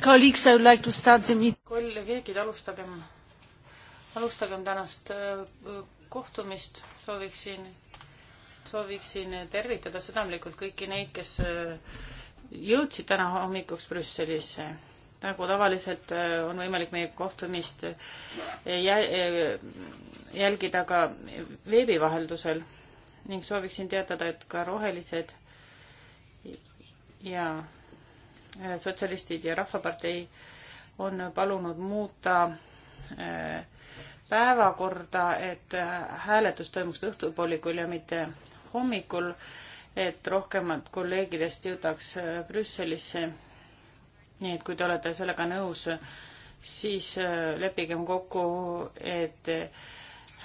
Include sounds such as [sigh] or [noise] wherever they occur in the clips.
kolleegid, alustagem, alustagem tänast äh, kohtumist, sooviksin, sooviksin tervitada südamlikult kõiki neid, kes äh, jõudsid täna hommikuks Brüsselisse. nagu tavaliselt äh, on võimalik meie kohtumist jälgida ka veebi vaheldusel ning sooviksin teatada, et ka rohelised ja Äh, sotsialistid ja Rahvapartei on palunud muuta äh, päevakorda, et äh, hääletus toimuks õhtupoolikul ja mitte hommikul, et rohkemad kolleegidest jõudaks Brüsselisse. nii et kui te olete sellega nõus, siis leppigem kokku, et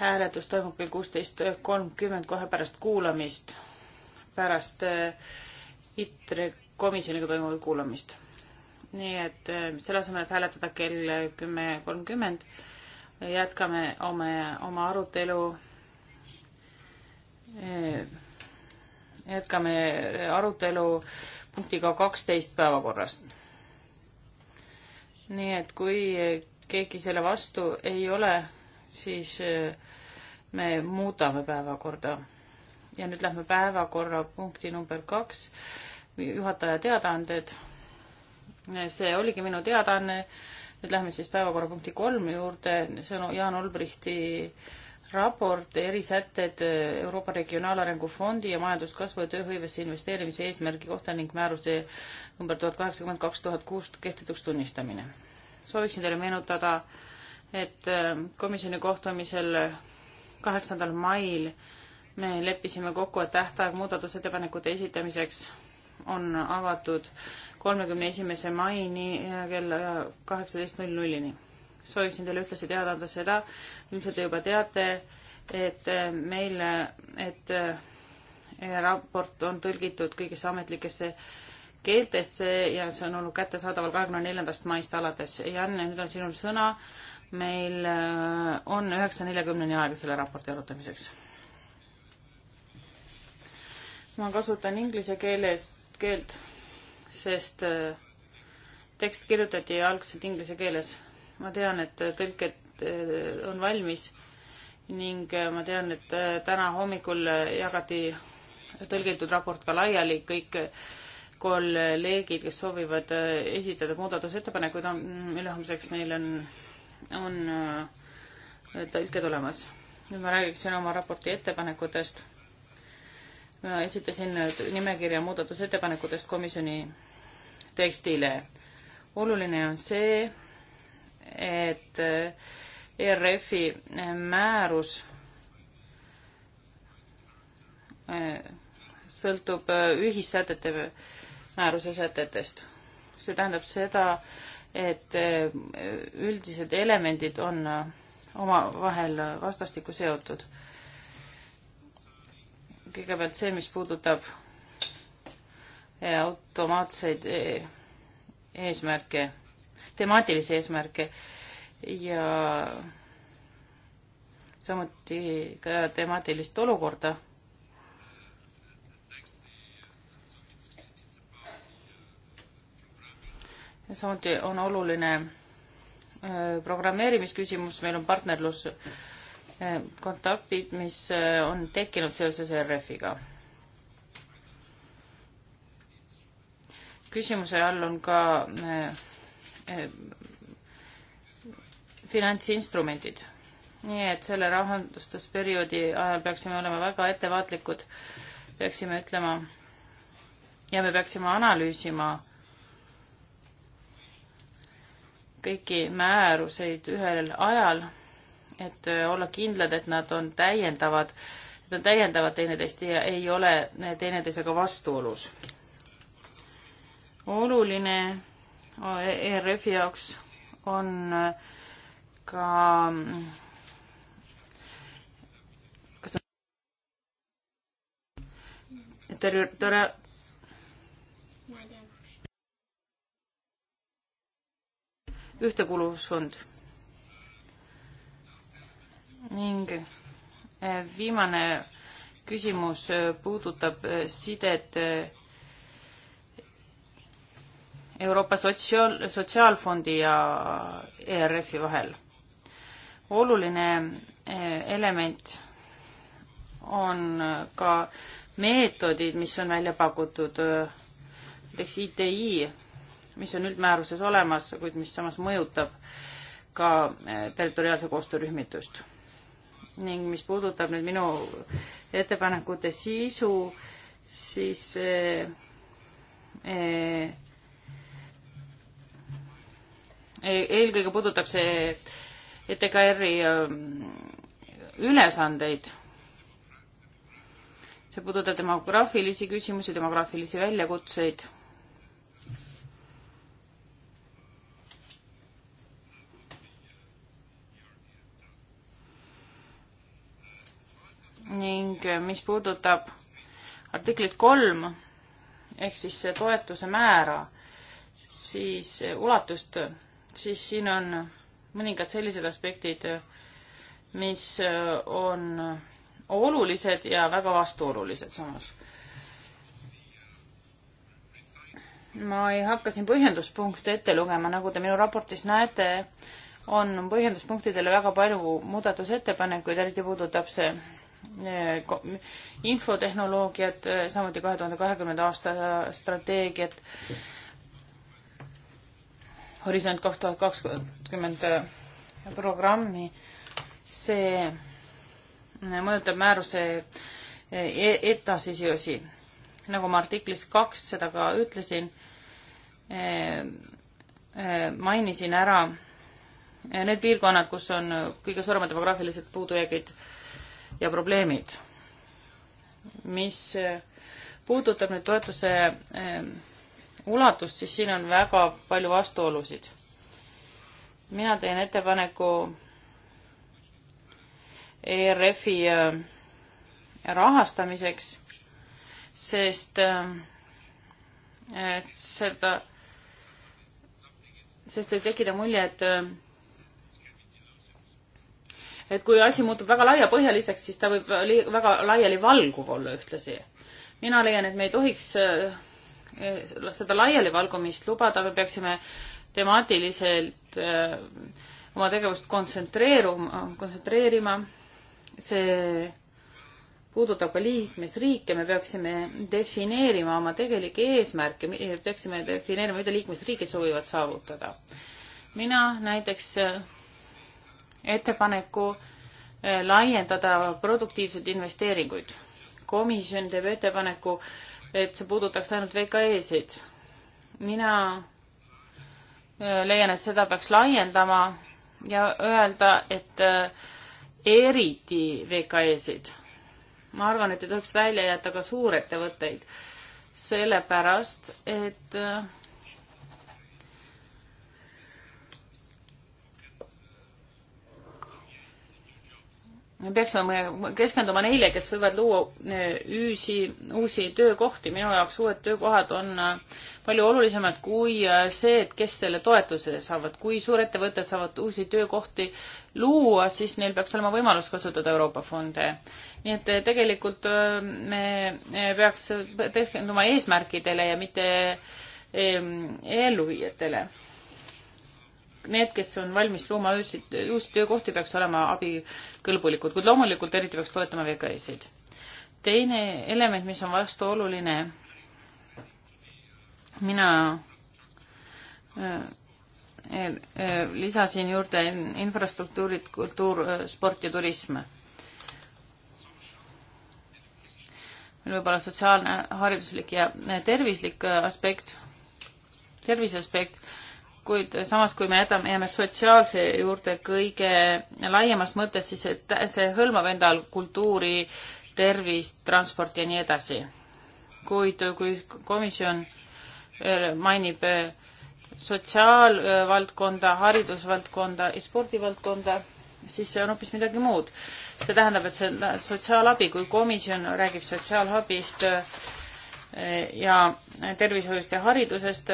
hääletus toimub kell kuusteist kolmkümmend kohe pärast kuulamist, pärast ITRE komisjoniga toimuvat kuulamist. nii et äh, selle asemel, et hääletada kell kümme kolmkümmend, jätkame oma, oma arutelu, äh, jätkame arutelu punktiga kaksteist päevakorrast. nii et kui keegi selle vastu ei ole, siis äh, me muudame päevakorda. ja nüüd lähme päevakorrapunkti number kaks juhataja teadaanded. see oligi minu teadaanne. nüüd lähme siis päevakorrapunkti kolm juurde, see on Jaan Olbrichti raport erisätted Euroopa Regionaalarengu Fondi ja majanduskasvu ja tööhõivesse investeerimise eesmärgi kohta ning määruse number tuhat kaheksakümmend kaks tuhat kuus kehtetuks tunnistamine. sooviksin teile meenutada, et äh, komisjoni kohtumisel kaheksandal mail me leppisime kokku, et tähtaeg muudatusettepanekute esitamiseks on avatud kolmekümne esimese maini kella kaheksateist null nullini. sooviksin teile ühtlasi teada anda seda, ilmselt te juba teate, et meil, et eh, raport on tõlgitud kõigisse ametlikesse keeltesse ja see on olnud kättesaadaval kahekümne neljandast maist alates. Jan, nüüd on sinul sõna. meil eh, on üheksa neljakümneni aega selle raporti arutamiseks. ma kasutan inglise keeles keelt, sest äh, tekst kirjutati algselt inglise keeles. ma tean, et äh, tõlked äh, on valmis ning ma tean, et täna hommikul jagati tõlgitud raport ka laiali, kõik kolleegid, kes soovivad esitada muudatusettepanekuid, on mm, ülehomseks, neil on, on tõlked olemas. nüüd ma räägiksin oma raporti ettepanekutest ma esitasin nimekirja muudatusettepanekutest komisjoni tekstile. oluline on see, et ERF-i eh, eh, määrus eh, sõltub ühissätete, määruse sätetest. see tähendab seda, et üldised elemendid on omavahel vastastikku seotud kõigepealt see, mis puudutab eh, automaatseid eh, eesmärke, temaatilisi eesmärke ja samuti ka temaatilist olukorda. ja samuti on oluline eh, programmeerimisküsimus, meil on partnerlus äh, kontaktid, mis äh, on tekkinud seoses RF-iga. küsimuse all on ka äh, äh, finantsinstrumendid. nii et selle rahandustusperioodi ajal peaksime olema väga ettevaatlikud, peaksime ütlema ja me peaksime analüüsima kõiki määruseid ühel ajal et äh, olla kindlad, et nad on täiendavad, et nad täiendavad teineteist ja ei ole teineteisega vastuolus. oluline äh, ERF-i jaoks on äh, ka mm, kas on terve, tore ühtekuuluvusfond ning eh, viimane küsimus eh, puudutab eh, sidet Euroopa sotsiaal, Sotsiaalfondi ja ERF-i vahel. oluline element on ka meetodid, mis on välja pakutud, näiteks ITI, mis on üldmääruses olemas, kuid mis samas mõjutab ka territoriaalse koostöö rühmitust ning mis puudutab nüüd minu ettepanekute sisu, siis eh, eh, eh eelkõige puudutab see ETKR-i eh, ülesandeid. see puudutab demograafilisi küsimusi, demograafilisi väljakutseid ning eh, mis puudutab artiklit kolm ehk siis toetuse määra, siis eh, ulatust, siis siin on mõningad sellised aspektid, mis eh, on olulised ja väga vastuolulised samas. ma ei hakka siin põhjenduspunkte ette lugema, nagu te minu raportis näete, on põhjenduspunktidele väga palju muudatusettepanekuid, eriti puudutab see infotehnoloogiat, samuti kahe tuhande kahekümnenda aasta strateegiat, Horisont kaks tuhat kakskümmend programmi, see mõjutab määruse e-, edasisi osi. nagu ma artiklis kaks seda ka ütlesin, e, e, mainisin ära need piirkonnad, kus on kõige suuremad demograafilised puudujäägid ja probleemid. mis eh, puudutab nüüd toetuse eh, ulatust, siis siin on väga palju vastuolusid. mina teen ettepaneku ERF-i eh, rahastamiseks, sest seda, sest ei tekita mulje, et et kui asi muutub väga laiapõhjaliseks, siis ta võib li-, väga laialivalguv olla ühtlasi. mina leian, et me ei tohiks äh, seda laialivalgumist lubada, me peaksime temaatiliselt äh, oma tegevust kontsentreeruma, kontsentreerima. see puudutab ka liikmesriike, me peaksime defineerima oma tegelikke eesmärke, peaksime defineerima, mida liikmesriigid soovivad saavutada. mina näiteks äh, ettepaneku eh, laiendada produktiivseid investeeringuid. komisjon teeb ettepaneku, et see puudutaks ainult VKE-sid. mina eh, leian, et seda peaks laiendama ja öelda, et eh, eriti VKE-sid. ma arvan, et ei tohiks välja jätta ka suurettevõtteid, sellepärast et äh, me peaksime keskenduma neile, kes võivad luua eh, üüsi, uusi töökohti, minu jaoks uued töökohad on eh, palju olulisemad kui eh, see, et kes selle toetuse saavad. kui suurettevõtted saavad uusi töökohti luua, siis neil peaks olema võimalus kasutada Euroopa fonde. nii et tegelikult me peaks keskenduma eesmärkidele ja mitte elluviijatele need, kes on valmis looma uusi, uusi töökohti, peaks olema abikõlbulikud, kuid loomulikult eriti peaks toetama VKS-id. teine element, mis on vastuoluline, mina äh, äh, lisasin juurde infrastruktuurid, kultuur, äh, sport ja turism. meil võib olla sotsiaalne, hariduslik ja tervislik aspekt, tervise aspekt kuid samas, kui me jätame, jääme sotsiaalse juurde kõige laiemas mõttes, siis et see hõlmab endal kultuuri, tervist, transporti ja nii edasi. kuid kui komisjon äh, mainib äh, sotsiaalvaldkonda, haridusvaldkonda ja spordivaldkonda, siis see on hoopis midagi muud. see tähendab, et see on sotsiaalabi, kui komisjon räägib sotsiaalabist äh, ja tervishoiust ja haridusest,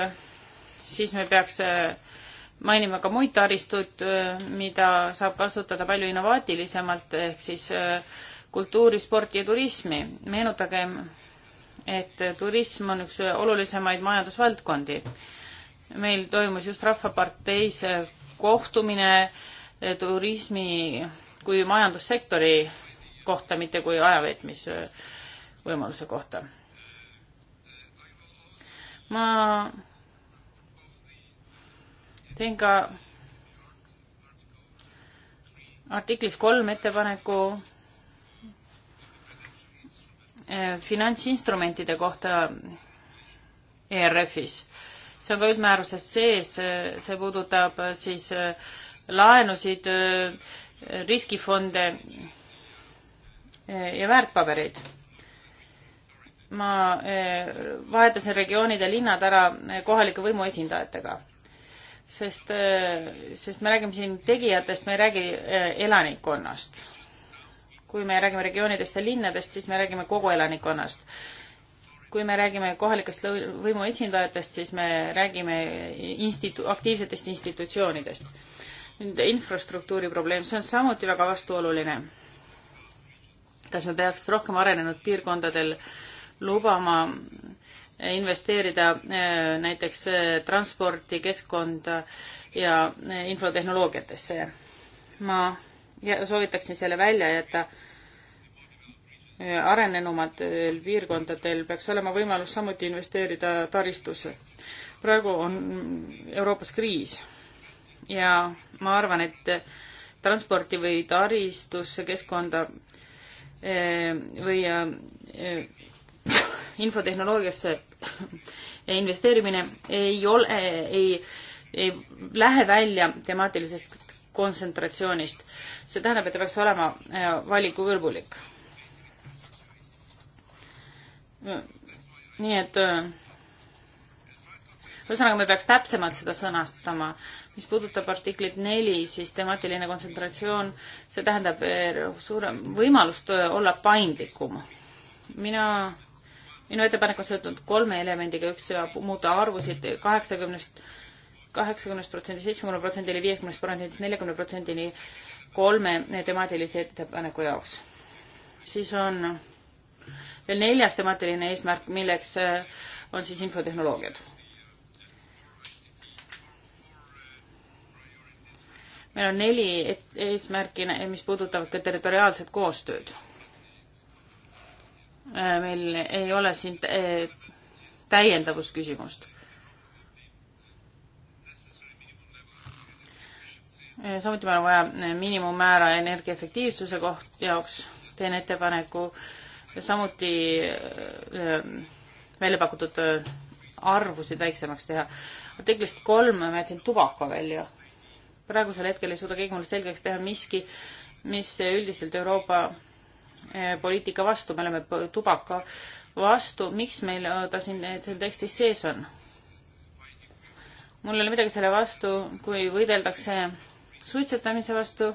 siis me peaks äh, mainima ka muid taristuid, äh, mida saab kasutada palju innovaatilisemalt, ehk siis äh, kultuuri, sporti ja turismi. meenutagem, et turism on üks olulisemaid majandusvaldkondi. meil toimus just Rahvaparteis kohtumine turismi kui majandussektori kohta, mitte kui ajaveetmisvõimaluse kohta. ma teen ka artiklis kolm ettepaneku eh, finantsinstrumentide kohta ERF-is. see on ka üldmääruses sees, eh, see puudutab eh, siis laenusid, riskifonde ja väärtpabereid. ma vahetasin regioonide linnad ära kohalike võimuesindajatega sest, eh, sest me räägime siin tegijatest, me ei räägi eh, elanikkonnast. kui me räägime regioonidest ja linnadest, siis me räägime kogu elanikkonnast. kui me räägime kohalikest võimu esindajatest, siis me räägime institu-, aktiivsetest institutsioonidest. nüüd infrastruktuuri probleem, see on samuti väga vastuoluline. kas me peaks rohkem arenenud piirkondadel lubama investeerida eh, näiteks eh, transporti, keskkonda ja eh, infotehnoloogiatesse. ma soovitaksin selle välja jätta. arenenumatel piirkondadel peaks olema võimalus samuti investeerida taristusse. praegu on Euroopas kriis ja ma arvan, et transporti või taristusse, keskkonda või infotehnoloogiasse investeerimine ei ole, ei, ei lähe välja temaatilisest kontsentratsioonist. see tähendab, et ta peaks olema äh, valikuvõrgulik. nii et äh, ühesõnaga, me peaks täpsemalt seda sõnastama. mis puudutab artiklit neli, siis temaatiline kontsentratsioon, see tähendab äh, suurem võimalust olla paindlikum. mina minu ettepanek on seotud kolme elemendiga, üks muuta arvusid kaheksakümnest, kaheksakümnest protsendist seitsmekümne protsendini, viiekümnest protsendist neljakümne protsendini kolme temaatilise ettepaneku jaoks. siis on veel neljas temaatiline eesmärk, milleks äh, on siis infotehnoloogiad. meil on neli eesmärki, mis puudutavad ka territoriaalset koostööd Äh, meil ei ole siin äh, täiendavusküsimust. Äh, samuti meil on vaja miinimummäära energiaefektiivsuse koht jaoks, teen ettepaneku samuti välja pakutud arvusid väiksemaks teha. artiklist kolm ma jätsin tubaka välja. praegusel hetkel ei suuda keegi mulle selgeks teha miski, mis üldiselt Euroopa Eh, poliitika vastu, me oleme tubaka vastu, miks meil eh, ta siin eh, seal tekstis sees on? mul ei ole midagi selle vastu, kui võideldakse suitsetamise vastu.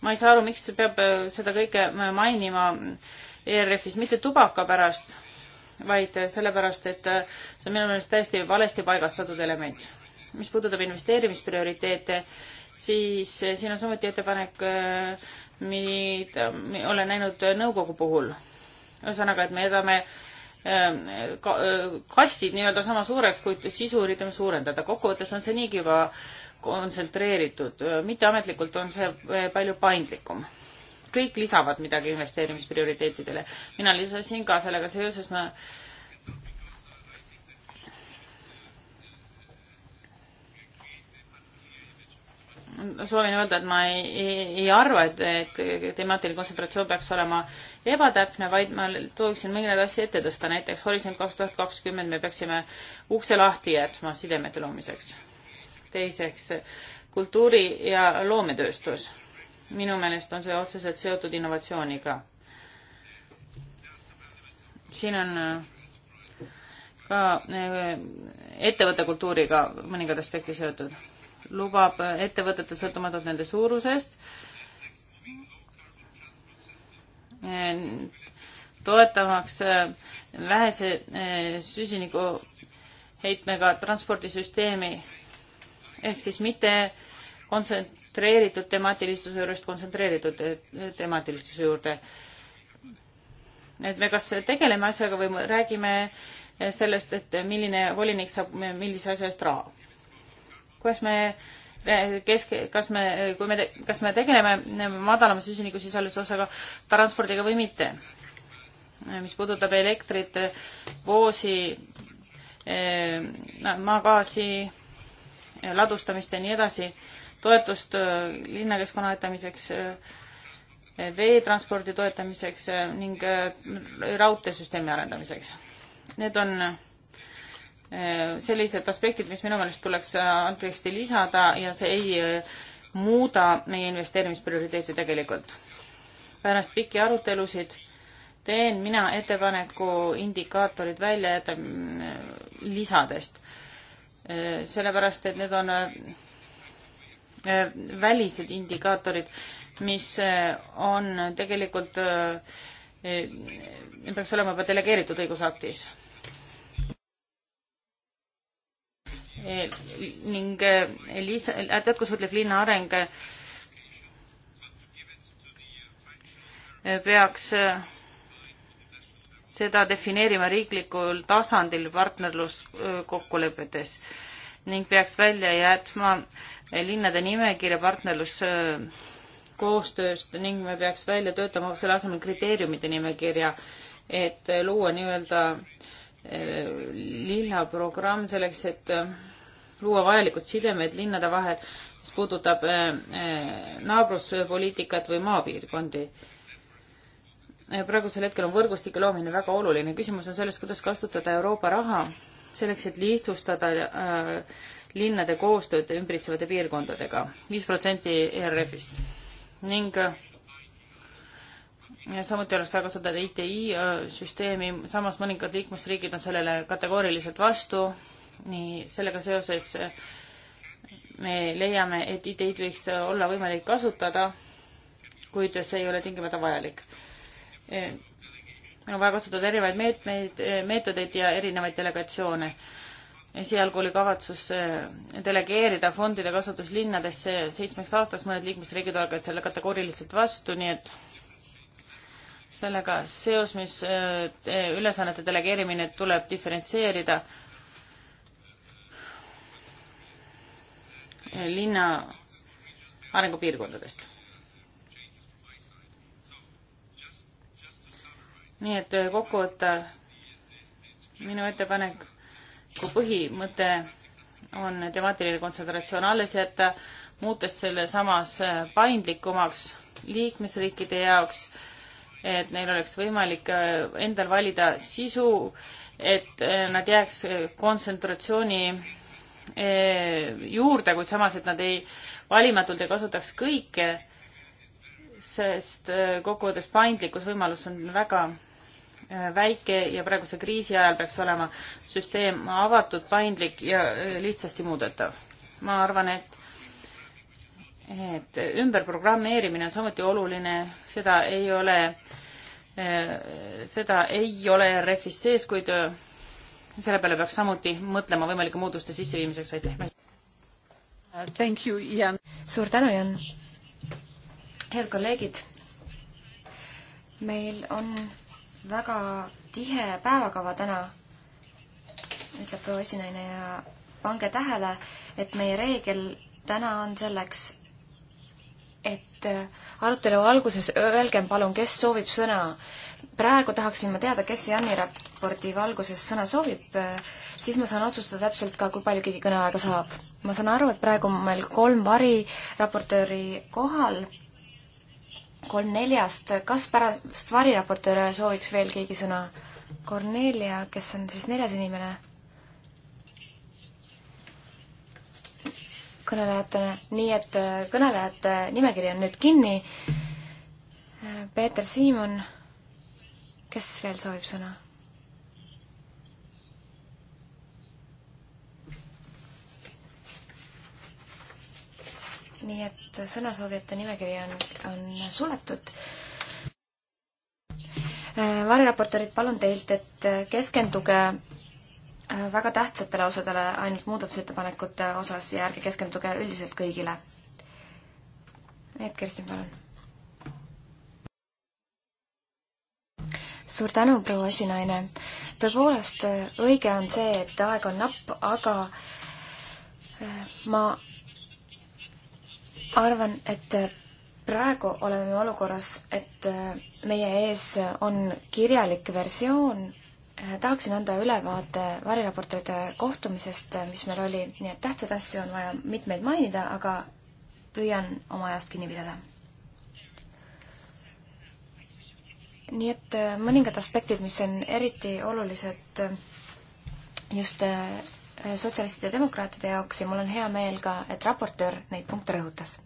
ma ei saa aru, miks peab seda kõike mainima ERF-is, mitte tubaka pärast, vaid sellepärast, et see on minu meelest täiesti valesti paigastatud element. mis puudutab investeerimisprioriteete, siis siin on samuti ettepanek äh, mida olen näinud nõukogu puhul. ühesõnaga, et me jätame ähm, kastid nii-öelda sama suureks, kuid sisu üritame suurendada. kokkuvõttes on see niigi juba kontsentreeritud, mitteametlikult on see äh, palju paindlikum. kõik lisavad midagi investeerimisprioriteetidele. mina lisasin ka sellega seoses, ma soovin öelda, et ma ei, ei, ei arva, et, et temaatiline kontsentratsioon peaks olema ebatäpne, vaid ma tooksin mõningaid asju ette tõsta, näiteks Horisont kaks tuhat kakskümmend me peaksime ukse lahti jätma sidemete loomiseks. teiseks, kultuuri- ja loometööstus. minu meelest on see otseselt seotud innovatsiooniga. siin on äh, ka äh, ettevõtte kultuuriga mõningad aspekti seotud lubab ettevõtetel sõltumatult nende suurusest toetamaks eh, vähese eh, süsiniku heitmega transpordisüsteemi ehk siis mitte kontsentreeritud temaatilisuse juurest kontsentreeritud eh, temaatilisuse juurde. et me kas tegeleme asjaga või räägime sellest, et milline volinik saab millise asja eest raha kuidas me kesk, kas me, kui me, kas me tegeleme madalama süsinikusisaldusega transpordiga või mitte. mis puudutab elektrit, voosi, eh, maagaasi, ladustamist ja nii edasi, toetust eh, linnakeskkonna aetamiseks, eh, veetranspordi toetamiseks ning raudteesüsteemi arendamiseks. Need on Äh, sellised aspektid, mis minu meelest tuleks äh, allteksti lisada ja see ei äh, muuda meie investeerimisprioriteeti tegelikult. pärast pikki arutelusid teen mina ettepaneku indikaatorid välja jätta mm, lisadest, sellepärast et need on välised indikaatorid, mis on tegelikult, peaks olema juba delegeeritud õigusaktis ning eh, lisa, eh, jätkusuutlik linna areng eh, peaks seda defineerima riiklikul tasandil partnerluskokkulepetes ning peaks välja jätma linnade nimekirja partnerluskoostööst ning me peaks välja töötama selle asemel kriteeriumide nimekirja, et luua nii-öelda äh, lilla programm selleks, et äh, luua vajalikud sidemed linnade vahel, mis puudutab äh, äh, naabruspoliitikat või maapiirkondi. praegusel hetkel on võrgustike loomine väga oluline. küsimus on selles, kuidas kasutada Euroopa raha selleks, et lihtsustada linnade koostööd ümbritsevate piirkondadega. viis protsenti ERF-ist ning samuti oleks vaja kasutada ITI äh, süsteemi, samas mõningad liikmesriigid on sellele kategooriliselt vastu, nii sellega seoses äh, me leiame, et ITI-d võiks äh, olla võimalik kasutada, kuid see ei ole tingimata vajalik. on vaja kasutada erinevaid meetmeid, meetodeid ja erinevaid delegatsioone. esialgu oli kavatsus delegeerida fondide kasutus linnadesse seitsmeks aastaks, mõned liikmesriigid olid selle kategooriliselt vastu, nii et sellega seos, mis äh, ülesannete delegeerimine tuleb diferentseerida linna arengupiirkondadest. nii et äh, kokku võtta minu ettepaneku põhimõte on temaatiline kontsentratsioon alles jätta, muutes selle samas äh, paindlikumaks liikmesriikide jaoks äh, et neil oleks võimalik äh, endal valida sisu, et äh, nad jääks äh, kontsentratsiooni juurde, kuid samas, et nad ei, valimatult ei kasutaks kõike, sest kokkuvõttes paindlikkusvõimalus on väga väike ja praeguse kriisi ajal peaks olema süsteem avatud, paindlik ja lihtsasti muudetav. ma arvan, et et ümberprogrammeerimine on samuti oluline, seda ei ole, eh, seda ei ole RF-is sees, kuid eh, selle peale peaks samuti mõtlema võimalike muutuste sisseviimiseks, aitäh. Uh, thank you, Ian. suur tänu, Jan. head kolleegid, meil on väga tihe päevakava täna, ütleb proua esinaine ja pange tähele, et meie reegel täna on selleks, et äh, arutelu alguses öelgem palun, kes soovib sõna. praegu tahaksin ma teada, kes Janni raporti valguses sõna soovib, äh, siis ma saan otsustada täpselt ka, kui palju keegi kõneaega saab. ma saan aru, et praegu on meil kolm variraportööri kohal, kolm neljast, kas pärast variraportööre sooviks veel keegi sõna? Kornelia, kes on siis neljas inimene kõnelejatele, nii et äh, kõnelejate nimekiri on nüüd kinni. Peeter Siimon, kes veel soovib sõna? nii et sõnasoovijate nimekiri on, on suletud äh, variraportorid, palun teilt, et keskenduge Äh, väga tähtsatele osadele ainult muudatusettepanekute osas ja ärge keskenduge üldiselt kõigile. Need, Kerstin, palun. suur tänu, proua esinaine. tõepoolest, õige on see, et aeg on napp, aga äh, ma arvan, et praegu oleme olukorras, et äh, meie ees on kirjalik versioon Äh, tahaksin anda ülevaate variraportööde kohtumisest, äh, mis meil oli, nii et tähtsaid asju on vaja mitmeid mainida, aga püüan oma ajast kinni pidada. nii et äh, mõningad aspektid, mis on eriti olulised just sotsialistide ja demokraatide jaoks ja mul on hea meel ka, et raportöör neid punkte rõhutas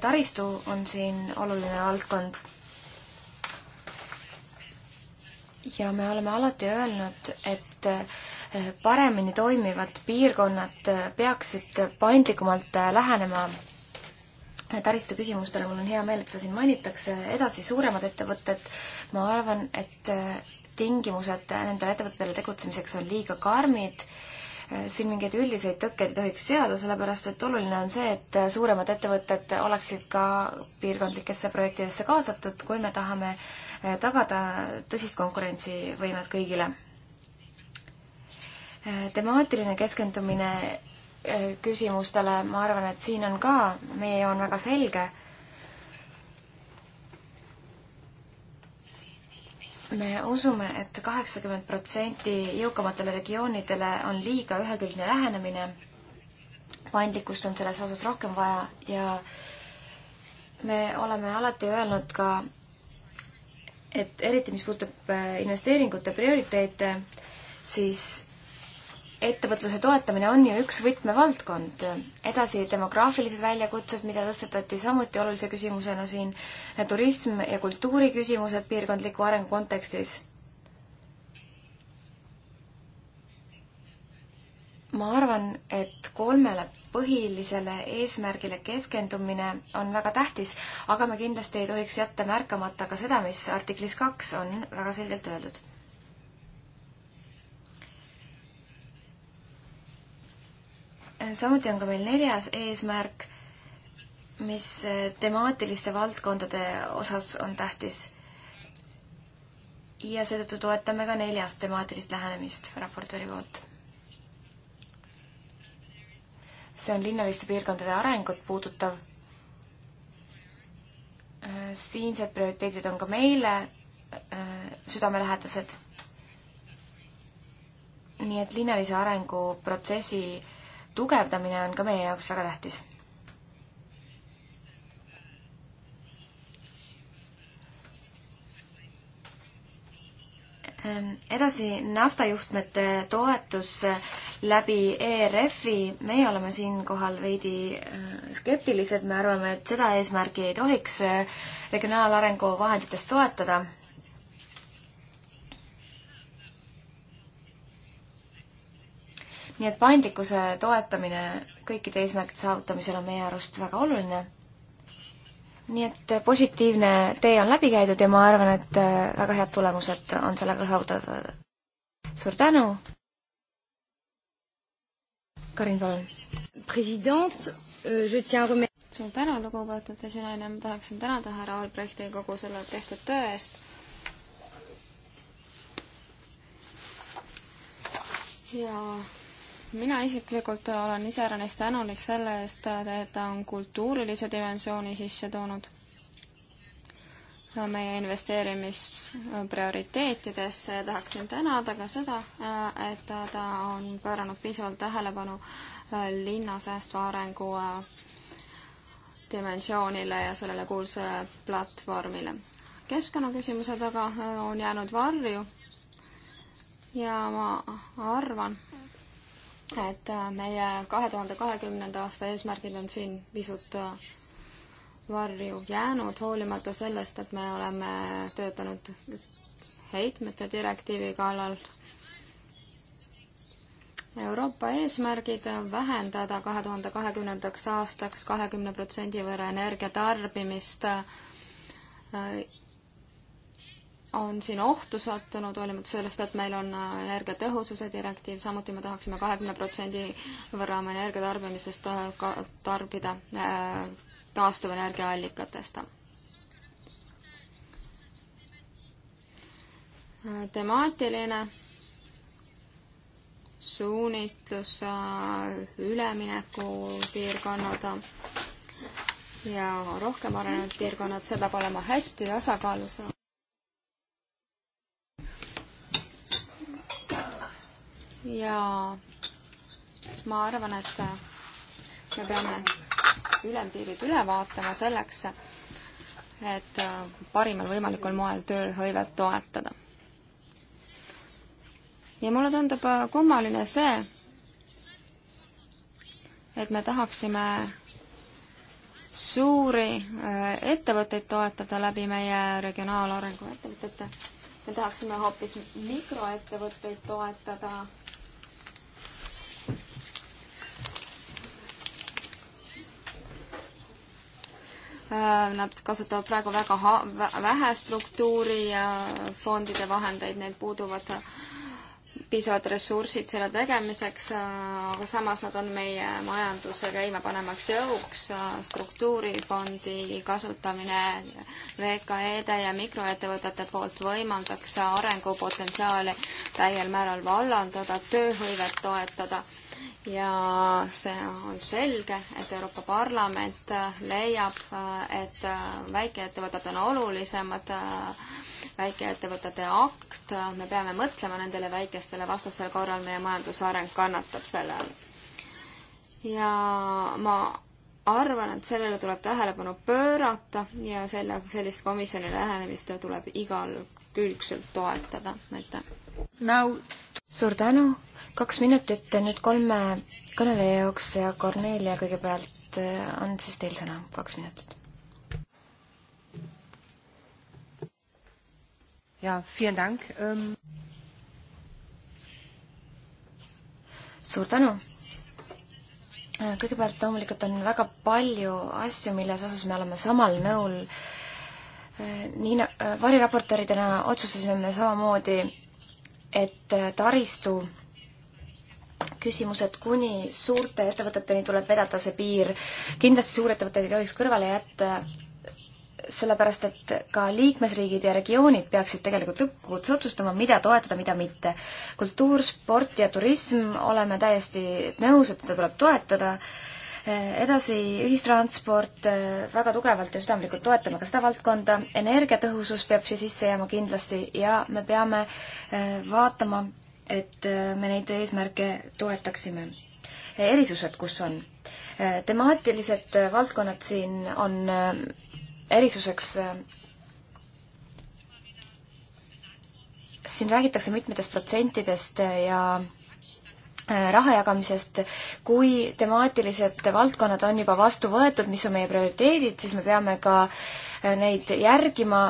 taristu on siin oluline valdkond. ja me oleme alati öelnud, et eh, paremini toimivad piirkonnad eh, peaksid paindlikumalt eh, lähenema taristu küsimustele, mul on hea meel, et seda siin mainitakse, edasi suuremad ettevõtted, ma arvan, et tingimused nendele ettevõtetele tegutsemiseks on liiga karmid ka siin mingeid üldiseid tõkkeid ei tohiks seada, sellepärast et oluline on see, et suuremad ettevõtted oleksid ka piirkondlikesse projektidesse kaasatud, kui me tahame eh, tagada tõsist konkurentsivõimet kõigile. Eh, temaatiline keskendumine eh, küsimustele, ma arvan, et siin on ka meie joon väga selge me usume et, et kaheksakümmend protsenti jõukamatele regioonidele on liiga ühekülgne lähenemine. paindlikkust on selles osas rohkem vaja ja me oleme alati öelnud ka, et eriti, mis puudutab äh, investeeringute prioriteete, siis ettevõtluse toetamine on ju üks võtmevaldkond. edasi demograafilised väljakutsed, mida tõstetati samuti olulise küsimusena siin, turism ja kultuuriküsimused piirkondliku arengu kontekstis. ma arvan, et kolmele põhilisele eesmärgile keskendumine on väga tähtis, aga me kindlasti ei tohiks jätta märkamata ka seda, mis artiklis kaks on väga selgelt öeldud samuti on ka meil neljas eesmärk, mis eh, temaatiliste valdkondade osas on tähtis. ja seetõttu toetame ka neljast temaatilist lähenemist raportööri poolt. see on linnaliste piirkondade arengut puudutav. Eh, siinsed prioriteedid on ka meile eh, südamelähedased nii et linnalise arengu protsessi tugevdamine on ka meie jaoks väga tähtis. Ehm, edasi naftajuhtmete toetus läbi ERF-i, meie oleme siinkohal veidi ehm, skeptilised, me arvame, et seda eesmärki ei tohiks ehm, regionaalarengu vahenditest toetada nii et paindlikkuse toetamine kõikide eesmärkide saavutamisel on meie arust väga oluline. nii et positiivne tee on läbi käidud ja ma arvan, et äh, väga head tulemused on sellega saavutatud. suur tänu! Karin, palun! president, äh, je tiens remer-. suur tänu, lugupeetud esinaine, ma tahaksin tänada härra Albrechti kogu selle tehtud töö eest ja mina isiklikult olen iseäranis tänulik selle eest, et ta on kultuurilise dimensiooni sisse toonud meie investeerimisprioriteetidesse ja tahaksin tänada ka seda, et ta on pööranud piisavalt tähelepanu linna säästva arengu dimensioonile ja sellele kuulsale platvormile. keskkonnaküsimused aga on jäänud varju ja ma arvan, et äh, meie kahe tuhande kahekümnenda aasta eesmärgid on siin pisut äh, varju jäänud, hoolimata sellest, et me oleme töötanud heitmete direktiivi kallal. Euroopa eesmärgid vähendada kahe tuhande kahekümnendaks aastaks kahekümne protsendi võrra energia tarbimist äh, on siin ohtu sattunud, hoolimata sellest, et meil on energiatõhususe direktiiv, samuti me tahaksime kahekümne protsendi võrra oma energiatarbimisest äh, tarbida äh, taastuvenergiaallikatest. temaatiline suunitlus, äh, üleminekupiirkonnad ja rohkem arenenud piirkonnad, see peab olema hästi tasakaalus ja ma arvan, et me peame ülempiirid üle vaatama selleks, et parimal võimalikul moel tööhõivet toetada. ja mulle tundub kummaline see, et me tahaksime suuri äh, ettevõtteid toetada läbi meie regionaalarengu ettevõtete. me tahaksime hoopis mikroettevõtteid toetada Äh, nad kasutavad praegu väga vähe struktuuri ja fondide vahendeid, neil puuduvad piisavad ressursid selle tegemiseks, äh, aga samas nad on meie majanduse käimepanemaks jõuks, äh, struktuurifondi kasutamine VKE-de ja mikroettevõtete poolt võimaldaks arengupotentsiaali täiel määral vallandada, tööhõivet toetada ja see on selge, et Euroopa Parlament leiab, äh, et väikeettevõtted on olulisemad väikeettevõtete akt, me peame mõtlema nendele väikestele, vastasel korral meie majandusareng kannatab selle all. ja ma arvan, et sellele tuleb tähelepanu pöörata ja selle, sellist komisjoni lähenemist tuleb igakülgselt toetada, aitäh. Now suur tänu, kaks minutit nüüd kolme kõneleja jaoks ja Kornelia kõigepealt eh, on siis teil sõna, kaks minutit ja, vielen Dank ähm.... suur tänu. Äh, kõigepealt loomulikult on väga palju asju, milles osas me oleme samal nõul. Äh, nii äh, variraportööridena otsustasime me samamoodi, et taristu küsimus, et kuni suurte ettevõteteni tuleb vedada see piir. kindlasti suurettevõtteid ei tohiks kõrvale jätta, sellepärast, et ka liikmesriigid ja regioonid peaksid tegelikult lõppkokkuvõttes otsustama, mida toetada, mida mitte. kultuur, sport ja turism, oleme täiesti nõus, et seda tuleb toetada, edasi ühistransport, väga tugevalt ja südamlikult toetame ka seda valdkonda, energiatõhusus peab siia sisse jääma kindlasti ja me peame eh, vaatama, et eh, me neid eesmärke toetaksime. erisused, kus on? Eh, temaatilised valdkonnad siin on erisuseks äh, siin räägitakse mitmetest protsentidest äh, ja äh, raha jagamisest, kui temaatilised valdkonnad on juba vastu võetud, mis on meie prioriteedid, siis me peame ka neid järgima.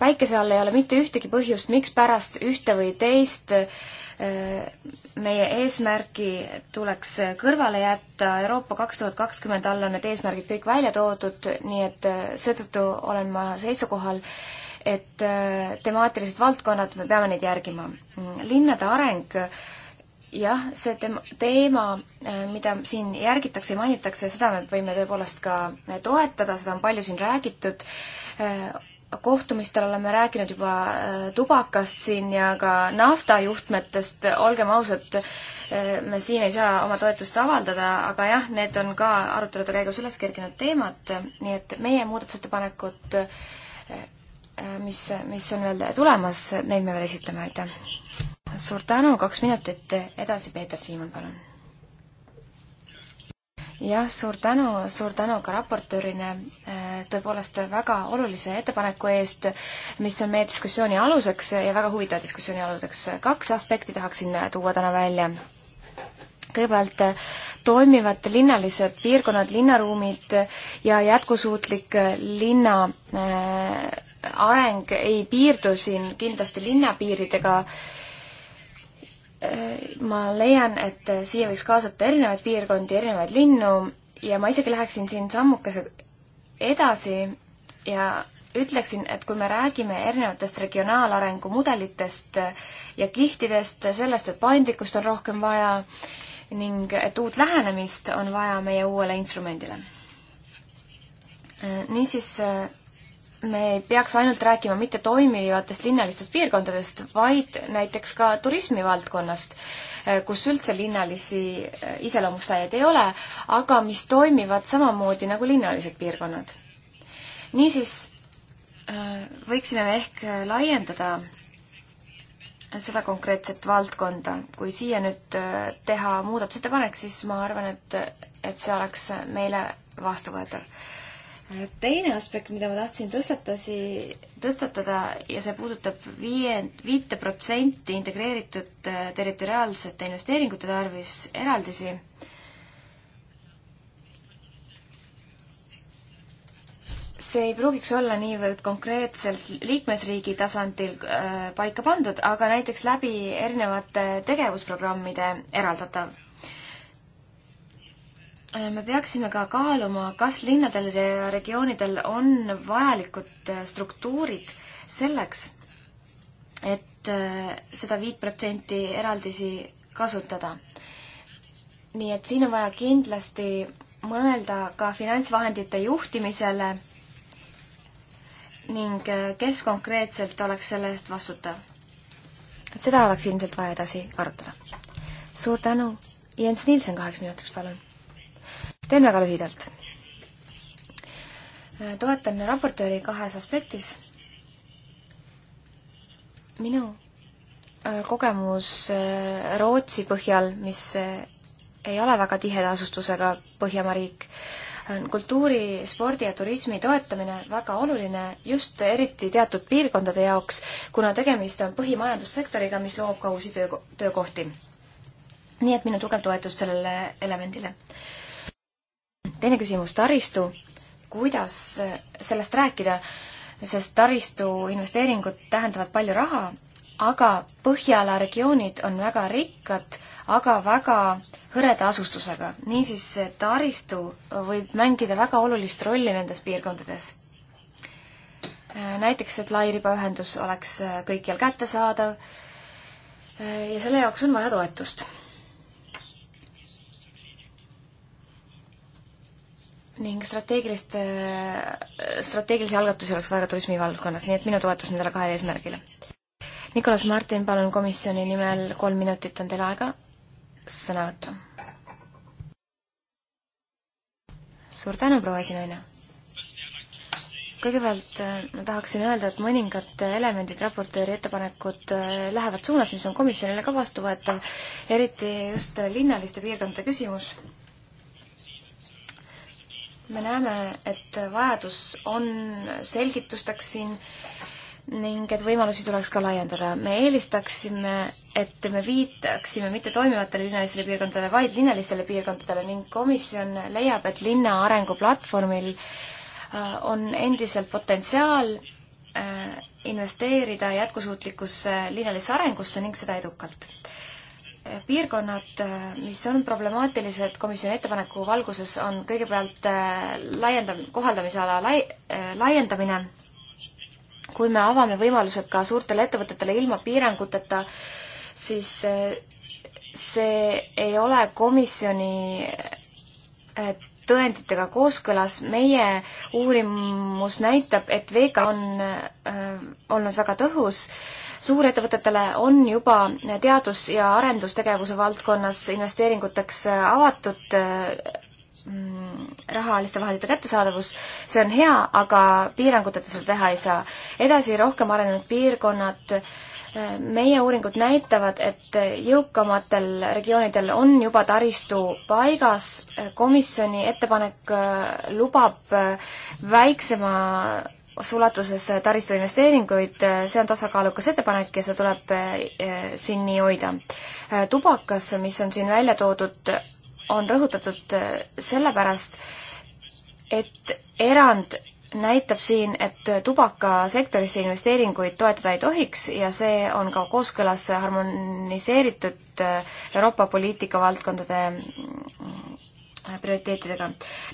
päikese all ei ole mitte ühtegi põhjust, mikspärast ühte või teist äh, meie eesmärki tuleks kõrvale jätta, Euroopa kaks tuhat kakskümmend all on need eesmärgid kõik välja toodud, nii et äh, seetõttu olen ma seisukohal, et äh, temaatilised valdkonnad, me peame neid järgima. linnade areng, jah, see teema, teema, äh, mida siin järgitakse ja mainitakse, seda me võime tõepoolest ka toetada, seda on palju siin räägitud, kohtumistel oleme rääkinud juba äh, tubakast siin ja ka naftajuhtmetest, olgem ausad, äh, me siin ei saa oma toetust avaldada, aga jah, need on ka arutelude käigus üles kerkinud teemad, nii et meie muudatusettepanekud, äh, mis, mis on veel tulemas, neid me veel esitame, aitäh! suur tänu, kaks minutit, edasi Peeter Siimann, palun! jah, suur tänu, suur tänu ka raportöörile äh, tõepoolest väga olulise ettepaneku eest, mis on meie diskussiooni aluseks ja väga huvitava diskussiooni aluseks. kaks aspekti tahaksin tuua täna välja. kõigepealt toimivad linnalised piirkonnad, linnaruumid ja jätkusuutlik linna äh, areng ei piirdu siin kindlasti linnapiiridega äh, Äh, ma leian, et siia võiks kaasata erinevaid piirkondi, erinevaid linnu ja ma isegi läheksin siin sammukese edasi ja ütleksin, et kui me räägime erinevatest regionaalarengu mudelitest ja kihtidest, sellest, et paindlikkust on rohkem vaja ning et uut lähenemist on vaja meie uuele instrumendile. Äh, niisiis äh, me ei peaks ainult rääkima mitte toimivatest linnalistest piirkondadest, vaid näiteks ka turismivaldkonnast, eh, kus üldse linnalisi eh, iseloomustajaid ei ole, aga mis toimivad samamoodi nagu linnalised piirkonnad. niisiis eh, võiksime me ehk laiendada seda konkreetset valdkonda. kui siia nüüd teha muudatusettepanek, siis ma arvan, et, et see oleks meile vastuvõetav teine aspekt, mida ma tahtsin tõstatasi, tõstatada ja see puudutab viie, viite protsenti integreeritud äh, territoriaalsete investeeringute tarvis eraldisi. see ei pruugiks olla niivõrd konkreetselt liikmesriigi tasandil äh, paika pandud, aga näiteks läbi erinevate tegevusprogrammide eraldatav Äh, me peaksime ka kaaluma, kas linnadel ja regioonidel on vajalikud äh, struktuurid selleks, et äh, seda viit protsenti eraldisi kasutada. nii et siin on vaja kindlasti mõelda ka finantsvahendite juhtimisele ning kes konkreetselt oleks selle eest vastutav. seda oleks ilmselt vaja edasi arutada. suur tänu, Jens Nielsen kaheks minutiks, palun teen väga lühidalt. toetan raportööri kahes aspektis. minu äh, kogemus äh, Rootsi põhjal, mis äh, ei ole väga tiheda asustusega Põhjamaa riik, on kultuuri, spordi ja turismi toetamine väga oluline just eriti teatud piirkondade jaoks, kuna tegemist on põhimajandussektoriga, mis loob ka uusi töö, töökohti. nii et minu tugev toetus sellele elemendile teine küsimus, taristu. kuidas sellest rääkida, sest taristu investeeringud tähendavad palju raha, aga Põhjala regioonid on väga rikkad, aga väga hõreda asustusega. niisiis taristu võib mängida väga olulist rolli nendes piirkondades. näiteks, et lairibaühendus oleks kõikjal kättesaadav ja selle jaoks on vaja toetust ning strateegilist, strateegilisi algatusi oleks vaja turismi valdkonnas, nii et minu toetus nendele kahele eesmärgile. Nikolas Martin, palun komisjoni nimel, kolm minutit on teil aega sõna võtta. suur tänu, proua esinaine! kõigepealt äh, ma tahaksin öelda, et mõningad elemendid raportööri ettepanekud äh, lähevad suunas, mis on komisjonile ka vastuvõetav, eriti just linnaliste piirkondade küsimus me näeme, et vajadus on selgitusteks siin ning et võimalusi tuleks ka laiendada. me eelistaksime, et me viitaksime mitte toimivatele linnalistele piirkondadele, vaid linnalistele piirkondadele ning komisjon leiab, et linna arenguplatvormil äh, on endiselt potentsiaal äh, investeerida jätkusuutlikusse linnalisse arengusse ning seda edukalt piirkonnad, mis on problemaatilised komisjoni ettepaneku valguses, on kõigepealt äh, laiendam-, kohaldamisala lai-, äh, laiendamine, kui me avame võimalused ka suurtele ettevõtetele ilma piiranguteta, siis äh, see ei ole komisjoni tõenditega kooskõlas, meie uurimus näitab, et VK on äh, olnud väga tõhus äh, suurettevõtetele on juba teadus- ja arendustegevuse valdkonnas investeeringuteks avatud mm, rahaliste vahendite kättesaadavus, see on hea, aga piiranguteta seda teha ei saa. edasi rohkem arenenud piirkonnad, meie uuringud näitavad, et jõukamatel regioonidel on juba taristu paigas, komisjoni ettepanek lubab väiksema ulatuses taristuinvesteeringuid, see on tasakaalukas ettepanek ja see tuleb eh, siin nii hoida. Eh, tubakas, mis on siin välja toodud, on rõhutatud eh, sellepärast, et erand näitab siin, et tubakasektorisse investeeringuid toetada ei tohiks ja see on ka kooskõlas harmoniseeritud Euroopa poliitika valdkondade mm, Äh, prioriteetidega.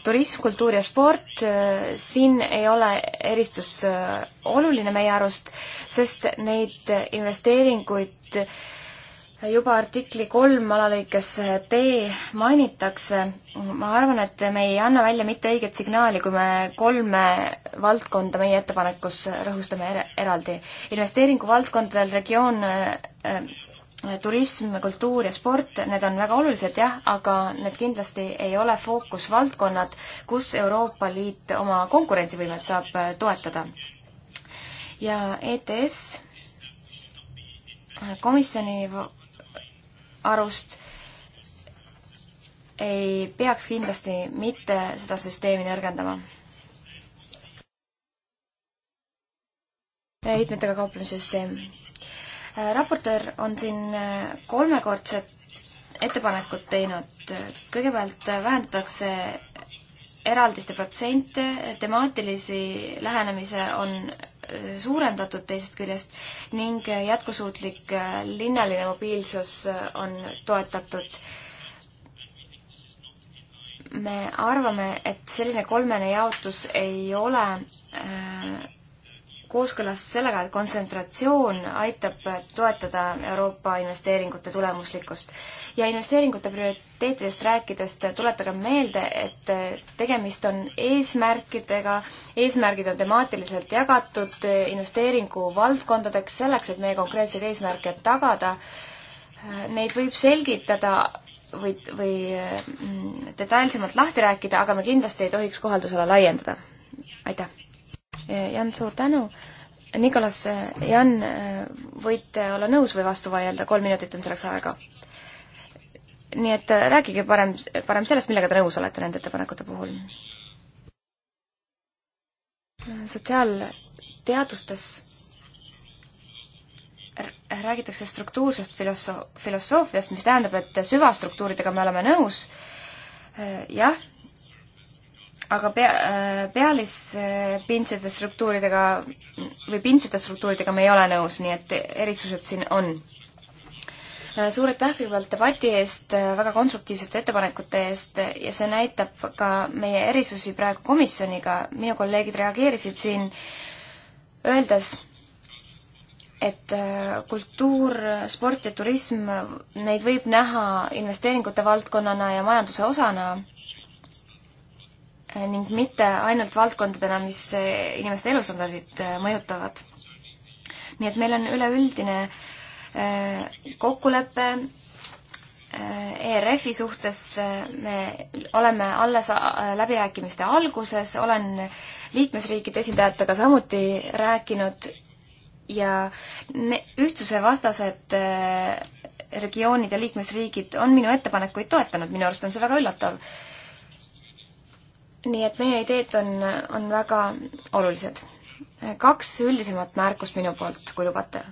turism, kultuur ja sport, äh, siin ei ole eristus äh, oluline meie arust, sest neid investeeringuid juba artikli kolm alalõikes B mainitakse. ma arvan, et me ei anna välja mitte õiget signaali, kui me kolme valdkonda meie ettepanekus rõhustame er-, eraldi. investeeringuvaldkondadel regioon turism, kultuur ja sport, need on väga olulised jah, aga need kindlasti ei ole fookusvaldkonnad, kus Euroopa Liit oma konkurentsivõimet saab äh, toetada. ja ETS äh, komisjoni arust ei peaks kindlasti mitte seda süsteemi nõrgendama. heitmetega kauplemise süsteem raportöör on siin äh, kolmekordset ettepanekut teinud. kõigepealt äh, vähendatakse eraldiste protsente, temaatilisi lähenemise on äh, suurendatud teisest küljest ning jätkusuutlik linnaline mobiilsus on toetatud. me arvame, et selline kolmene jaotus ei ole äh, kooskõlas sellega, et kontsentratsioon aitab toetada Euroopa investeeringute tulemuslikkust. ja investeeringute prioriteetidest rääkides tuletagem meelde, et tegemist on eesmärkidega, eesmärgid on temaatiliselt jagatud investeeringuvaldkondadeks selleks, et meie konkreetseid eesmärke tagada. Neid võib selgitada või, või mm, detailsemalt lahti rääkida, aga me kindlasti ei tohiks kohaldusala laiendada. aitäh! Jan, suur tänu. Nikolas, Jan, võite olla nõus või vastu vaielda, kolm minutit on selleks aega. nii et äh, rääkige parem, parem sellest, millega te nõus olete nende ettepanekute puhul. sotsiaalteadustes räägitakse struktuursest filoso-, filosoofiast, mis tähendab, et süvastruktuuridega me oleme nõus, äh, jah aga pea, äh, pealispintsete struktuuridega või pintsete struktuuridega me ei ole nõus, nii et erisused siin on. Äh, suur aitäh kõigepealt debati eest, äh, väga konstruktiivsete ettepanekute eest ja see näitab ka meie erisusi praegu komisjoniga, minu kolleegid reageerisid siin öeldes, et kultuur, sport ja turism, neid võib näha investeeringute valdkonnana ja majanduse osana Äh, ning mitte ainult valdkondadena, mis äh, inimeste elustandardit äh, mõjutavad. nii et meil on üleüldine kokkulepe ERF-i suhtes, me oleme alles läbirääkimiste alguses, olen liikmesriikide esindajatega samuti rääkinud ja ühtsuse vastased regioonid ja liikmesriigid on minu ettepanekuid toetanud, minu arust on see väga üllatav nii et meie ideed on, on väga olulised. kaks üldisemat märkust minu poolt, kui lubate.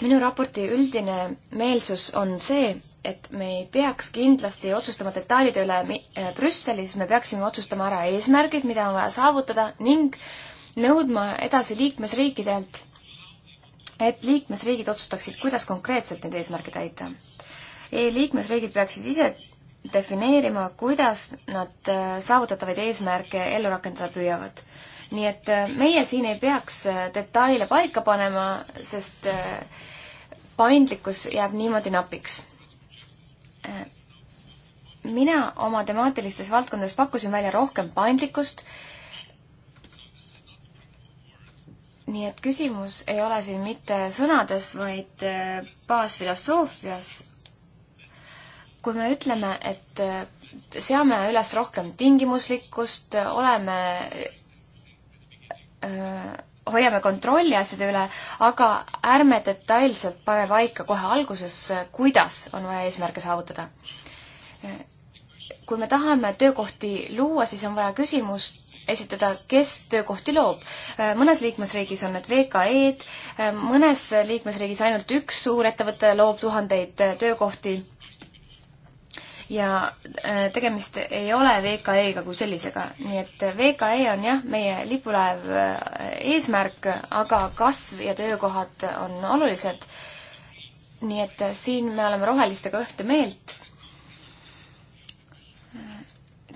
minu raporti üldine meelsus on see, et me ei peaks kindlasti otsustama detailide üle äh, Brüsselis, me peaksime otsustama ära eesmärgid, mida on vaja saavutada ning nõudma edasi liikmesriikidelt, et liikmesriigid otsustaksid, kuidas konkreetselt neid eesmärke täita e. liikmesriigid peaksid ise defineerima, kuidas nad äh, saavutatavaid eesmärke ellu rakendada püüavad. nii et äh, meie siin ei peaks äh, detaile paika panema, sest paindlikkus jääb niimoodi napiks. mina oma temaatilistes valdkondades pakkusin välja rohkem paindlikkust, nii et küsimus ei ole siin mitte sõnades, vaid baasfilosoofias kui me ütleme, et äh, seame üles rohkem tingimuslikkust, oleme öö, äh, hoiame kontrolli asjade üle, aga ärme detailselt pane paika kohe alguses, kuidas on vaja eesmärke saavutada. kui me tahame töökohti luua, siis on vaja küsimust esitada, kes töökohti loob. mõnes liikmesriigis on need VKE-d, mõnes liikmesriigis ainult üks suurettevõte loob tuhandeid töökohti ja äh, tegemist ei ole VKE-ga kui sellisega. nii et VKE on jah, meie lipulaev äh, eesmärk, aga kasv ja töökohad on olulised. nii et äh, siin me oleme rohelistega ühte meelt.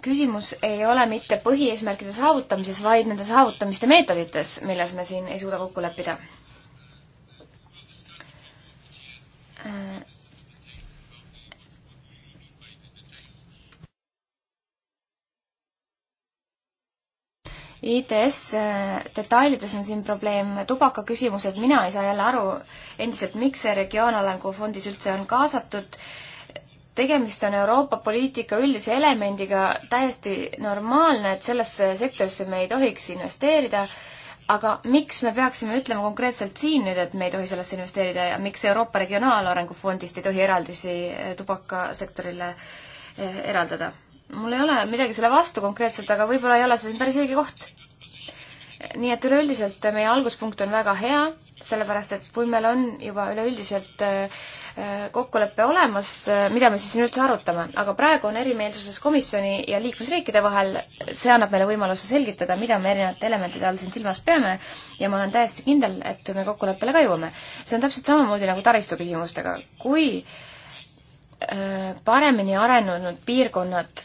küsimus ei ole mitte põhieesmärkide saavutamises, vaid nende saavutamiste meetodites, milles me siin ei suuda kokku leppida ITS äh, detailides on siin probleem, tubakaküsimused, mina ei saa jälle aru endiselt, miks see Regionaalarengu fondis üldse on kaasatud, tegemist on Euroopa poliitika üldise elemendiga, täiesti normaalne, et sellesse sektorisse me ei tohiks investeerida, aga miks me peaksime ütlema konkreetselt siin nüüd, et me ei tohi sellesse investeerida ja miks Euroopa Regionaalarengu fondist ei tohi eraldisi äh, tubakasektorile äh, eraldada? mul ei ole midagi selle vastu konkreetselt, aga võib-olla ei ole see siin päris õige koht. nii et üleüldiselt meie alguspunkt on väga hea, sellepärast et kui meil on juba üleüldiselt äh, äh, kokkulepe olemas, äh, mida me siis siin üldse arutame, aga praegu on erimeelsuses komisjoni ja liikmesriikide vahel, see annab meile võimaluse selgitada, mida me erinevate elementide all siin silmas peame ja ma olen täiesti kindel, et me kokkuleppele ka jõuame. see on täpselt samamoodi nagu taristu küsimustega, kui paremini arenenud piirkonnad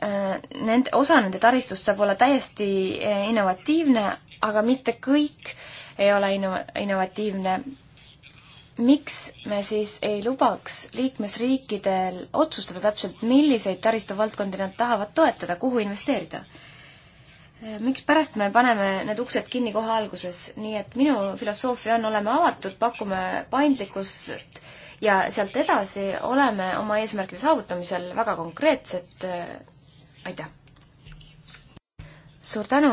Äh, nende, osa nende taristust saab olla täiesti äh, innovatiivne, aga mitte kõik ei ole inno-, innovatiivne. miks me siis ei lubaks liikmesriikidel otsustada täpselt, milliseid taristuvaldkondi nad tahavad toetada, kuhu investeerida? Äh, mikspärast me paneme need uksed kinni kohe alguses, nii et minu filosoofia on, oleme avatud, pakume paindlikkust ja sealt edasi oleme oma eesmärkide saavutamisel väga konkreetsed aitäh! suur tänu!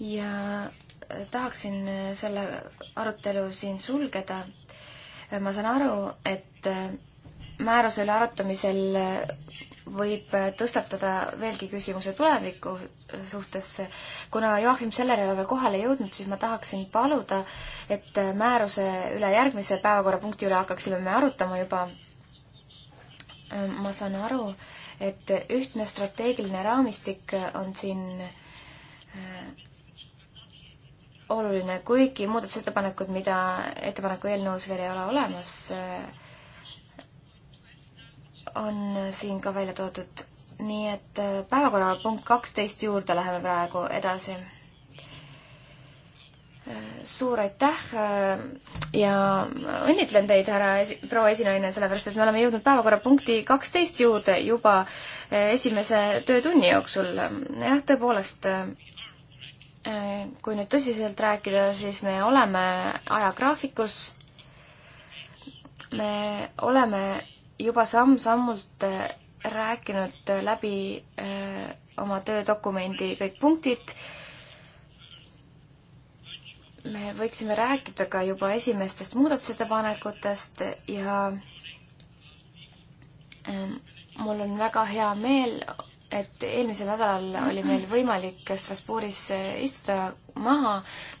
ja tahaksin selle arutelu siin sulgeda. ma saan aru, et määruse üle arutamisel võib tõstatada veelgi küsimuse tuleviku suhtes. kuna Joachim Seller ei ole veel kohale jõudnud, siis ma tahaksin paluda, et määruse üle järgmise päevakorrapunkti üle hakkaksime me arutama juba ma saan aru, et ühtne strateegiline raamistik on siin äh, oluline, kuigi muudatusettepanekud, mida ettepaneku eelnõus veel ei ole olemas, äh, on siin ka välja toodud. nii et äh, päevakorrapunkt kaksteist juurde läheme praegu edasi suur aitäh äh, ja õnnitlen teid, härra esi-, proua esinaine, sellepärast et me oleme jõudnud päevakorrapunkti kaksteist juurde juba äh, esimese töötunni jooksul. jah, tõepoolest, äh, kui nüüd tõsiselt rääkida, siis me oleme ajagraafikus, me oleme juba samm-sammult rääkinud läbi oma töödokumendi kõik punktid me võiksime rääkida ka juba esimestest muudatusettepanekutest ja ähm, mul on väga hea meel, et eelmisel nädalal oli meil võimalik Strasbourgis äh, istuda maha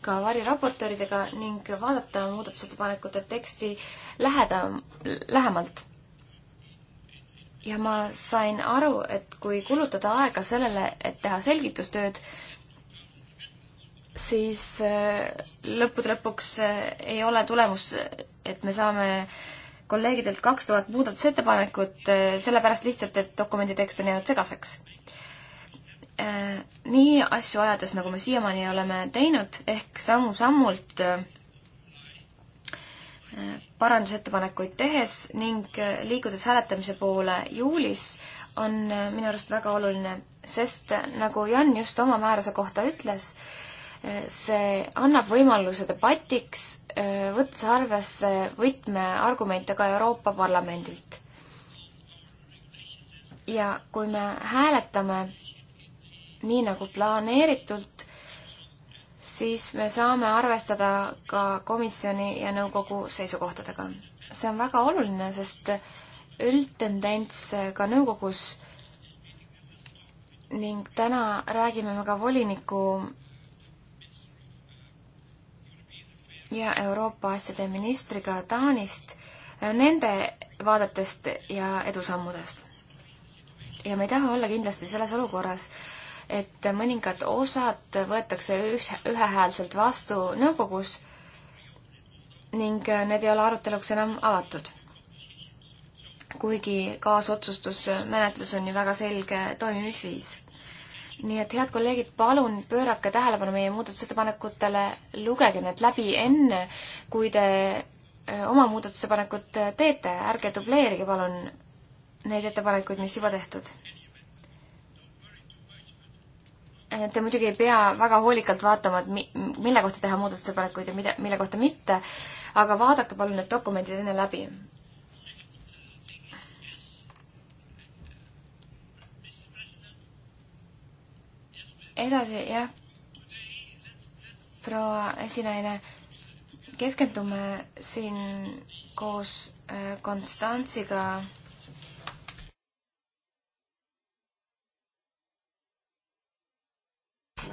ka variraportööridega ning vaadata muudatusettepanekute teksti läheda, lähemalt. ja ma sain aru, et kui kulutada aega sellele, et teha selgitustööd, siis äh, lõppude lõpuks äh, ei ole tulemus, et me saame kolleegidelt kaks tuhat muudatusettepanekut, äh, sellepärast lihtsalt, et dokumendi tekst on jäänud segaseks. Nii asju ajades, nagu me siiamaani oleme teinud, ehk sammu-sammult parandusettepanekuid tehes ning liikudes hääletamise poole juulis, on minu arust väga oluline, sest nagu Jan just oma määruse kohta ütles, äh, see annab võimaluse debatiks, äh, võttes arvesse võtmeargumente ka Euroopa Parlamendilt. ja kui me hääletame nii nagu planeeritult, siis me saame arvestada ka komisjoni ja nõukogu seisukohtadega. see on väga oluline, sest üldtendents ka nõukogus ning täna räägime me ka voliniku ja Euroopa asjade ministriga Taanist äh, nende vaadetest ja edusammudest. ja me ei taha olla kindlasti selles olukorras, et mõningad osad võetakse ühehäälselt vastu nõukogus ning äh, need ei ole aruteluks enam avatud. kuigi kaasotsustusmenetlus on ju väga selge toimimisviis nii et, head kolleegid, palun pöörake tähelepanu meie muudatusettepanekutele, lugege need läbi enne, kui te oma muudatusettepanekut teete, ärge dubleerige palun neid ettepanekuid, mis juba tehtud. Te muidugi ei pea väga hoolikalt vaatama, et mi-, mille kohta teha muudatusettepanekuid ja mida, mille kohta mitte, aga vaadake palun need dokumendid enne läbi edasi, jah, proua esinaine, keskendume siin koos äh, Konstantsiga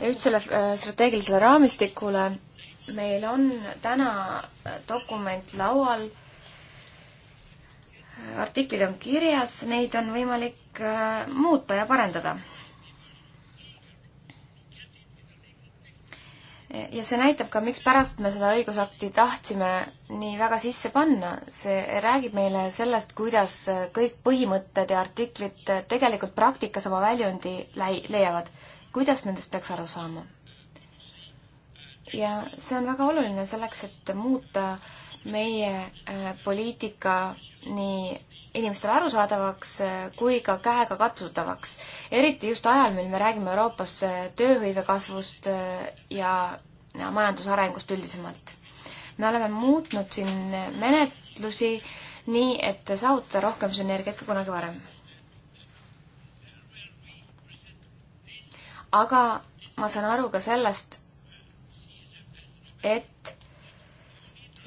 ühtsele äh, strateegilisele raamistikule. meil on täna äh, dokument laual. artiklid on kirjas, neid on võimalik muuta ja parendada ja see näitab ka, mikspärast me seda õigusakti tahtsime nii väga sisse panna. see räägib meile sellest, kuidas kõik põhimõtted ja artiklid tegelikult praktikas oma väljundi leiavad. kuidas nendest peaks aru saama? ja see on väga oluline selleks, et muuta meie äh, poliitika nii inimestele arusaadavaks äh, kui ka käega katsutavaks. eriti just ajal, mil me räägime Euroopas äh, tööhõive kasvust äh, ja, ja majandusarengust üldisemalt. me oleme muutnud siin menetlusi nii, et saavutada rohkem sünergiat kui kunagi varem. aga ma saan aru ka sellest, et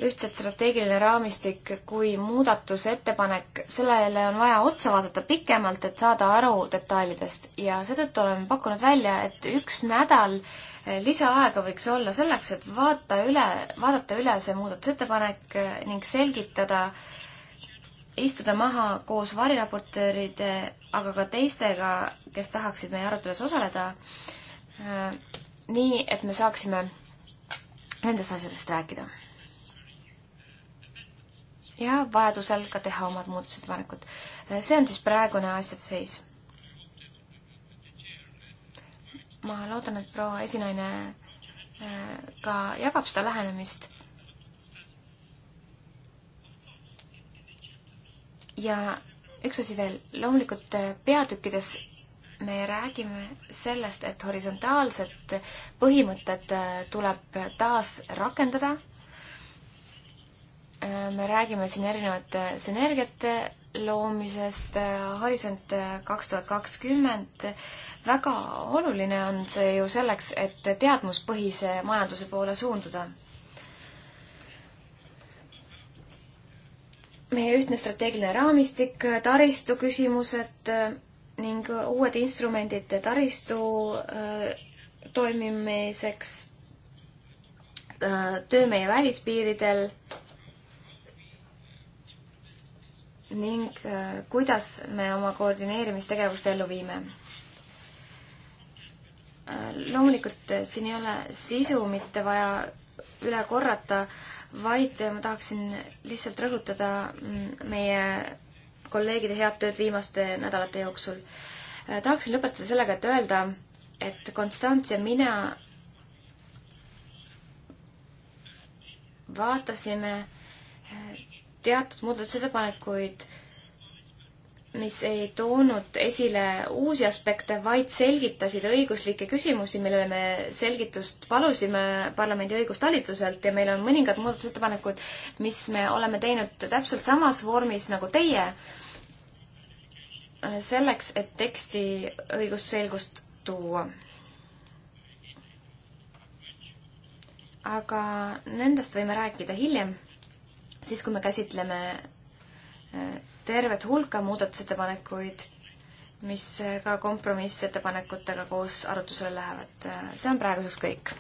ühtset strateegiline raamistik kui muudatusettepanek, sellele on vaja otsa vaadata pikemalt, et saada aru detailidest ja seetõttu oleme pakkunud välja, et üks nädal eh, lisaaega võiks olla selleks, et vaata üle, vaadata üle see muudatusettepanek eh, ning selgitada, istuda maha koos variraportööride, aga ka teistega, kes tahaksid meie arutelus osaleda, eh, nii et me saaksime nendest asjadest rääkida ja vajadusel ka teha omad muudatusettepanekud. see on siis praegune asjade seis. ma loodan, et proua esinaine äh, ka jagab seda lähenemist. ja üks asi veel, loomulikult äh, peatükkides me räägime sellest, et horisontaalsed põhimõtted äh, tuleb taas rakendada me räägime siin erinevate sünergiate loomisest, äh, Horisont äh, kaks tuhat kakskümmend. väga oluline on see ju selleks, et teadmuspõhise majanduse poole suunduda. meie ühtne strateegiline raamistik, taristu küsimused äh, ning uued instrumendid taristu toimimiseks, töö meie välispiiridel ning äh, kuidas me oma koordineerimistegevust ellu viime. Äh, loomulikult äh, siin ei ole sisu mitte vaja üle korrata, vaid ma tahaksin lihtsalt rõhutada mm, meie kolleegide head tööd viimaste nädalate jooksul. tahaksin lõpetada sellega, et öelda, et Konstants ja mina vaatasime teatud muudatusettepanekuid, mis ei toonud esile uusi aspekte, vaid selgitasid õiguslikke küsimusi, millele me selgitust palusime parlamendi õigustalituselt ja meil on mõningad muudatusettepanekud, mis me oleme teinud täpselt samas vormis nagu teie, äh, selleks, et teksti õigusselgust tuua. aga nendest võime rääkida hiljem siis, kui me käsitleme äh, tervet hulka muudatusettepanekuid, mis äh, ka kompromissettepanekutega koos arutusele lähevad. Äh, see on praeguseks kõik.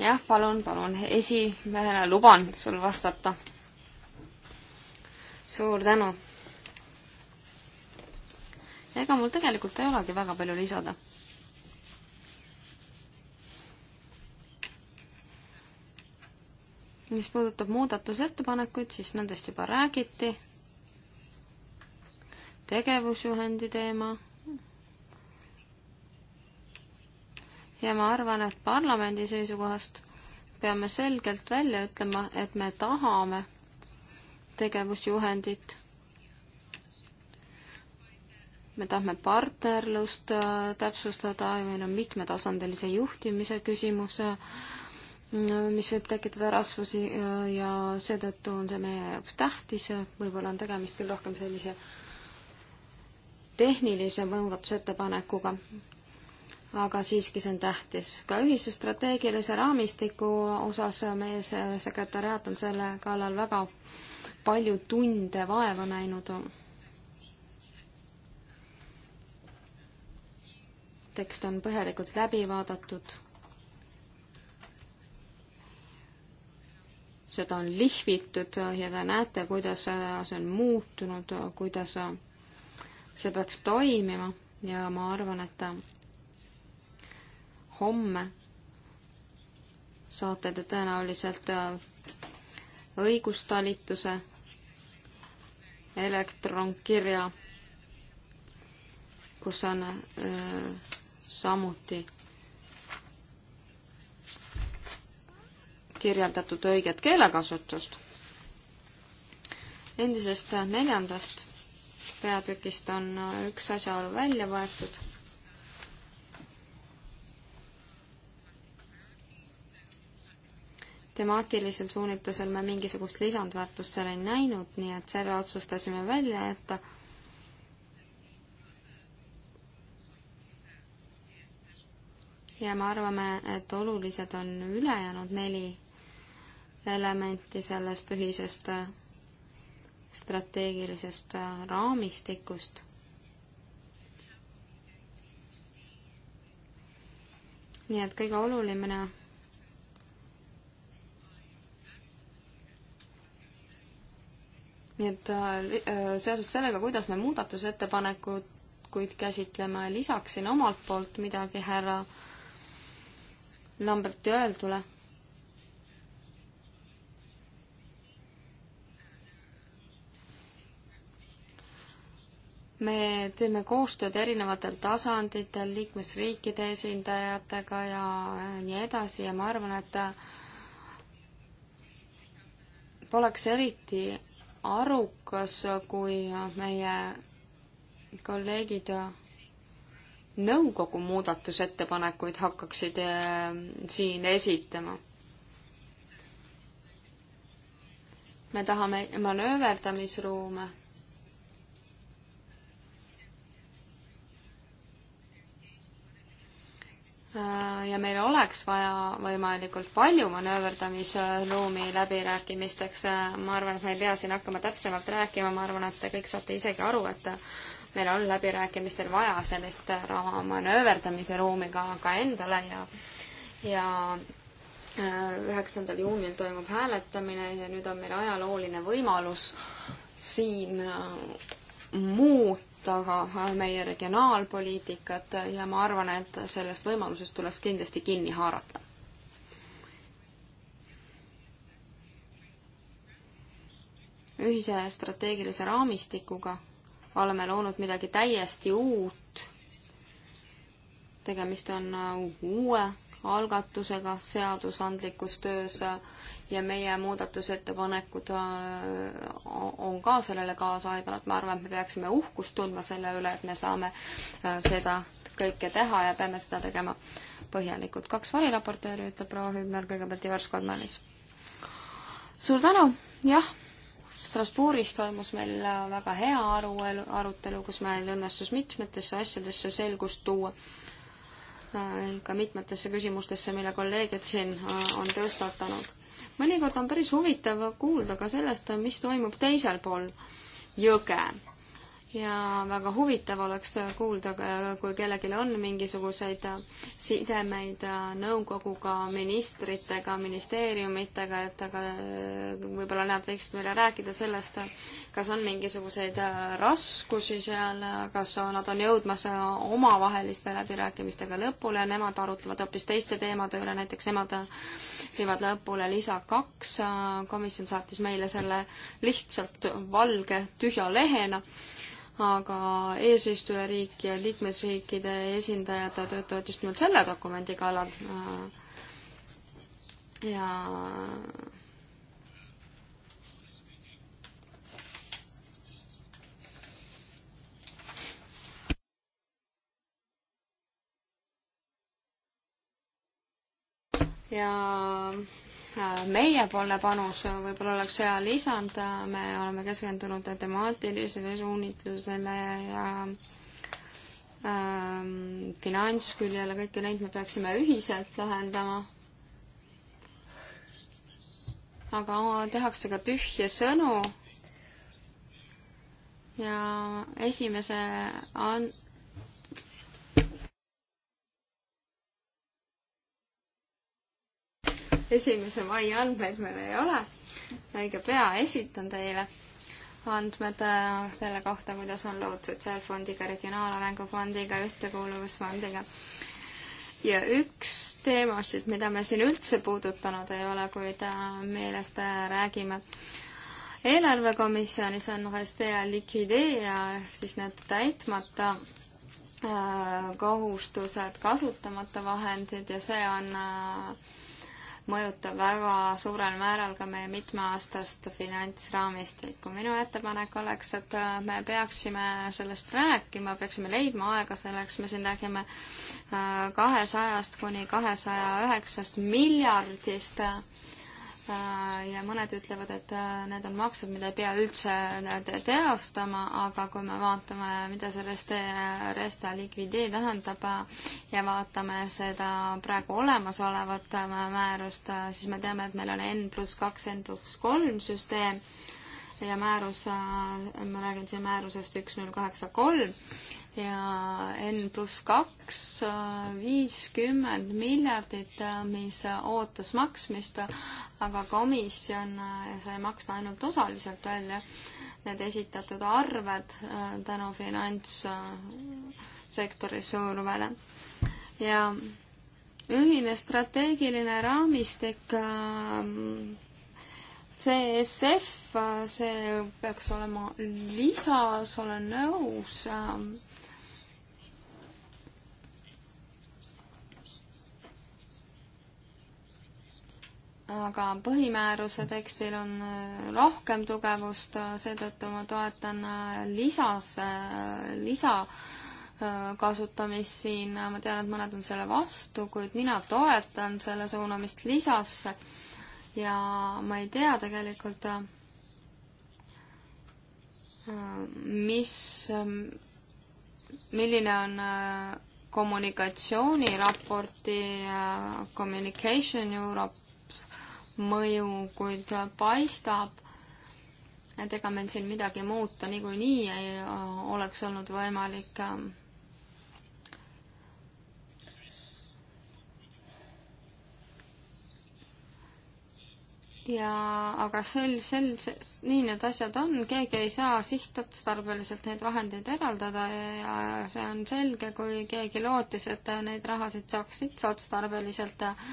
jah, palun, palun, esimehena luban sul vastata. suur tänu. ega mul tegelikult ei olegi väga palju lisada mis puudutab muudatusettepanekuid, siis nendest juba räägiti. tegevusjuhendi teema. ja ma arvan, et parlamendi seisukohast peame selgelt välja ütlema, et me tahame tegevusjuhendit. me tahame partnerlust äh, täpsustada ja meil on mitmetasandilise juhtimise küsimus mis võib tekitada rasvusi äh, ja seetõttu on see meie jaoks tähtis, võib-olla on tegemist küll rohkem sellise tehnilise muudatusettepanekuga, aga siiski see on tähtis. ka ühise strateegilise raamistiku osas meie see sekretäriaat on selle kallal väga palju tunde vaeva näinud. tekst on põhjalikult läbi vaadatud seda on lihvitud ja te näete, kuidas see on muutunud, kuidas see peaks toimima ja ma arvan, et homme saate te tõenäoliselt õigustalituse elektronkirja, kus on öö, äh, samuti kirjeldatud õiget keelekasutust. endisest neljandast peatükist on üks asjaolu välja võetud. temaatilisel suunitlusel me mingisugust lisandväärtust seal ei näinud, nii et selle otsustasime välja jätta et... ja me arvame, et olulised on ülejäänud neli elementi sellest ühisest äh, strateegilisest äh, raamistikust. nii et kõige olulimine nii et äh, seoses sellega, kuidas me muudatusettepanekuid käsitleme, lisaksin omalt poolt midagi härra Lamberti öeldule me teeme koostööd erinevatel tasanditel liikmesriikide esindajatega ja nii edasi ja ma arvan, et poleks eriti arukas, kui meie kolleegid nõukogu muudatusettepanekuid hakkaksid eh, siin esitama me tahame manööverdamisruume Äh, ja meil oleks vaja võimalikult palju manööverdamisruumi läbirääkimisteks. Äh, ma arvan, et ma ei pea siin hakkama täpsemalt rääkima, ma arvan, et te kõik saate isegi aru, et meil on läbirääkimistel vaja sellist raha manööverdamise ruumi ka, ka endale ja, ja äh, üheksandal juunil toimub hääletamine ja nüüd on meil ajalooline võimalus siin muuta ka äh, meie regionaalpoliitikat ja ma arvan, et sellest võimalusest tuleks kindlasti kinni haarata. ühise strateegilise raamistikuga oleme loonud midagi täiesti uut. tegemist on äh, uue algatusega seadusandlikus töös ja meie muudatusettepanekud äh, on ka sellele kaasa aidanud, ma arvan, et me peaksime uhkust tundma selle üle, et me saame äh, seda kõike teha ja peame seda tegema põhjalikult. kaks variraportööri, ütleb proua Hübner, kõigepealt Ivar Skodmanis. suur tänu, jah, Strasbourgis toimus meil äh, väga hea aru, arutelu, kus meil õnnestus mitmetesse asjadesse selgust tuua, ka mitmetesse küsimustesse, mille kolleegid siin on tõstatanud mõnikord on päris huvitav kuulda ka sellest, mis toimub teisel pool jõge ja väga huvitav oleks kuulda, kui kellelgi on mingisuguseid sidemeid nõukoguga, ministritega, ministeeriumitega, et aga võib-olla nad võiksid meile rääkida sellest, kas on mingisuguseid raskusi seal, kas nad on jõudmas omavaheliste läbirääkimistega lõpule, nemad arutlevad hoopis teiste teemade üle, näiteks nemad viivad lõpule lisa kaks, komisjon saatis meile selle lihtsalt valge tühja lehena aga eesistujariik ja liikmesriikide esindajad töötavad just nimelt selle dokumendi kallal. ja ja meiepoolne panus võib-olla oleks hea lisada, me oleme keskendunud temaatilisele suunitlusele ja ähm, finantsküljele, kõiki neid me peaksime ühiselt lahendama. aga tehakse ka tühje sõnu ja esimese an-, esimese mai andmeid meil ei ole. õige pea esitan teile andmed äh, selle kohta, kuidas on lood Sotsiaalfondiga, Regionaalarengu Fondiga, Ühtekuuluvusfondiga. ja üks teemasid, mida me siin üldse puudutanud ei ole, kuid äh, millest äh, räägime eelarvekomisjonis, on Hestea likvideerija ehk siis need täitmata kohustused, kasutamata vahendid ja see on äh, mõjutab väga suurel määral ka meie mitmeaastast finantsraamistikku. minu ettepanek oleks, et äh, me peaksime sellest rääkima, peaksime leidma aega selleks, me siin räägime äh, kahesajast kuni kahesaja üheksast miljardist äh, Äh, ja mõned ütlevad, et äh, need on maksud, mida ei pea üldse äh, teostama, aga kui me vaatame, mida see reste, resta liquidee tähendab ja vaatame seda praegu olemasolevat määrust, siis me teame, et meil on N pluss kaks, N pluss kolm süsteem ja määrus, ma räägin siin määrusest üks null kaheksa kolm ja N pluss kaks, äh, viiskümmend miljardit, äh, mis äh, ootas maksmist, aga komisjon sai maksta ainult osaliselt välja. Need esitatud arved tänu finantssektori survele ja ühine strateegiline raamistik CSF, see peaks olema lisas, olen nõus aga põhimääruse tekstil on äh, rohkem tugevust, äh, seetõttu ma toetan äh, lisas, lisa kasutamist siin, ma tean, et mõned on selle vastu, kuid mina toetan selle suunamist lisasse ja ma ei tea tegelikult, mis, ähm, milline on kommunikatsiooniraporti Communication Europe mõju, kuid paistab, et ega meil siin midagi muuta niikuinii ei äh, oleks olnud võimalik. Ähm, ja aga sel, sel, nii need asjad on, keegi ei saa sihtotstarbeliselt neid vahendeid eraldada ja see on selge, kui keegi lootis, et äh, neid rahasid saaks sihtotstarbeliselt äh,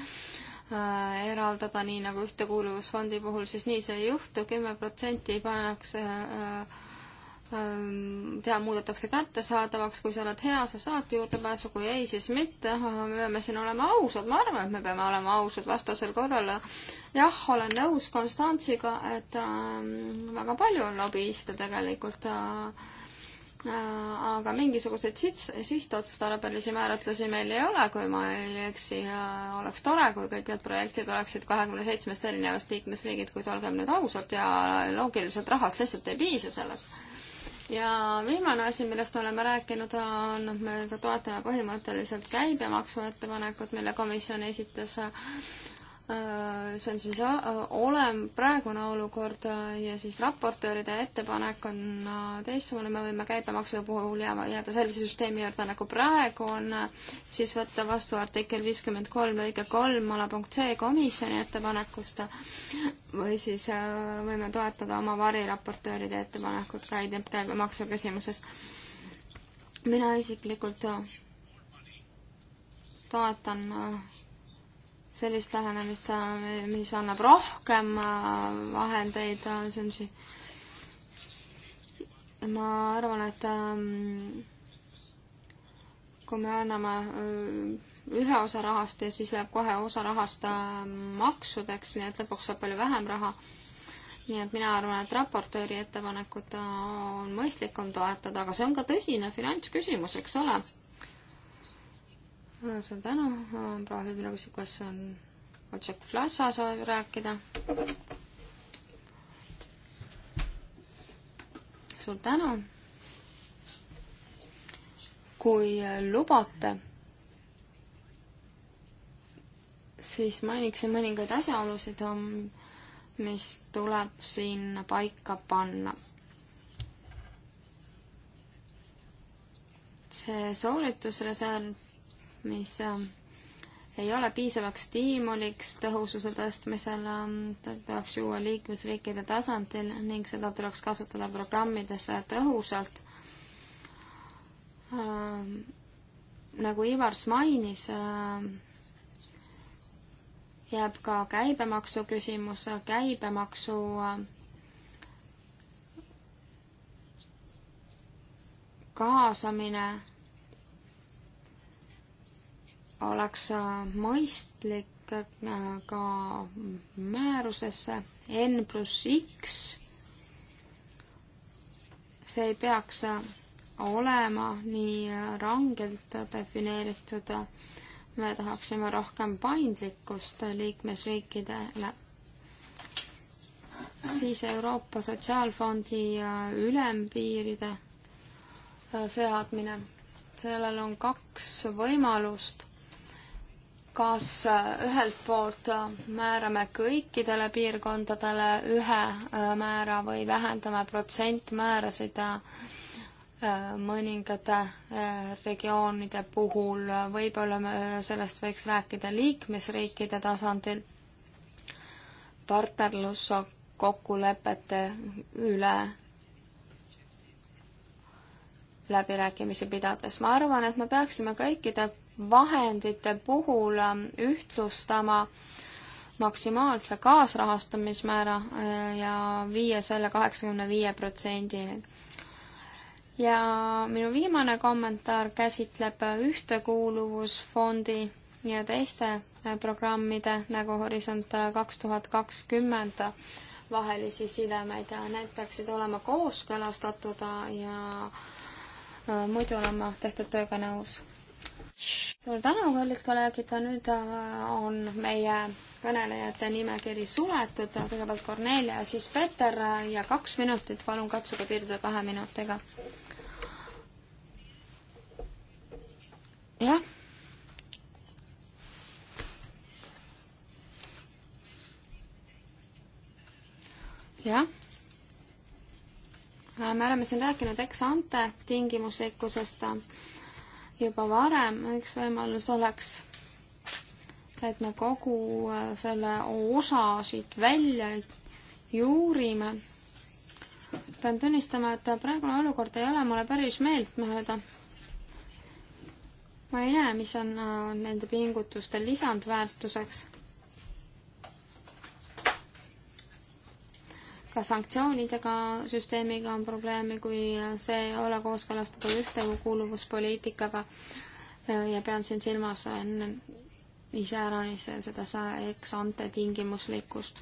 Äh, eraldada, nii nagu Ühtekuuluvusfondi puhul, siis nii see ei juhtu, kümme protsenti pannakse äh, äh, ähm, tea, muudetakse kättesaadavaks, kui sa oled hea, sa saad juurdepääsu, kui ei, siis mitte. me peame siin olema ausad, ma arvan, et me peame olema ausad vastasel korral. jah, olen nõus Konstantsiga, et äh, väga palju on lobiste tegelikult äh, Äh, aga mingisuguseid sihtotstarbelisi määratlusi meil ei ole, kui ma ei eksi, oleks tore, kui kõik need projektid oleksid kahekümne seitsmest erinevast liikmesriigid, kuid olgem nüüd ausad ja loogiliselt rahast lihtsalt ei piisa selleks. ja viimane asi, millest me oleme rääkinud, on, me toetame põhimõtteliselt käibemaksu ettepanekut, mille komisjon esitas Äh, see on siis äh, olem-, praegune olukord äh, ja siis raportööride ettepanek on teistsugune, me võime käibemaksu puhul jääma, jääda sellise süsteemi juurde, nagu praegu on, siis võtta vastu artikkel viiskümmend kolm lõige kolm alapunkt C komisjoni ettepanekust või siis võime toetada oma variraportööride ettepanekut käide, käibemaksu küsimuses. mina isiklikult toetan sellist lähenemist, mis annab rohkem äh, vahendeid, äh, see on siis, ma arvan, et ähm, kui me anname äh, ühe osa rahast ja siis läheb kohe osa rahast maksudeks, nii et lõpuks saab palju vähem raha. nii et mina arvan, et raportööri ettepanekut on mõistlikum toetada, aga see on ka tõsine finantsküsimus, eks ole suur tänu, proua Hüdrovisu, kas on otse Flassa soovib rääkida? suur tänu. kui lubate, siis mainiksin mõningaid asjaolusid, mis tuleb siin paika panna see sooritusreserv mis ähm, ei ole piisavaks stiimuliks tõhususe tõstmisel, ähm, tuleks juua liikmesriikide tasandil ning seda tuleks kasutada programmides tõhusalt. Ähm, nagu Ivars mainis, jääb ka käibemaksu küsimus, käibemaksu äh, kaasamine oleks äh, mõistlik äh, ka määrusesse N pluss X, see ei peaks äh, olema nii rangelt defineeritud, me tahaksime rohkem paindlikkust liikmesriikidele. siis Euroopa Sotsiaalfondi ülempiiride seadmine, sellel on kaks võimalust kas äh, ühelt poolt äh, määrame kõikidele piirkondadele ühe äh, määra või vähendame protsentmäärasid mõningate regioonide puhul, võib-olla me sellest võiks rääkida liikmesriikide tasandil, partnerluskokkulepete üle läbirääkimisi pidades. ma arvan, et me peaksime kõikide vahendite puhul ähm, ühtlustama maksimaalse kaasrahastamismäära äh, ja viia selle kaheksakümne viie protsendini. ja minu viimane kommentaar käsitleb äh, ühtekuuluvusfondi ja teiste äh, programmide nagu Horisont kaks tuhat kakskümmend vahelisi sidemeid ja need peaksid olema kooskõlastatud ja muidu olen ma tehtud tööga nõus suur tänu, kallid kolleegid, nüüd äh, on meie kõnelejate nimekiri suletud, kõigepealt Kornelia ja siis Peeter ja kaks minutit, palun katsuge piirduda kahe minutiga. jah. jah äh, me oleme siin rääkinud ex-ante tingimuslikkusest juba varem, üks võimalus oleks, et me kogu äh, selle osa siit välja juurime. pean tunnistama, et praegune olukord ei ole mulle päris meeltmööda. ma ei näe, mis on äh, nende pingutuste lisandväärtuseks ka sanktsioonidega süsteemiga on probleeme, kui see ei ole kooskõlastatud ühtekuuluvuspoliitikaga ja pean siin silmas iseäranis seda eksante tingimuslikkust.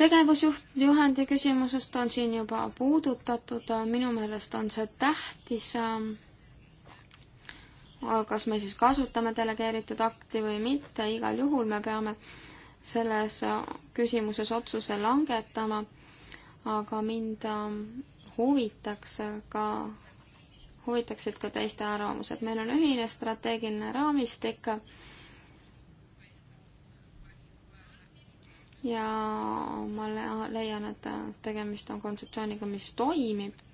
tegevusjuht, juhendi küsimusest on siin juba puudutatud, minu meelest on see tähtis kas me siis kasutame delegeeritud akti või mitte, igal juhul me peame selles küsimuses otsuse langetama, aga mind ähm, huvitaks ka, huvitaksid ka teiste arvamused. meil on ühine strateegiline raamistik ja ma leian, et tegemist on kontseptsiooniga, mis toimib.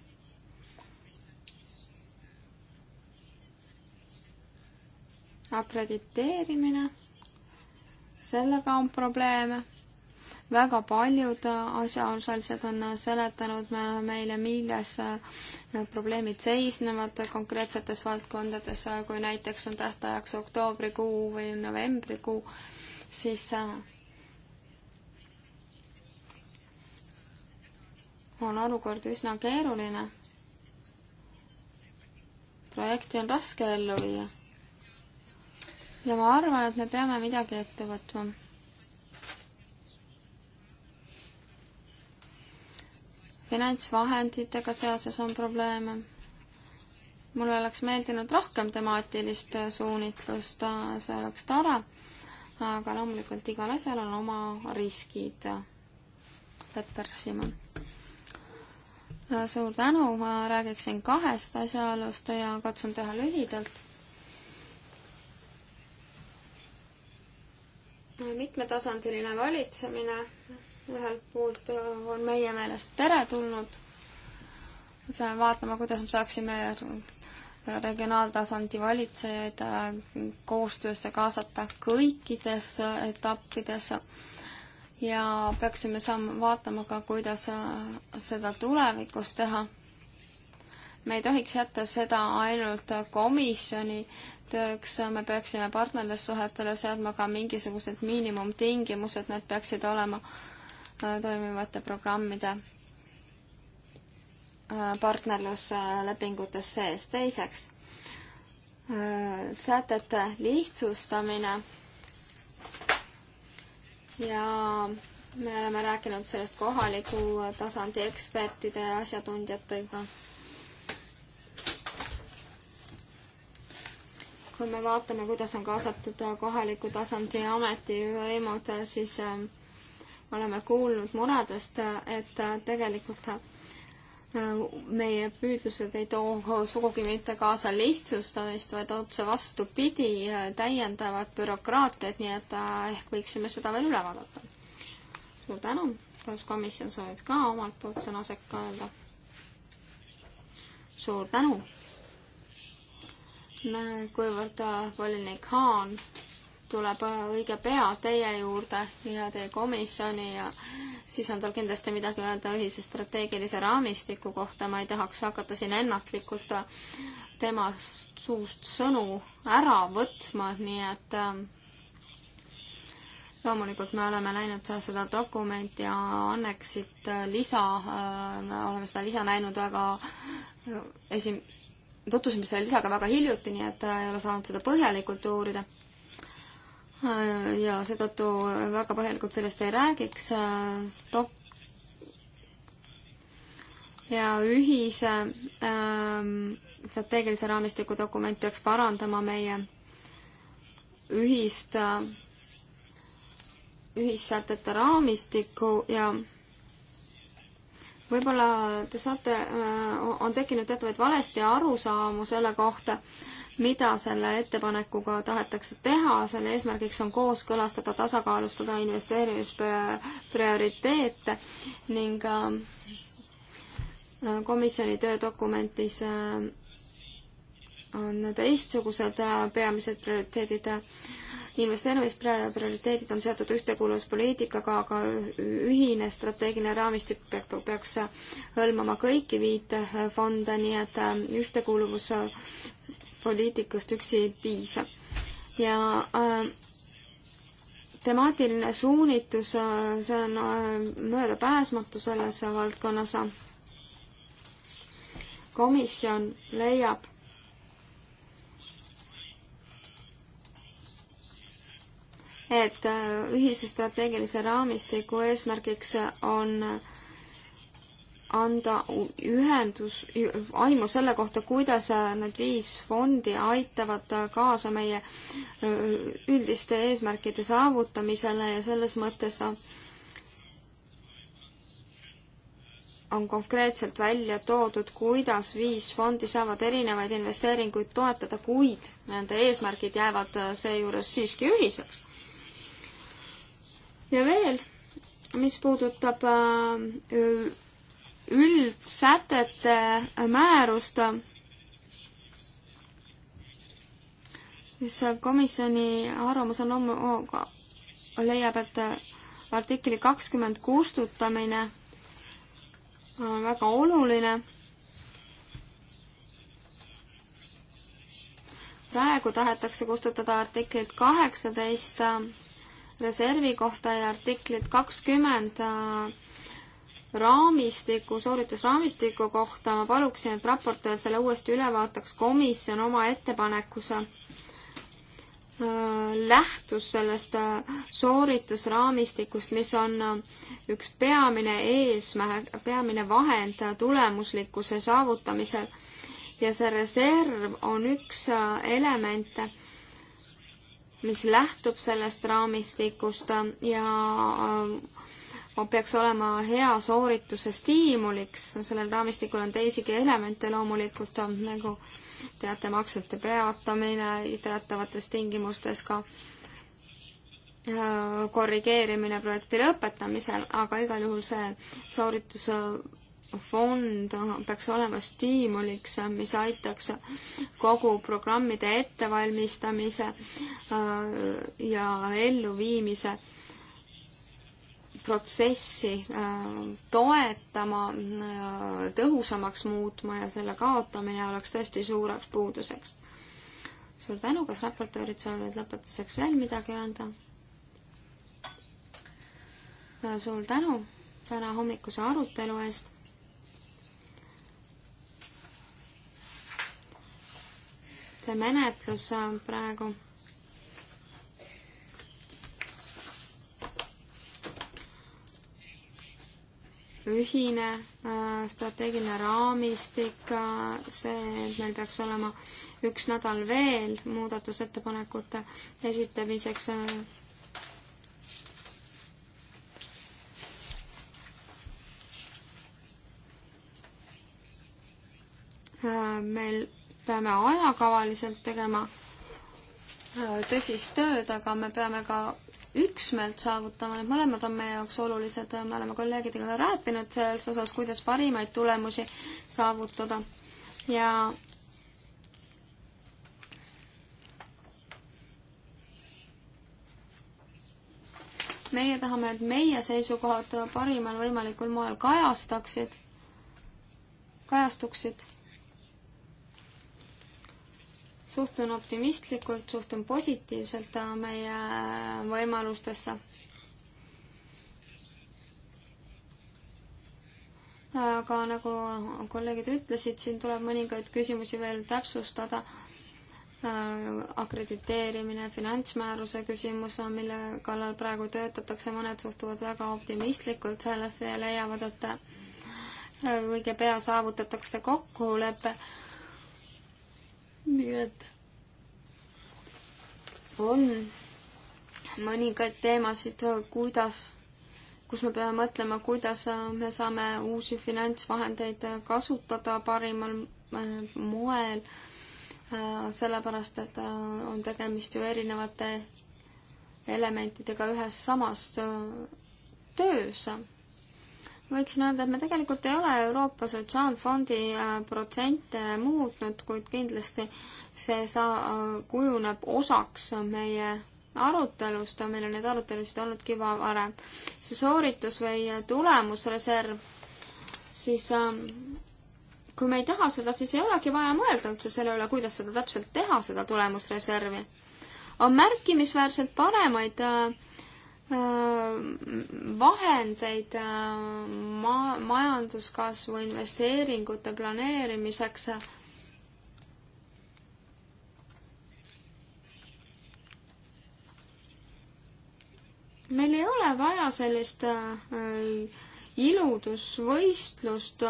akrediteerimine sellega on probleeme. väga paljud asjaosalised on seletanud meile, milles äh, probleemid seisnevad konkreetsetes valdkondades, äh, kui näiteks on tähtajaks oktoobrikuu või novembrikuu, siis äh, on olukord üsna keeruline. projekti on raske ellu viia ja ma arvan, et me peame midagi ette võtma. finantsvahenditega seoses on probleeme. mulle oleks meeldinud rohkem temaatilist suunitlust, see oleks tore, aga loomulikult igal asjal on oma riskid. Peeter Simon. suur tänu, ma räägiksin kahest asjaolust ja katsun teha lühidalt mitmetasandiline valitsemine ühelt poolt äh, on meie meelest teretulnud. me peame vaatama, kuidas me saaksime regionaaltasandi valitsejaid äh, koostöösse kaasata kõikides äh, etappides ja peaksime saama vaatama ka, kuidas seda tulevikus teha. me ei tohiks jätta seda ainult komisjoni äh, koostööks me peaksime partnerlussuhetele seadma ka mingisugused miinimumtingimused, need peaksid olema äh, toimivate programmide äh, partnerluslepingutes sees. teiseks, äh, sätete lihtsustamine ja me oleme rääkinud sellest kohaliku tasandi ekspertide ja asjatundjatega kui me vaatame, kuidas on kaasatud äh, kohaliku tasandi ametivõimud, äh, siis äh, oleme kuulnud muredest, et tegelikult meie püüdlused ei too sugugi mitte kaasa lihtsustamist, vaid otse vastupidi, täiendavad bürokraatiat, nii et ehk võiksime seda veel üle vaadata. suur tänu, kas komisjon soovib ka omalt poolt sõna sekka öelda? suur tänu kuivõrd äh, volinik Haan tuleb äh, õige pea teie juurde ja teie komisjoni ja siis on tal kindlasti midagi öelda ühise strateegilise raamistiku kohta, ma ei tahaks hakata siin ennatlikult äh, tema suust sõnu ära võtma, nii et loomulikult me oleme näinud seda dokumenti ja anneksit lisa, me oleme seda lisa näinud väga esi-, tutvusime selle lisaga väga hiljuti, nii et äh, ei ole saanud seda põhjalikult uurida. Äh, ja seetõttu väga põhjalikult sellest ei räägiks. Äh, ja ühise ähm, strateegilise raamistiku dokument peaks parandama meie ühist, ühissätete raamistikku ja võib-olla te saate, äh, on tekkinud teatavaid valesti arusaamu selle kohta, mida selle ettepanekuga tahetakse teha, selle eesmärgiks on kooskõlastada, tasakaalustada investeerimisprioriteete ning äh, komisjoni töödokumentis äh, on teistsugused peamised prioriteedid investeerimisprioriteedid on seotud ühtekuuluvuspoliitikaga, aga ühine strateegiline raamistik peaks hõlmama kõiki viite fonde, nii et äh, ühtekuuluvuspoliitikast üksi ei piisa. ja äh, temaatiline suunitus, äh, see on äh, möödapääsmatu selles valdkonnas. komisjon leiab, et äh, ühise strateegilise raamistiku eesmärgiks on anda ühendus, aimu selle kohta, kuidas äh, need viis fondi aitavad äh, kaasa meie üldiste eesmärkide saavutamisele ja selles mõttes on konkreetselt välja toodud, kuidas viis fondi saavad erinevaid investeeringuid toetada, kuid nende eesmärgid jäävad seejuures siiski ühiseks ja veel, mis puudutab äh, üldsätete äh, määrust, siis äh, komisjoni arvamus on loomu-, leiab, et artikli kakskümmend kustutamine on väga oluline. praegu tahetakse kustutada artiklit kaheksateist reservi kohta ja artiklit kakskümmend äh, raamistiku, sooritusraamistiku kohta ma paluksin, et raportöör selle uuesti üle vaataks, komisjon oma ettepanekus äh, lähtus sellest äh, sooritusraamistikust, mis on üks peamine eesmärk, peamine vahend tulemuslikkuse saavutamisel. ja see reserv on üks elemente mis lähtub sellest raamistikust äh, ja äh, peaks olema hea soorituse stiimuliks. sellel raamistikul on teisigi elemente loomulikult, äh, nagu teatemaksete peatamine teatavates tingimustes ka korrigeerimine projekti lõpetamisel, aga igal juhul see soorituse fond peaks olema stiimuliks, mis aitaks kogu programmide ettevalmistamise äh, ja elluviimise protsessi äh, toetama, äh, tõhusamaks muutma ja selle kaotamine oleks tõesti suureks puuduseks. suur tänu, kas raportöörid soovivad lõpetuseks veel midagi öelda? suur tänu täna hommikuse arutelu eest. see menetlus praegu ühine äh, strateegiline raamistik, äh, see, et meil peaks olema üks nädal veel muudatusettepanekute esitamiseks. Äh, meil peame ajakavaliselt tegema äh, tõsist tööd, aga me peame ka üksmeelt saavutama, need mõlemad on meie jaoks olulised, me oleme kolleegidega ka rääkinud selles osas, kuidas parimaid tulemusi saavutada ja meie tahame, et meie seisukohad parimal võimalikul moel kajastaksid, kajastuksid suhtun optimistlikult, suhtun positiivselt äh, meie äh, võimalustesse. aga nagu kolleegid ütlesid, siin tuleb mõningaid küsimusi veel täpsustada. Äh, akrediteerimine, finantsmääruse küsimus, mille kallal praegu töötatakse, mõned suhtuvad väga optimistlikult sellesse ja leiavad, et õige pea saavutatakse kokkulepe nii et on mõningaid teemasid, kuidas, kus me peame mõtlema, kuidas me saame uusi finantsvahendeid kasutada parimal äh, moel, äh, sellepärast et äh, on tegemist ju erinevate elementidega ühes samas töös töö võiksin öelda, et me tegelikult ei ole Euroopa Sotsiaalfondi äh, protsente äh, muutnud, kuid kindlasti see saa-, äh, kujuneb osaks meie arutelust, meil on neid arutelusid olnud kiva varem. see sooritus või tulemusreserv, siis ähm, kui me ei taha seda, siis ei olegi vaja mõelda üldse selle üle, kuidas seda täpselt teha, seda tulemusreservi. on märkimisväärselt paremaid äh, Äh, vahendeid äh, ma-, majanduskasvu investeeringute planeerimiseks. meil ei ole vaja sellist äh, iludusvõistlust.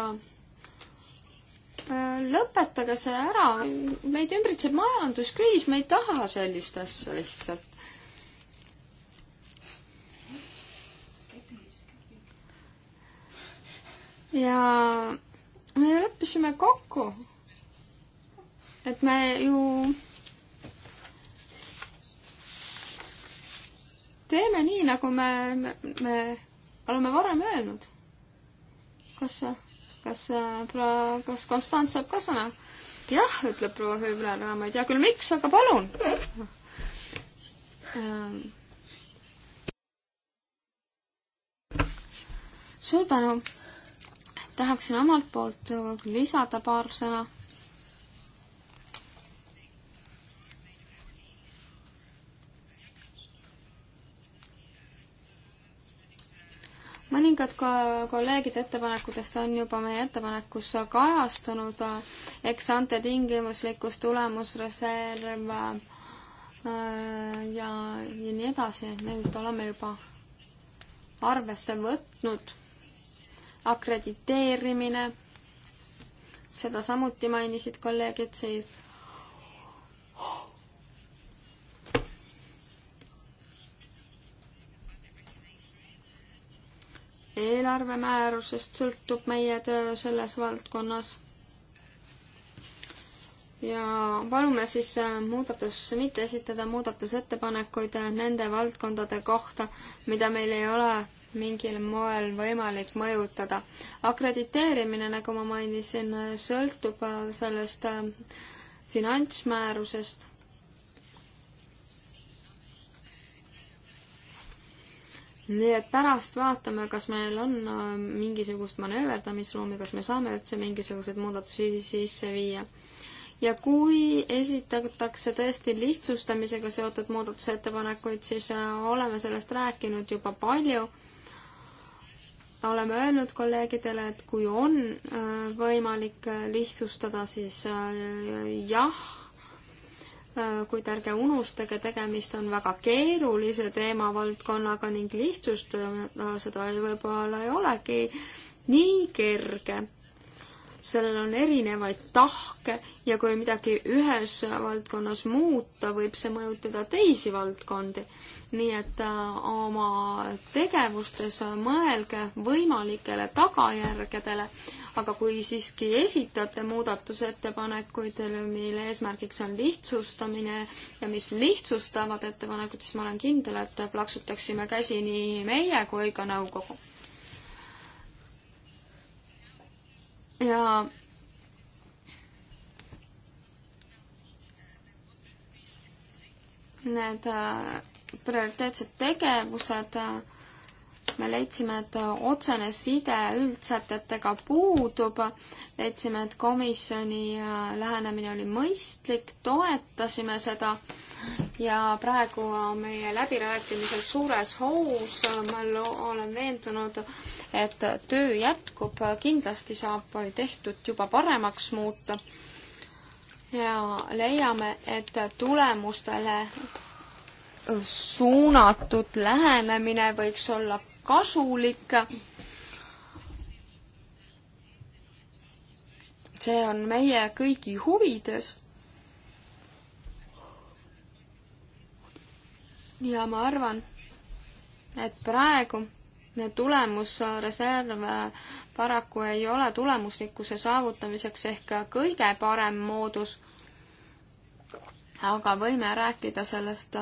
lõpetage see ära, meid ümbritseb majanduskriis, me ei taha sellist asja lihtsalt ja me leppisime kokku, et me ju teeme nii, nagu me, me, me oleme varem öelnud. kas, kas, kas Konstants saab ka sõna? jah, ütleb proua Hüübler, ma ei tea küll, miks, aga palun ähm.. suur tänu tahaksin omalt poolt lisada paar sõna. mõningad kolleegide ettepanekutest on juba meie ettepanekus kajastunud, eks ante tingimuslikkus, tulemusreserv äh, ja, ja nii edasi, need oleme juba arvesse võtnud akrediteerimine, seda samuti mainisid kolleegid siin. eelarvemäärusest sõltub meie töö selles valdkonnas. ja palume siis äh, muudatusse mitte esitada muudatusettepanekuid äh, nende valdkondade kohta, mida meil ei ole mingil moel võimalik mõjutada. akrediteerimine, nagu ma mainisin, sõltub äh, sellest äh, finantsmäärusest. nii et pärast vaatame, kas meil on äh, mingisugust manööverdamisruumi, kas me saame üldse mingisuguseid muudatusi sisse viia ja kui esitatakse tõesti lihtsustamisega seotud muudatusettepanekuid, siis oleme sellest rääkinud juba palju oleme öelnud kolleegidele, et kui on äh, võimalik äh, lihtsustada, siis äh, jah, kuid ärge unustage, tegemist on väga keerulise teemavaldkonnaga ning lihtsustada seda võib-olla ei olegi nii kerge. sellel on erinevaid tahke ja kui midagi ühes valdkonnas muuta, võib see mõjutada teisi valdkondi nii et äh, oma tegevustes mõelge võimalikele tagajärgedele, aga kui siiski esitate muudatusettepanekuid, mille eesmärgiks on lihtsustamine ja mis lihtsustavad ettepanekut, siis ma olen kindel, et plaksutaksime käsi nii meie kui ka nõukogu. ja need äh, prioriteetsed tegevused, me leidsime, et otsene side üldsätetega puudub, leidsime, et komisjoni äh, lähenemine oli mõistlik, toetasime seda ja praegu on meie läbirääkimised suures hoos, ma olen veendunud, et töö jätkub, kindlasti saab tehtud juba paremaks muuta ja leiame, et tulemustele suunatud lähenemine võiks olla kasulik. see on meie kõigi huvides ja ma arvan, et praegu tulemusreserv paraku ei ole tulemuslikkuse saavutamiseks ehk kõige parem moodus. aga võime rääkida sellest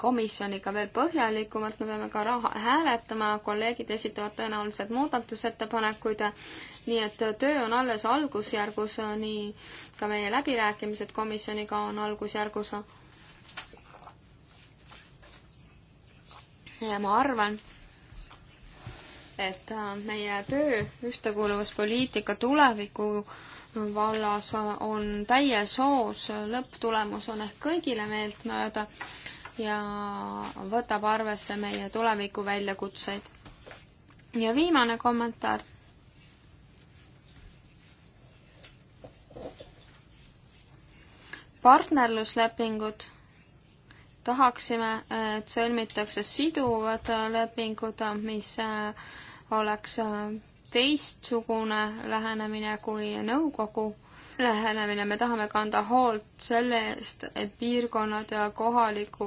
komisjoniga veel põhjalikumalt, me peame ka raha hääletama, kolleegid esitavad tõenäoliselt muudatusettepanekuid, nii et töö on alles algusjärgus, nii ka meie läbirääkimised komisjoniga on algusjärgus. ja ma arvan, et meie töö ühtekuuluvuspoliitika tuleviku vallas on täies hoos, lõpptulemus on ehk kõigile meeltmööda ja võtab arvesse meie tuleviku väljakutseid. ja viimane kommentaar. partnerluslepingud, tahaksime, et sõlmitakse siduvad lepingud, mis äh, oleks äh, teistsugune lähenemine kui nõukogu lähenemine, me tahame kanda hoolt selle eest, et piirkonnad ja kohaliku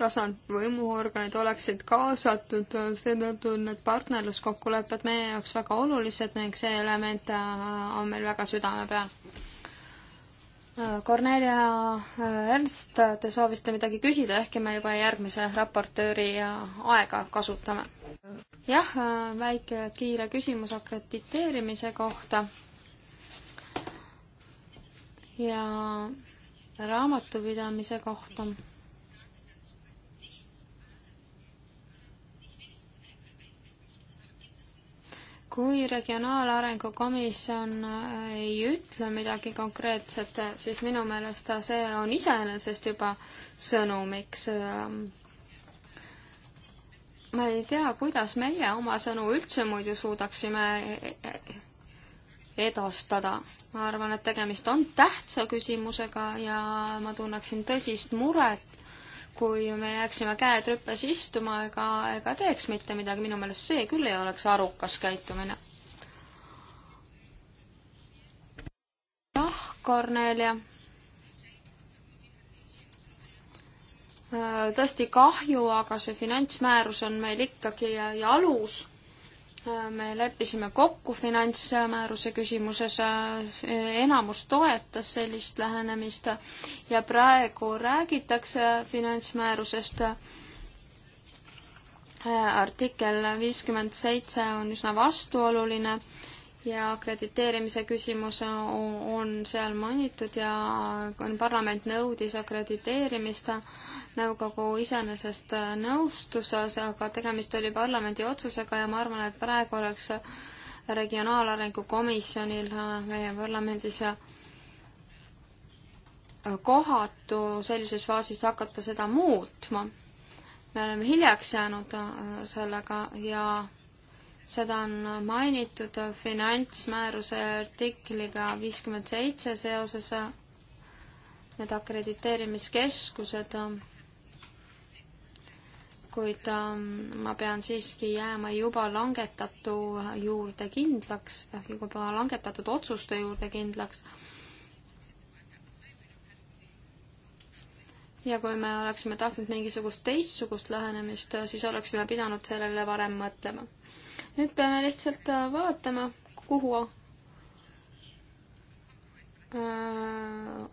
tasand võimuorganid oleksid kaasatud, seetõttu on need partnerluskokkulepped meie jaoks väga olulised ning see element äh, on meil väga südame peal. Äh, Kornelia äh, Ernst, te soovisite midagi küsida, ehkki me juba järgmise raportööri aega kasutame. jah, väike kiire küsimus akrediteerimise kohta ja raamatupidamise kohta. kui Regionaalarengu Komisjon ei ütle midagi konkreetset, siis minu meelest see on iseenesest juba sõnumiks. ma ei tea, kuidas meie oma sõnu üldse muidu suudaksime edastada. ma arvan, et tegemist on tähtsa küsimusega ja ma tunneksin tõsist muret, kui me jääksime käed rüpes istuma ega, ega teeks mitte midagi, minu meelest see küll ei oleks arukas käitumine. jah, Kornelia äh, tõesti kahju, aga see finantsmäärus on meil ikkagi jalus me leppisime kokku finantsmääruse küsimuses, enamus toetas sellist lähenemist ja praegu räägitakse finantsmäärusest. artikkel viiskümmend seitse on üsna vastuoluline ja akrediteerimise küsimus on seal mainitud ja parlament nõudis akrediteerimist nõukogu iseenesest nõustus, aga tegemist oli parlamendi otsusega ja ma arvan, et praegu oleks regionaalarengu komisjonil meie parlamendis kohatu sellises faasis hakata seda muutma. me oleme hiljaks jäänud sellega ja seda on mainitud finantsmääruse artikliga viiskümmend seitse seoses need akrediteerimiskeskused kuid ähm, ma pean siiski jääma juba langetatu juurde kindlaks, eh, juba langetatud otsuste juurde kindlaks. ja kui me oleksime tahtnud mingisugust teistsugust lähenemist, äh, siis oleksime pidanud sellele varem mõtlema. nüüd peame lihtsalt äh, vaatama, kuhu äh,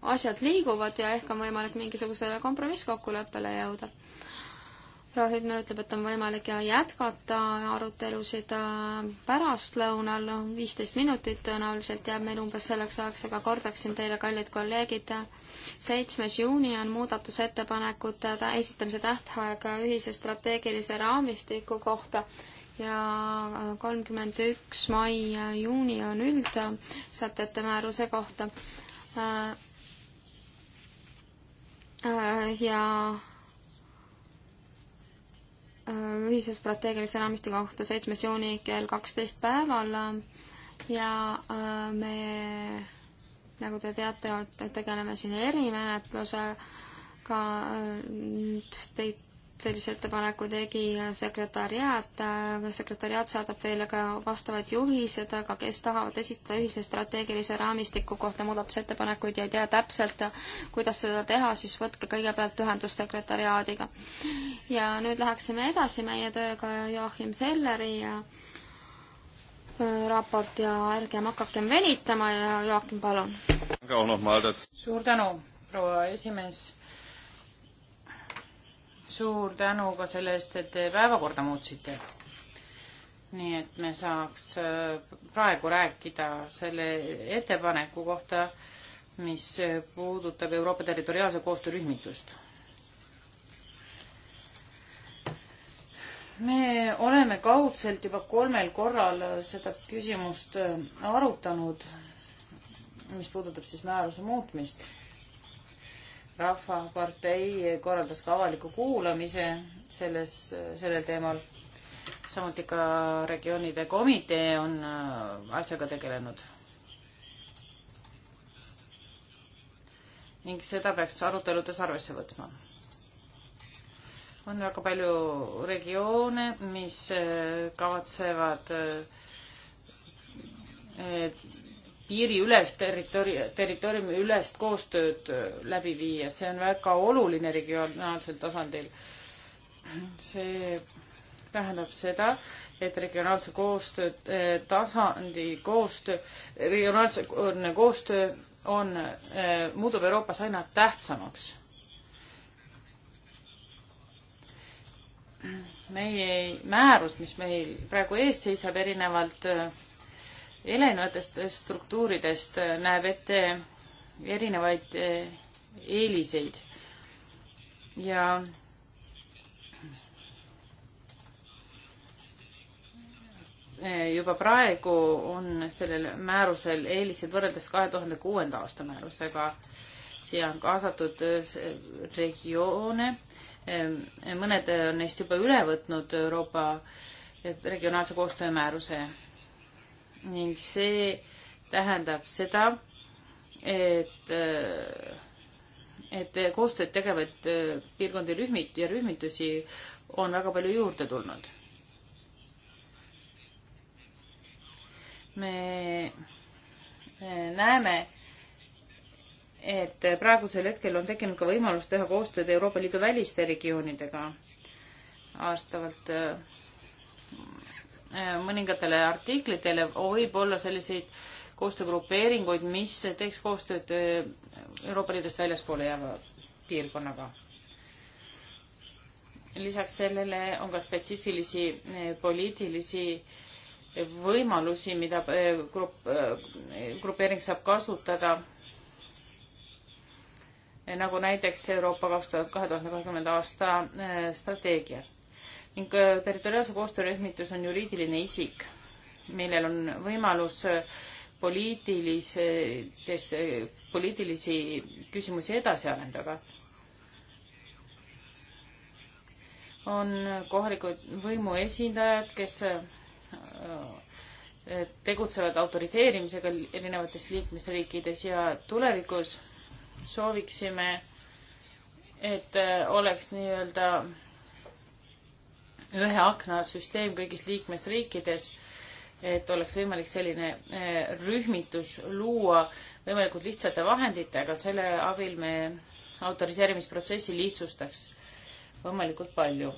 asjad liiguvad ja ehk on võimalik mingisugusele kompromisskokkuleppele jõuda proua Hübner ütleb, et on võimalik jätkata arutelusid äh, pärastlõunal, viisteist minutit tõenäoliselt jääb meil umbes selleks ajaks, aga kordaksin teile, kallid kolleegid, seitsmes juuni on muudatusettepanekute esitamise tähtaeg ühise strateegilise raamistiku kohta ja kolmkümmend üks mai, juuni on üldsätete määruse kohta. Äh, äh, ja ühise strateegilise raamistiku kohta seitsmes juuni kell kaksteist päeval ja äh, me, nagu te teate, tegeleme siin erimenetlusega, äh, state sellise ettepaneku tegi sekretariaat, sekretariaat saadab teile ka vastavad juhised, aga kes tahavad esitada ühise strateegilise raamistiku kohta muudatusettepanekuid ja ei tea täpselt, kuidas seda teha, siis võtke kõigepealt ühendust sekretariaadiga. ja nüüd läheksime edasi meie tööga Joachim Selleri ja äh, raport ja ärgem hakakem venitama ja Joakim, palun. suur tänu, proua esimees suur tänu ka selle eest, et te päevakorda muutsite. nii et me saaks äh, praegu rääkida selle ettepaneku kohta, mis puudutab Euroopa territoriaalse koostöö rühmitust me oleme kaudselt juba kolmel korral seda küsimust äh, arutanud, mis puudutab siis määruse muutmist rahvapartei korraldas ka avaliku kuulamise selles, sellel teemal. samuti ka regioonide komitee on äh, asjaga tegelenud. ning seda peaks aruteludes arvesse võtma. on väga palju regioone, mis äh, kavatsevad äh, piiriülest territoori-, territooriumi ülest koostööd äh, läbi viia, see on väga oluline regionaalsel tasandil. see tähendab seda, et regionaalse koostöö äh, tasandi koostöö, regionaalse koostöö on, äh, muutub Euroopas aina tähtsamaks. meie määrus, mis meil praegu ees seisab, erinevalt äh, erinevatest struktuuridest äh, näeb ette äh, erinevaid äh, eeliseid ja juba praegu on sellel määrusel eelised võrreldes kahe tuhande kuuenda aasta määrusega. siia on kaasatud regioone, mõned neist juba üle võtnud Euroopa regionaalse koostöö määruse ning see tähendab seda, et, äh, et koostööd tegevaid äh, piirkondi rühmit- ja rühmitusi on väga palju juurde tulnud. me äh, näeme, et praegusel hetkel on tekkinud ka võimalus teha koostööd Euroopa Liidu väliste regioonidega vastavalt Äh, mõningatele artiklitele võib-olla selliseid koostöögrupeeringuid, mis teeks koostööd äh, Euroopa Liidust väljaspoole jääva piirkonnaga. lisaks sellele on ka spetsiifilisi äh, poliitilisi võimalusi, mida grupp, grupeering saab kasutada nagu näiteks Euroopa kaks tuhat, kahe tuhande kahekümnenda aasta strateegia ning äh, territoriaalse koostöörühmitus on juriidiline isik, millel on võimalus äh, poliitilises, äh, poliitilisi küsimusi edasi arendada. on kohalikud võimu esindajad, kes tegutsevad autoriseerimisega erinevates liikmesriikides ja tulevikus sooviksime, et oleks nii-öelda ühe akna süsteem kõigis liikmesriikides, et oleks võimalik selline eh, rühmitus luua võimalikult lihtsate vahenditega, selle abil me autoriseerimisprotsessi lihtsustaks võimalikult palju.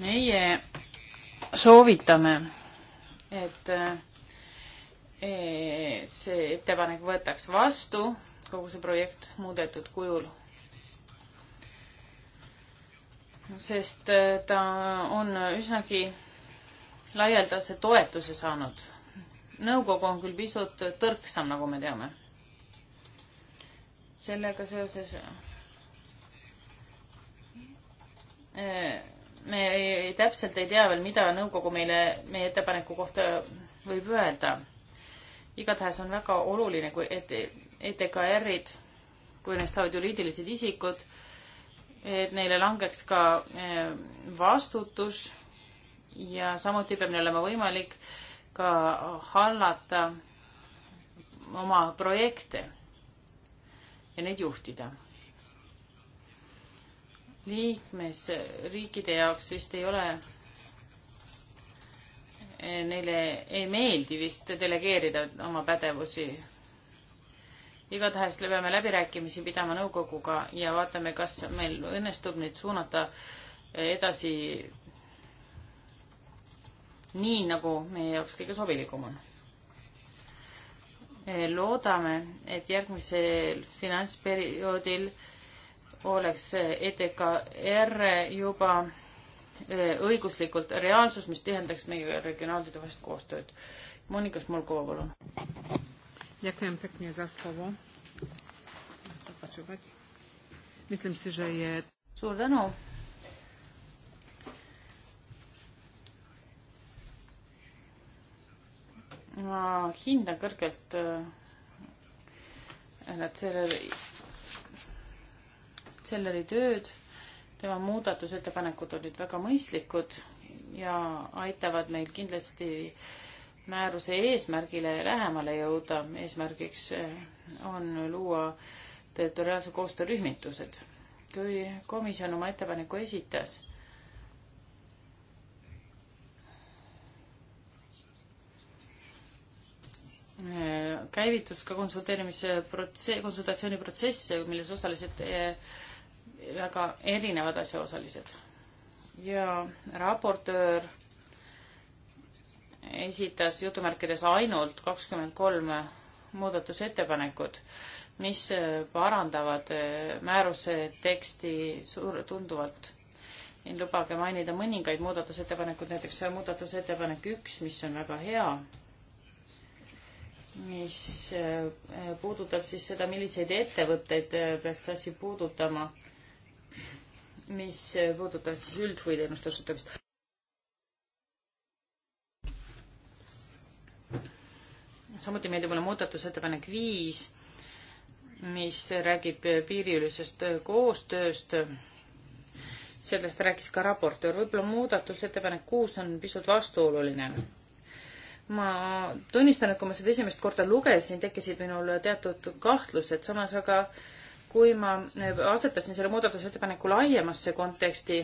meie soovitame, et eh, see ettepanek võetaks vastu kogu see projekt muudetud kujul. sest äh, ta on üsnagi laialdase toetuse saanud. nõukogu on küll pisut tõrksam, nagu me teame. sellega seoses äh, me ei, ei, täpselt ei tea veel, mida nõukogu meile, meie ettepaneku kohta võib öelda. igatahes on väga oluline, kui, et ETKR-id, kui neist saavad juriidilised isikud, et neile langeks ka eh, vastutus ja samuti peab neil olema võimalik ka hallata oma projekte ja neid juhtida. liikmesriikide jaoks vist ei ole, eh, neile ei meeldi vist delegeerida oma pädevusi igatahes peame läbirääkimisi pidama nõukoguga ja vaatame, kas meil õnnestub neid suunata edasi nii, nagu meie jaoks kõige sobilikum on. loodame, et järgmisel finantsperioodil oleks ETKR juba e, õiguslikult reaalsus, mis tihendaks meie regionaalide vahest koostööd. Monika Smolkova, palun. Ďakujem pekne za slovo. Myslím si, že je... suur tänu. ma hindan kõrgelt härra äh, Tselleri, Tselleri tööd. tema muudatusettepanekud olid väga mõistlikud ja aitavad meil kindlasti äh, määruse eesmärgile lähemale jõuda. eesmärgiks eh, on luua territoriaalse koostöö rühmitused. kui komisjon oma ettepaneku esitas, eh, käivitus ka konsulteerimise protse-, konsultatsiooniprotsess, milles osalesid eh, väga erinevad asjaosalised. ja raportöör esitas jutumärkides ainult kakskümmend kolm muudatusettepanekut, mis parandavad eh, määruse teksti suur, tunduvalt. siin lubage mainida mõningaid muudatusettepanekuid, näiteks muudatusettepanek üks, mis on väga hea, mis eh, puudutab siis seda, milliseid ettevõtteid eh, peaks asi puudutama, mis puudutab siis üldhuviteenuste osutamist samuti meeldib mulle muudatusettepanek viis, mis räägib piiriülisest koostööst. sellest rääkis ka raportöör, võib-olla muudatusettepanek kuus on pisut vastuoluline ma tunnistan, et kui ma seda esimest korda lugesin, tekkisid minul teatud kahtlused, samas aga kui ma asetasin selle muudatusettepaneku laiemasse konteksti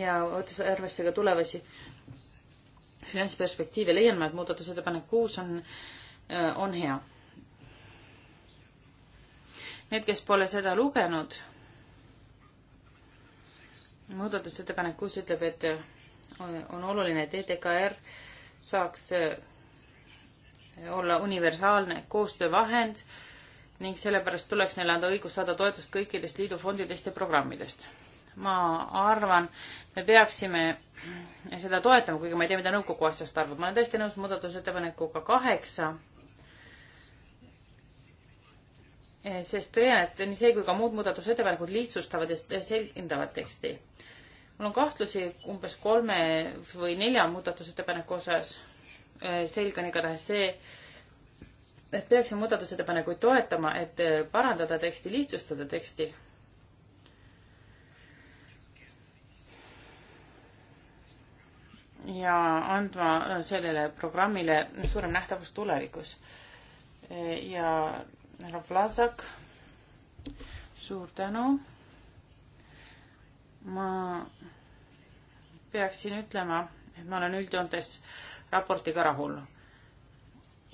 ja võttes arvesse ka tulevasi finantsperspektiivi, leian ma, et muudatusettepanek kuus on, äh, on hea. Need, kes pole seda lugenud, muudatusettepanek kuus ütleb, et äh, on oluline, et EDKR saaks äh, olla universaalne koostöövahend ning sellepärast tuleks neile anda õigus saada toetust kõikidest liidufondidest ja programmidest ma arvan, me peaksime seda toetama, kuigi ma ei tea, mida nõukogu asjast arvab. ma olen täiesti nõus muudatusettepanekuga kaheksa. Eh, sest leian, et nii see kui ka muud muudatusettepanekud lihtsustavad ja selgindavad teksti. mul on kahtlusi umbes kolme või nelja muudatusettepaneku osas. Eh, selge on igatahes see, et peaksime muudatusettepanekuid toetama, et eh, parandada teksti, lihtsustada teksti ja andma äh, sellele programmile suurem nähtavus tulevikus. Äh, ja härra Vlasak, suur tänu. ma peaksin ütlema, et ma olen üldjoontes raportiga rahul.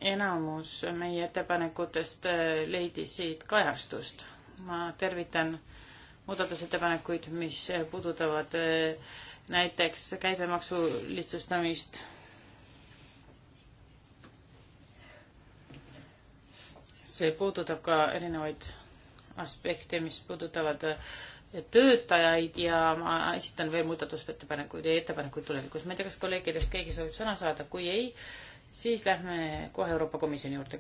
enamus meie ettepanekutest äh, leidisid kajastust. ma tervitan muudatusettepanekuid, mis puudutavad äh, näiteks käibemaksu lihtsustamist. see puudutab ka erinevaid aspekte, mis puudutavad äh, töötajaid ja ma esitan veel muudatusettepanekuid ja ettepanekuid tulevikus. ma ei tea, kas kolleegidest keegi soovib sõna saada, kui ei, siis lähme kohe Euroopa Komisjoni juurde.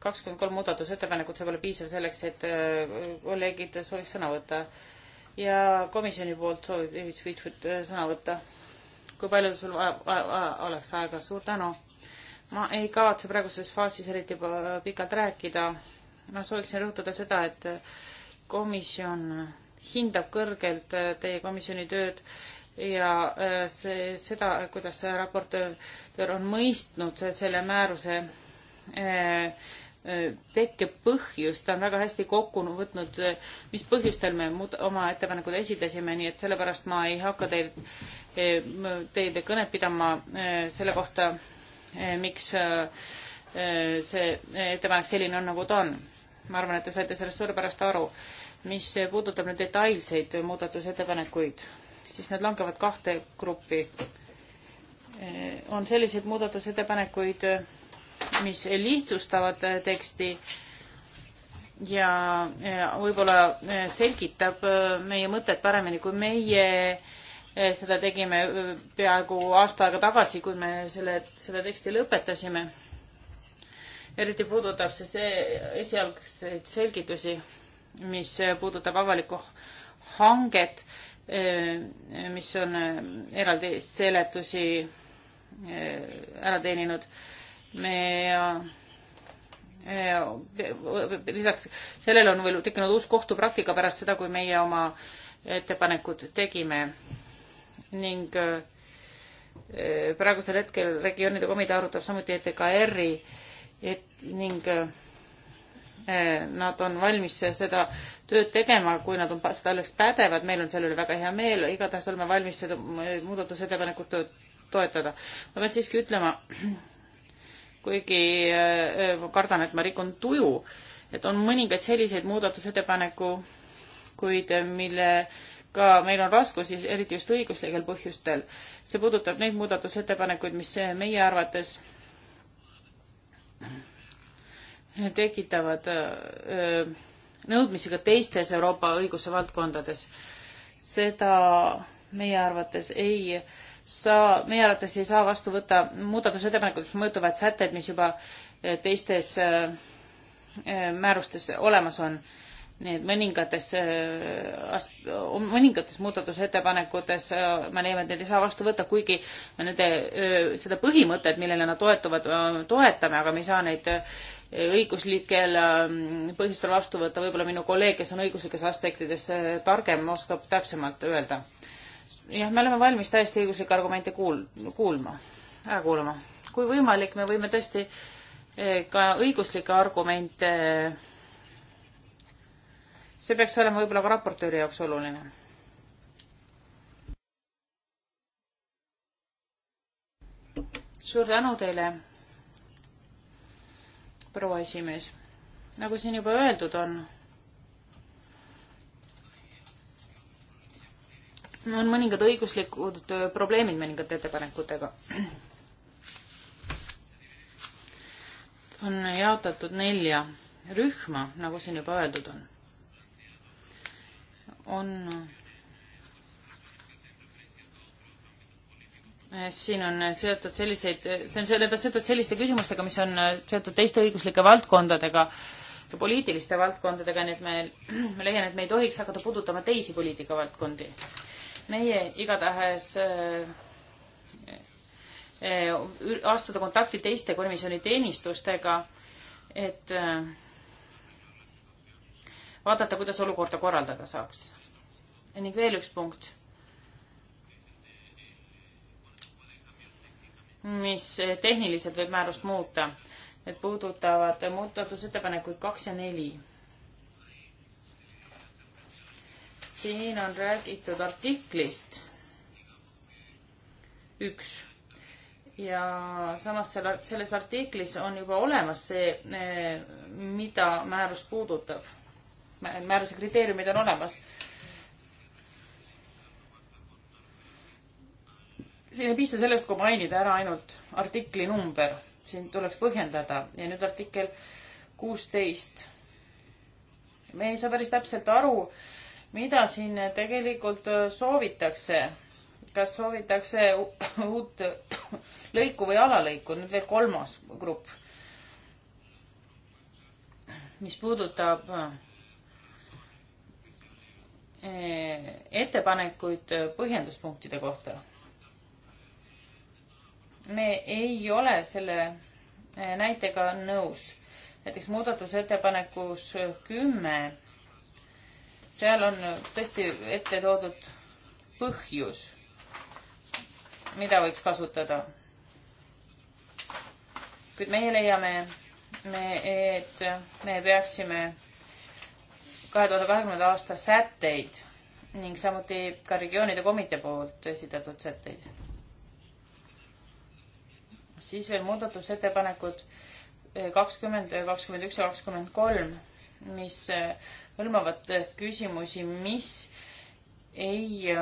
kakskümmend kolm muudatusettepanekut, see pole piisav selleks, et äh, kolleegid sooviks sõna võtta. ja komisjoni poolt soovib David Sweetfoot äh, sõna võtta. kui palju sul oleks aega, suur tänu. ma ei kavatse praeguses faasis eriti pikalt rääkida. ma sooviksin rõhutada seda, et komisjon hindab kõrgelt äh, teie komisjoni tööd ja see, seda, kuidas raportöör on mõistnud selle määruse Äh, tekkepõhjust, ta on väga hästi kokku võtnud, äh, mis põhjustel me muud, oma ettepanekud esitasime, nii et sellepärast ma ei hakka teil, äh, teile kõnet pidama selle kohta, miks see ettepanek selline on, nagu ta on. ma arvan, et te saite sellest suurepärast aru. mis puudutab nüüd detailseid muudatusettepanekuid, siis need langevad kahte gruppi. on selliseid muudatusettepanekuid, mis lihtsustavad äh, teksti ja äh, võib-olla äh, selgitab meie mõtet paremini, kui meie seda tegime peaaegu aasta aega tagasi, kui me selle, selle teksti lõpetasime. eriti puudutab see see esialgseid selgitusi, mis puudutab avalikku hanget, mis on eraldi seletusi ära teeninud me lisaks sellele on veel tekkinud uus kohtupraktika pärast seda, kui meie oma ettepanekud tegime ning e, praegusel hetkel regioonide komitee arutab samuti ETKR-i et ning e, nad on valmis seda tööd tegema, kui nad on selleks pädevad, meil on selle üle väga hea meel, igatahes oleme valmis seda muudatusettepanekut toetada. ma pean siiski ütlema, kuigi äh, äh, kardan, et ma rikun tuju, et on mõningaid selliseid muudatusettepaneku, kuid äh, millega meil on raskusi, eriti just õiguslikel põhjustel. see puudutab neid muudatusettepanekuid, mis meie arvates tekitavad nõudmisi ka teistes Euroopa õiguse valdkondades. seda meie arvates ei äh, saa, meie arvates ei saa vastu võtta muudatusettepanekud, mis mõjutavad sätted, mis juba eh, teistes eh, eh, määrustes olemas on. nii et mõningates, um, mõningates muudatusettepanekutes me leiame, et neid ei saa vastu võtta, kuigi me nende, seda põhimõtet, millele nad toetuvad, toetame, aga me ei saa neid õiguslikel põhjustel vastu võtta, võib-olla minu kolleeg, kes on õiguslikes aspektides targem, oskab täpsemalt öelda jah, me oleme valmis täiestiõiguslikke argumente kuul-, kuulma, ära kuulama. kui võimalik, me võime tõesti eh, ka õiguslikke argumente, see peaks olema võib-olla ka raportööri jaoks oluline. suur tänu teile, proua esimees. nagu siin juba öeldud on on mõningad õiguslikud äh, probleemid mõningate ettepanekutega. [clears throat] on jaotatud nelja rühma, nagu siin juba öeldud on. on äh, siin on seotud selliseid, äh, see on, need on seotud selliste küsimustega, mis on seotud teiste õiguslike valdkondadega ja poliitiliste valdkondadega, nii et me, [clears throat] ma leian, et me ei tohiks hakata puudutama teisi poliitikavaldkondi meie igatahes äh, äh, astuda kontakti teiste komisjoni teenistustega, et äh, vaadata, kuidas olukorda korraldada saaks. ning veel üks punkt, mis tehniliselt võib määrust muuta, need puudutavad muudatusettepanekuid kaks ja neli siin on räägitud artiklist üks ja samas seal, selles artiklis on juba olemas see, eh, mida määrus puudutab. määruse kriteeriumid on olemas. siin ei piisa sellest, kui mainida ära ainult artikli number, siin tuleks põhjendada ja nüüd artikkel kuusteist. me ei saa päris täpselt aru, mida siin tegelikult äh, soovitakse? kas soovitakse [coughs] uut [coughs] lõiku või alalõiku, nüüd veel kolmas grupp, mis puudutab äh, ettepanekuid äh, põhjenduspunktide kohta. me ei ole selle näitega nõus. näiteks muudatusettepanekus kümme 10 seal on tõesti ette toodud põhjus, mida võiks kasutada. kuid meie leiame, me, et me peaksime kahe tuhande kahekümnenda aasta sätteid ning samuti ka regioonide komitee poolt esitatud sätteid. siis veel muudatusettepanekud eh, kakskümmend, kakskümmend üks ja kakskümmend kolm, mis eh, hõlmavad küsimusi, mis ei,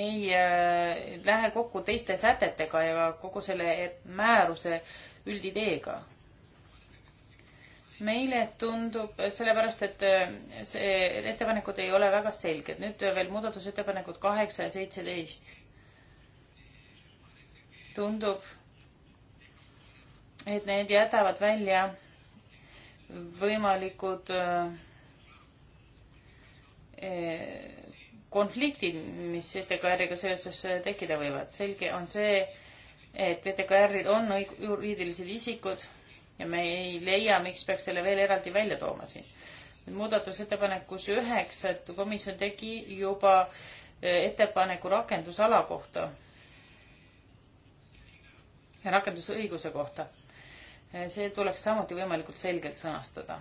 ei äh, lähe kokku teiste sätetega ja kogu selle määruse üldideega. meile tundub, sellepärast et äh, see, ettepanekud ei ole väga selged. nüüd veel muudatusettepanekud kaheksa ja seitseteist. tundub, et need jätavad välja võimalikud äh, eh, konfliktid, mis ETKR-iga seoses äh, tekkida võivad. selge on see, et ETKR-id on juriidilised isikud ja me ei leia, miks peaks selle veel eraldi välja tooma siin. muudatusettepanekus üheksa, et komisjon tegi juba äh, ettepaneku rakendusala kohta ja rakendusõiguse kohta. Eh, see tuleks samuti võimalikult selgelt sõnastada.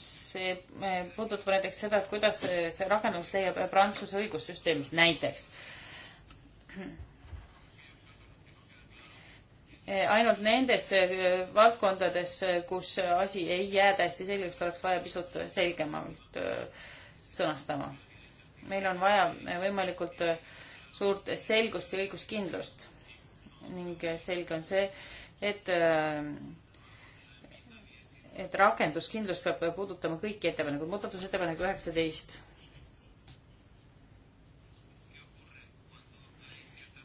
see eh, puudutab näiteks seda, et kuidas see rakendamist leiab Prantsuse õigussüsteemis näiteks. Eh, ainult nendes valdkondades, kus asi ei jää täiesti selgeks, oleks vaja pisut selgemalt sõnastama meil on vaja võimalikult äh, suurt selgust ja õiguskindlust. ning selge on see, et, äh, et rakenduskindlus peab puudutama kõiki ettepanekuid. muudatusettepanek üheksateist.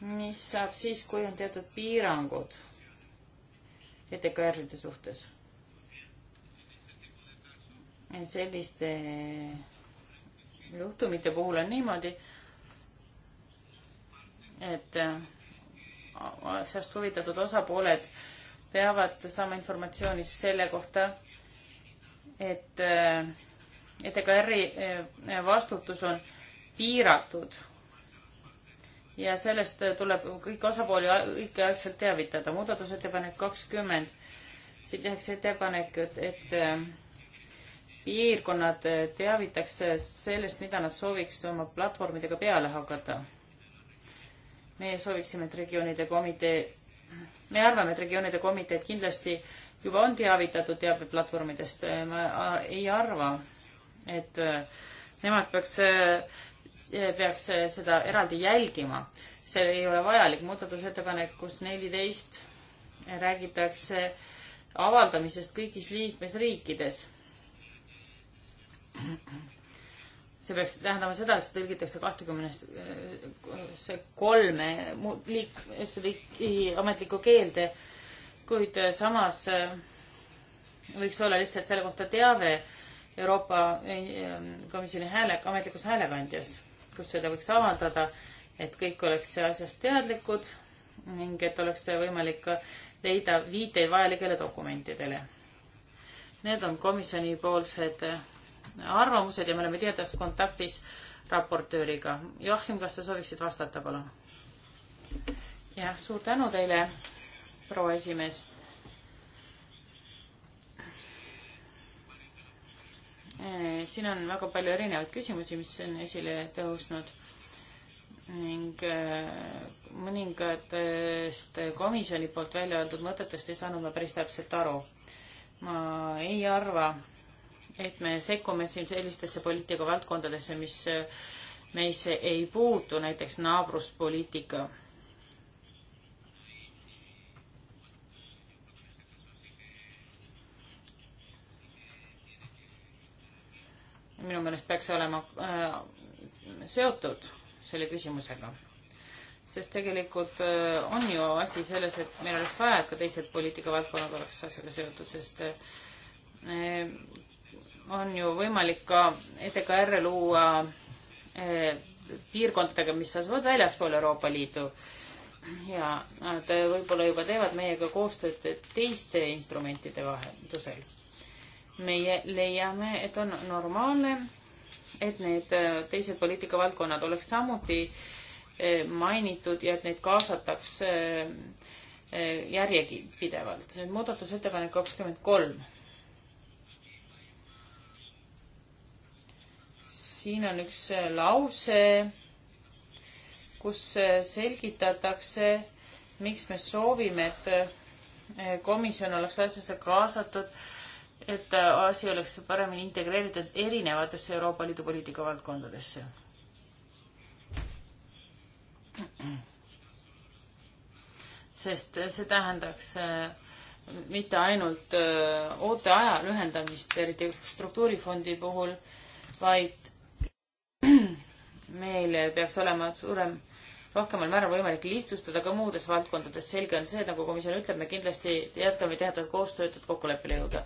mis saab siis, kui on teatud piirangud ETKR-ide suhtes? selliste juhtumite puhul on niimoodi, et äh, asjast huvitatud osapooled peavad saama informatsiooni selle kohta, et, äh, et ega äri äh, vastutus on piiratud. ja sellest tuleb kõiki osapooli õigeaegselt teavitada. muudatusettepanek kakskümmend, siin tehakse ettepanek, et, et piirkonnad teavitakse sellest, mida nad sooviks oma platvormidega peale hakata. meie sooviksime, et regioonide komitee, me arvame, et regioonide komiteed kindlasti juba on teavitatud teabeplatvormidest, ma ei arva, et nemad peaks, peaks seda eraldi jälgima. see ei ole vajalik, muudatusettepanekus neliteist räägitakse avaldamisest kõigis liikmesriikides see peaks tähendama seda, et see tõlgitakse kahtekümnest, see kolme liik-, liiki ametlikku keelde, kuid samas äh, võiks olla lihtsalt selle kohta teave Euroopa äh, Komisjoni hääle, ametlikus häälekandjas, kus seda võiks avaldada, et kõik oleks asjast teadlikud ning et oleks võimalik leida viiteid vajalikele dokumentidele. Need on komisjonipoolsed arvamused ja me oleme teadvas kontaktis raportööriga. Joachim, kas sa sooviksid vastata, palun? jah, suur tänu teile, proua esimees. Eh, siin on väga palju erinevaid küsimusi, mis on esile tõusnud ning eh, mõningatest komisjoni poolt välja öeldud mõtetest ei saanud ma päris täpselt aru. ma ei arva, et me sekkume siin sellistesse poliitikavaldkondadesse, mis äh, meisse ei puutu, näiteks naabruspoliitika. minu meelest peaks olema äh, seotud selle küsimusega sest tegelikult äh, on ju asi selles, et meil oleks vaja, et ka teised poliitikavaldkonnad oleks asjaga seotud, sest äh, on ju võimalik ka ETKR-e luua eh, piirkondadega, mis asuvad väljaspool Euroopa Liitu ja nad eh, võib-olla juba teevad meiega koostööd teiste instrumentide vahendusel. meie leiame, et on normaalne, et need eh, teised poliitikavaldkonnad oleks samuti mainitud ja et neid kaasataks järjepidevalt. nüüd muudatusettepanek kakskümmend kolm siin on üks äh, lause, kus äh, selgitatakse, miks me soovime, et äh, komisjon oleks asjasse kaasatud, et asi oleks paremini integreeritud erinevatesse Euroopa Liidu poliitika valdkondadesse. sest see tähendaks mitte ainult ooteaja lühendamist, eriti struktuurifondi puhul, vaid meil peaks olema suurem, rohkemal määral võimalik lihtsustada ka muudes valdkondades. selge on see, et nagu komisjon ütleb, me kindlasti jätkame tihedat koostööd, et kokkuleppele jõuda.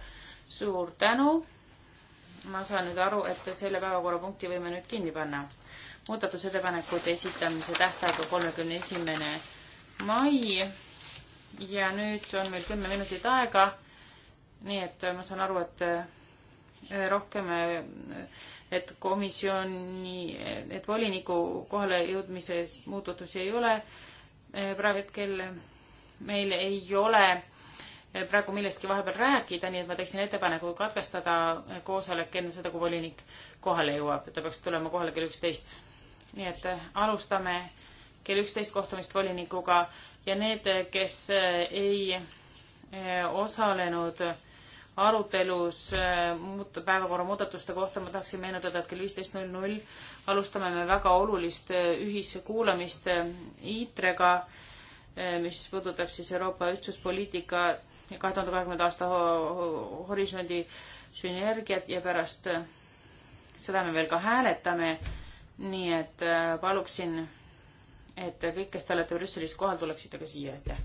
suur tänu. ma saan nüüd aru, et selle päevakorrapunkti võime nüüd kinni panna. muudatusettepanekute esitamise tähtaeg on kolmekümne esimene mai ja nüüd on meil kümme minutit aega. nii et ma saan aru, et Eh, rohkem, eh, et komisjoni, et voliniku kohale jõudmises muudatusi ei ole. Eh, praegu hetkel meil ei ole praegu millestki vahepeal rääkida, nii et ma teeksin ettepaneku katkestada koosolek enne seda, kui volinik kohale jõuab, ta peaks tulema kohale kell üksteist. nii et alustame kell üksteist kohtumist volinikuga ja need, kes ei osalenud arutelus äh, muut-, päevakorra muudatuste kohta ma tahaksin meenutada, et kell viisteist null null alustame me väga olulist äh, ühiskuulamist äh, ITRE-ga, mis puudutab siis Euroopa ühtsuspoliitika kahe tuhande kahekümnenda aasta horisondi sünergiat ja pärast seda me veel ka hääletame. nii et paluksin, et kõik, kes te olete Brüsselis kohal, tuleksite ka siia, aitäh!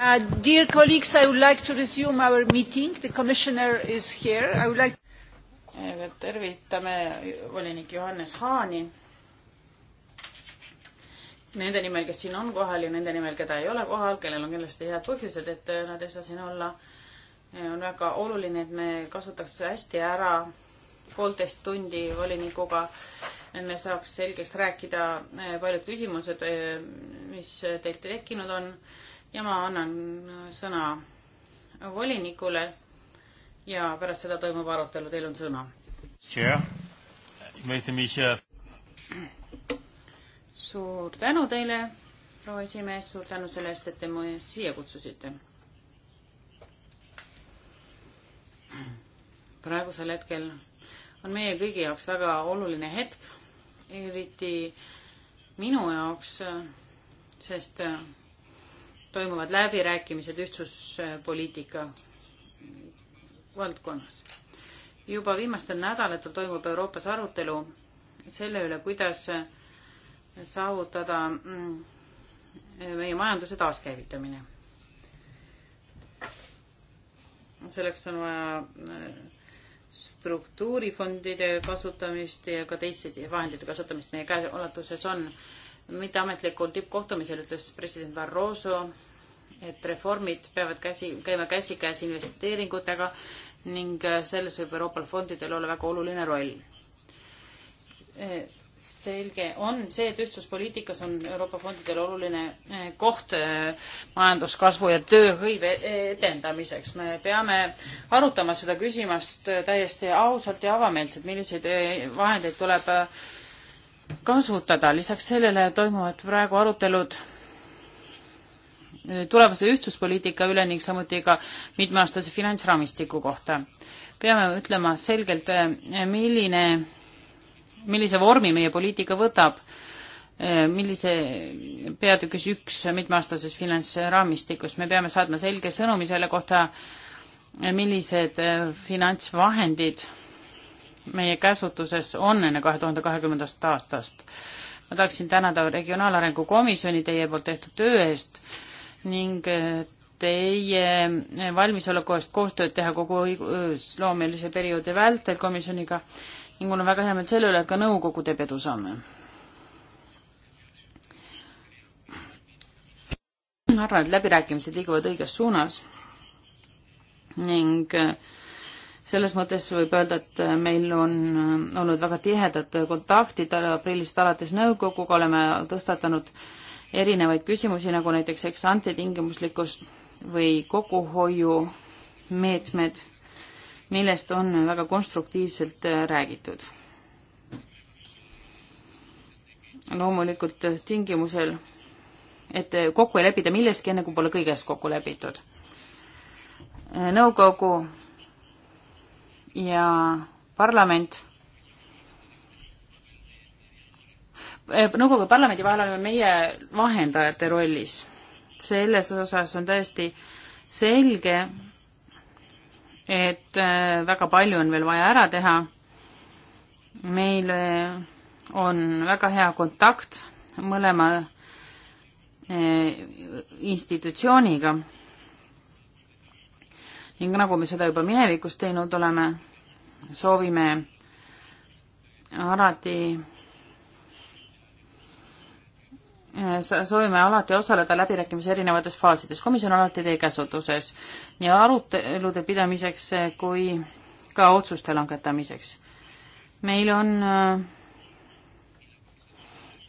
Uh, dear colleagues, I would like to resume our meeting. The commissioner is here. I would like eh, tervitame volinik Johannes Haani. Nende nimel, kes siin on kohal ja nende nimel, keda ei ole kohal, kellel on kindlasti head põhjused, et eh, nad ei saa siin olla. Eh, on väga oluline, et me kasutaks hästi ära poolteist tundi volinikuga, et me saaks selgeks rääkida paljud küsimused, mis teilt tekkinud on ja ma annan äh, sõna volinikule ja pärast seda toimub arutelu, teil on sõna. Äh, suur tänu teile, proua esimees, suur tänu selle eest, et te mu siia kutsusite. praegusel hetkel on meie kõigi jaoks väga oluline hetk, eriti minu jaoks, sest äh, toimuvad läbirääkimised ühtsuspoliitika valdkonnas. juba viimastel nädalatel toimub Euroopas arutelu selle üle, kuidas saavutada mm, meie majanduse taaskäivitamine. selleks on vaja mm, struktuurifondide kasutamist ja ka teiste vahendite kasutamist meie käeulatuses on mitteametlikul tippkohtumisel ütles president Barroso, et reformid peavad käsi, käima käsikäes investeeringutega ning äh, selles võib Euroopal fondidel olla väga oluline roll. Äh, selge on see, et ühtsuspoliitikas on Euroopa fondidel oluline äh, koht majanduskasvu ja tööhõive e-, edendamiseks. me peame arutama seda küsimust täiesti ausalt ja avameelselt, milliseid vahendeid tuleb kasutada. lisaks sellele toimuvad praegu arutelud tulevase ühtsuspoliitika üle ning samuti ka mitmeaastase finantsraamistiku kohta. peame ütlema selgelt, milline, millise vormi meie poliitika võtab, millise peatükis üks mitmeaastases finantsraamistikus, me peame saatma selge sõnumi selle kohta, millised finantsvahendid meie käsutuses on enne kahe tuhande kahekümnendast aastast. ma tahaksin tänada Regionaalarengu Komisjoni teie poolt tehtud töö eest ning eh, teie eh, valmisoleku eest koostööd teha kogu õigusloomelise perioodi vältel komisjoniga ning mul on väga hea meel selle üle, et ka nõukogu teeb edusamme. ma arvan, et läbirääkimised liiguvad õiges suunas ning äh, selles mõttes võib öelda, et meil on äh, olnud väga tihedad kontaktid äh, aprillist alates nõukoguga, oleme tõstatanud erinevaid küsimusi, nagu näiteks eksante tingimuslikkus või kokkuhoiumeetmed, millest on väga konstruktiivselt äh, räägitud. loomulikult tingimusel, et kokku ei lepida milleski, enne kui pole kõiges kokku lepitud. nõukogu ja parlament äh, nõukogu parlamendi vahel oleme meie vahendajate rollis. selles osas on täiesti selge, et äh, väga palju on veel vaja ära teha. meil äh, on väga hea kontakt mõlema institutsiooniga ning nagu me seda juba minevikus teinud oleme, soovime alati äh, soovime alati osaleda läbirääkimise erinevates faasides. komisjon on alati teie käsutuses nii arutelude pidamiseks äh, kui ka otsuste langetamiseks. meil on äh,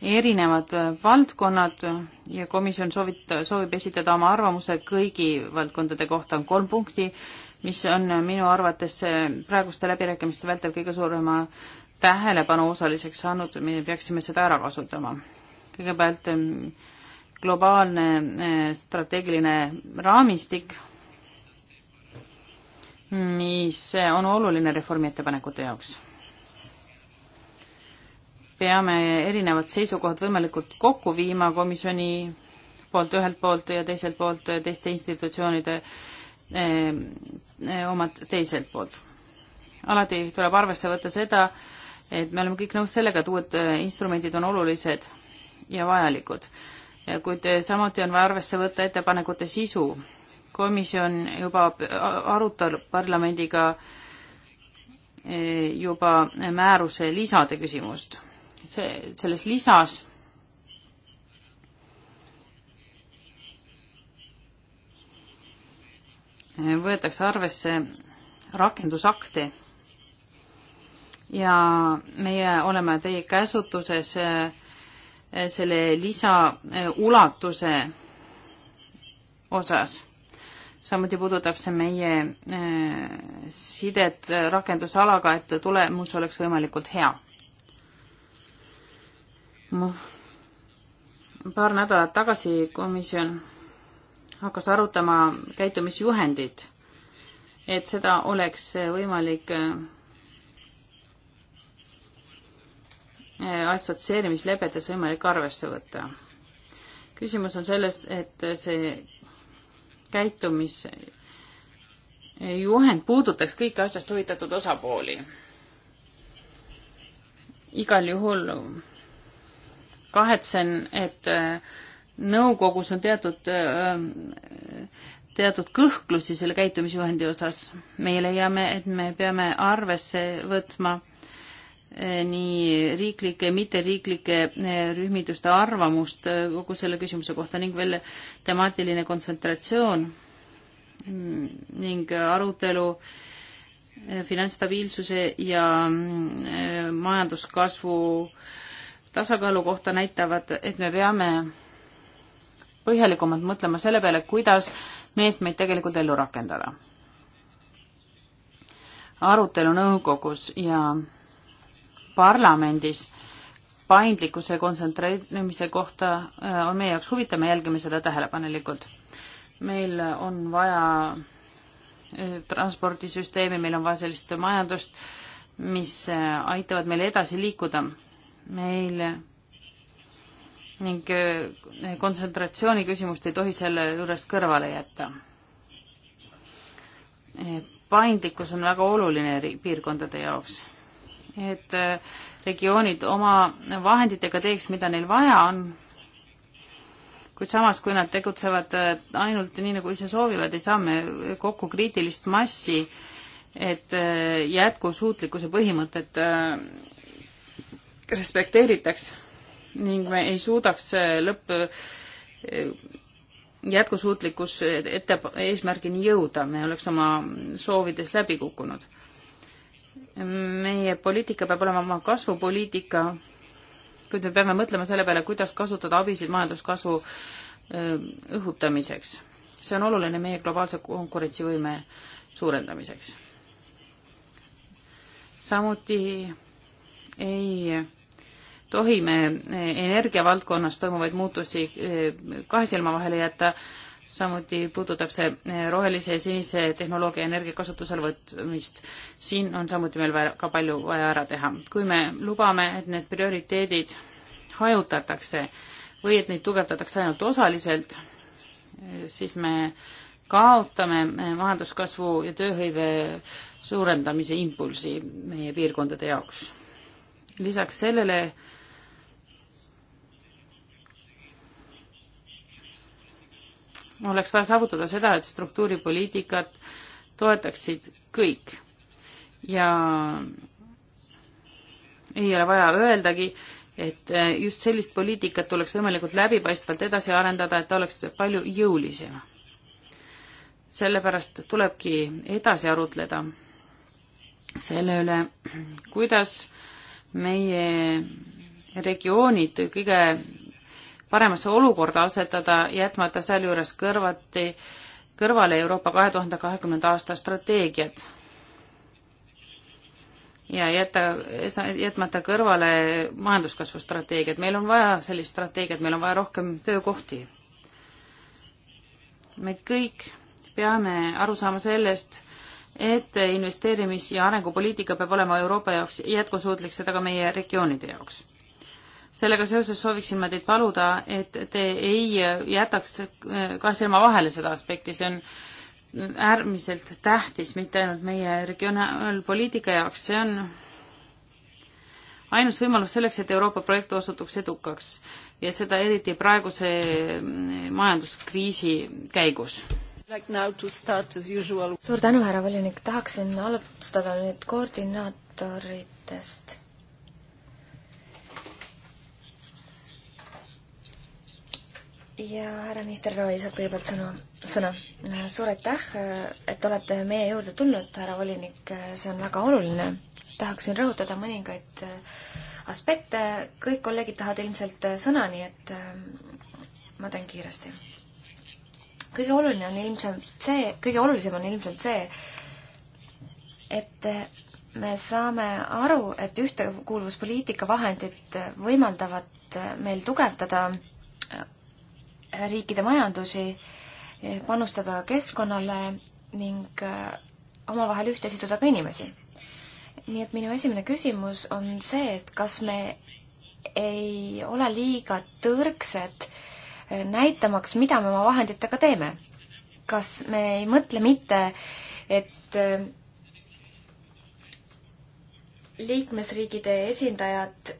erinevad äh, valdkonnad ja komisjon soovit-, soovib esitada oma arvamuse kõigi valdkondade kohta, on kolm punkti, mis on äh, minu arvates äh, praeguste läbirääkimiste vältel kõige suurema tähelepanu osaliseks saanud, me peaksime seda ära kasutama. kõigepealt ähm, globaalne strateegiline raamistik, mis on oluline reformi ettepanekute jaoks peame erinevad seisukohad võimalikult kokku viima komisjoni poolt ühelt poolt ja teiselt poolt teiste institutsioonide eh, eh, omad teiselt poolt. alati tuleb arvesse võtta seda, et me oleme kõik nõus sellega, et uued eh, instrumendid on olulised ja vajalikud, kuid samuti on vaja arvesse võtta ettepanekute sisu. komisjon juba arutab parlamendiga juba määruse lisade küsimust see, selles lisas võetakse arvesse rakendusakte ja meie oleme teie käsutuses eh, selle lisa eh, ulatuse osas. samuti puudutab see meie eh, sidet rakendusalaga, et tulemus oleks võimalikult hea paar nädalat tagasi komisjon hakkas arutama käitumisjuhendit, et seda oleks võimalik äh, assotsieerimislepetes võimalik arvesse võtta. küsimus on selles, et see käitumisjuhend äh, puudutaks kõiki asjast huvitatud osapooli. igal juhul kahetsen, et äh, nõukogus on teatud, äh, teatud kõhklusi selle käitumisjuhendi osas. meie leiame, et me peame arvesse võtma äh, nii riiklike, mitteriiklike rühmituste arvamust kogu selle küsimuse kohta ning veel temaatiline kontsentratsioon mm, ning arutelu finantsstabiilsuse ja mm, majanduskasvu äh, tasakaalu kohta näitavad, et me peame põhjalikumalt mõtlema selle peale, kuidas meetmeid tegelikult ellu rakendada. arutelu nõukogus ja parlamendis paindlikkuse kontsentreerimise kohta äh, on meie jaoks huvitav, me jälgime seda tähelepanelikult. meil on vaja äh, transpordisüsteemi, meil on vaja sellist majandust, mis äh, aitavad meil edasi liikuda meile ning eh, kontsentratsiooni küsimust ei tohi selle juures kõrvale jätta. Eh, paindlikkus on väga oluline piirkondade jaoks, et eh, regioonid oma vahenditega teeks, mida neil vaja on, kuid samas, kui nad tegutsevad ainult nii, nagu ise soovivad, ei saa me kokku kriitilist massi, et jätkusuutlikkuse põhimõtet respekteeritaks ning me ei suudaks lõpp eh, jätkusuutlikus ette, eesmärgini jõuda, me oleks oma soovides läbi kukkunud. meie poliitika peab olema oma kasvupoliitika, kuid me peame mõtlema selle peale, kuidas kasutada abisid majanduskasvu eh, õhutamiseks. see on oluline meie globaalse konkurentsivõime suurendamiseks. samuti ei tohime eh, energiavaldkonnas toimuvaid muutusi eh, kahe silma vahele jätta, samuti puudutab see eh, rohelise ja sinise tehnoloogia energia kasutusele võtmist. siin on samuti meil vaja, ka palju vaja ära teha. kui me lubame, et need prioriteedid hajutatakse või et neid tugevdatakse ainult osaliselt, siis me kaotame majanduskasvu ja tööhõive suurendamise impulsi meie piirkondade jaoks. lisaks sellele oleks vaja saavutada seda, et struktuuripoliitikat toetaksid kõik ja ei ole vaja öeldagi, et eh, just sellist poliitikat tuleks võimalikult läbipaistvalt edasi arendada, et ta oleks palju jõulisem. sellepärast tulebki edasi arutleda selle üle, kuidas meie regioonid kõige paremasse olukorda asetada, jätmata sealjuures kõrvati, kõrvale Euroopa kahe tuhande kahekümnenda aasta strateegiat. ja jäta, jätmata kõrvale majanduskasvu strateegiat, meil on vaja sellist strateegiat, meil on vaja rohkem töökohti. me kõik peame aru saama sellest, et investeerimis- ja arengupoliitika peab olema Euroopa jaoks jätkusuutlik, seda ka meie regioonide jaoks sellega seoses sooviksin ma teid paluda, et te ei jätaks ka silma vahele seda aspekti, see on äärmiselt tähtis mitte ainult meie regionaalpoliitika jaoks, see on ainus võimalus selleks, et Euroopa projekt osutuks edukaks ja seda eriti praeguse majanduskriisi käigus like. suur tänu, härra volinik, tahaksin alustada nüüd koordinaatoritest ja härra minister Roy saab kõigepealt sõna, sõna. Äh, suur aitäh, äh, et olete meie juurde tulnud, härra volinik, äh, see on väga oluline. tahaksin rõhutada mõningaid aspekte, kõik kolleegid tahavad ilmselt sõna, nii et ma teen kiiresti. kõige oluline on ilmselt see, kõige olulisem on ilmselt see, et me saame aru, et ühtekuuluvuspoliitika vahendid võimaldavad meil tugevdada riikide majandusi, panustada keskkonnale ning äh, omavahel ühte siduda ka inimesi. nii et minu esimene küsimus on see, et kas me ei ole liiga tõrksed äh, näitamaks, mida me oma vahenditega teeme. kas me ei mõtle mitte, et äh, liikmesriigide esindajad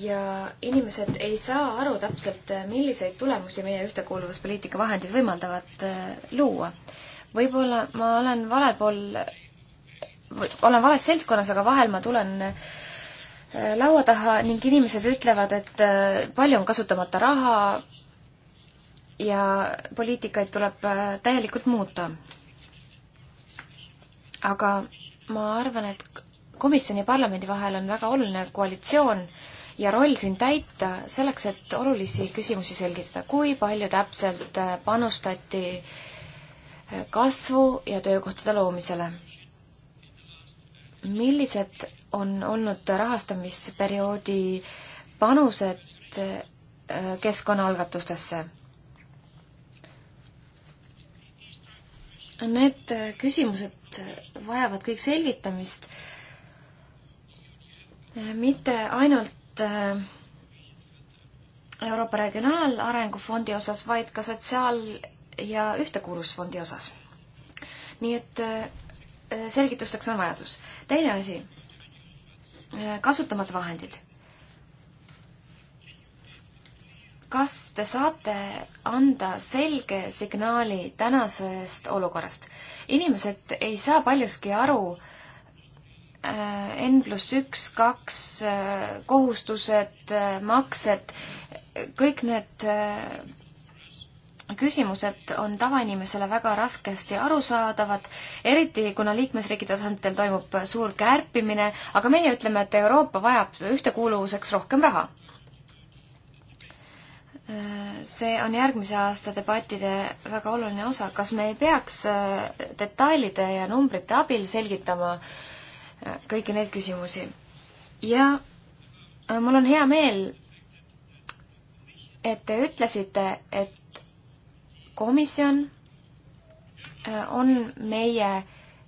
ja inimesed ei saa aru täpselt, milliseid tulemusi meie ühtekuuluvuspoliitika vahendid võimaldavad äh, luua. võib-olla ma olen valel pool, olen vales seltkonnas, aga vahel ma tulen äh, laua taha ning inimesed ütlevad, et äh, palju on kasutamata raha ja poliitikaid tuleb täielikult muuta. aga ma arvan, et komisjoni ja parlamendi vahel on väga oluline koalitsioon äh, ja roll siin täita selleks, et olulisi küsimusi selgitada, kui palju täpselt äh, panustati äh, kasvu ja töökohtade loomisele. millised on olnud rahastamisperioodi panused äh, keskkonnaalgatustesse? Need küsimused vajavad kõik selgitamist, mitte ainult ainult äh, Euroopa Regionaalarengu Fondi osas, vaid ka Sotsiaal- ja Ühtekuuluvusfondi osas. nii et äh, selgitusteks on vajadus. teine asi, äh, kasutamata vahendid. kas te saate anda selge signaali tänasest olukorrast? inimesed ei saa paljuski aru, Äh, N pluss üks, kaks, äh, kohustused, äh, maksed, kõik need küsimused on tavainimesele väga raskesti arusaadavad, eriti kuna liikmesriigi tasanditel toimub suur kärpimine, aga meie ütleme, et Euroopa vajab ühtekuuluvuseks rohkem raha. see on järgmise aasta debattide väga oluline osa, kas me ei peaks detailide ja numbrite abil selgitama äh, kõiki neid küsimusi. ja äh, mul on hea meel, et te ütlesite, et komisjon äh, on meie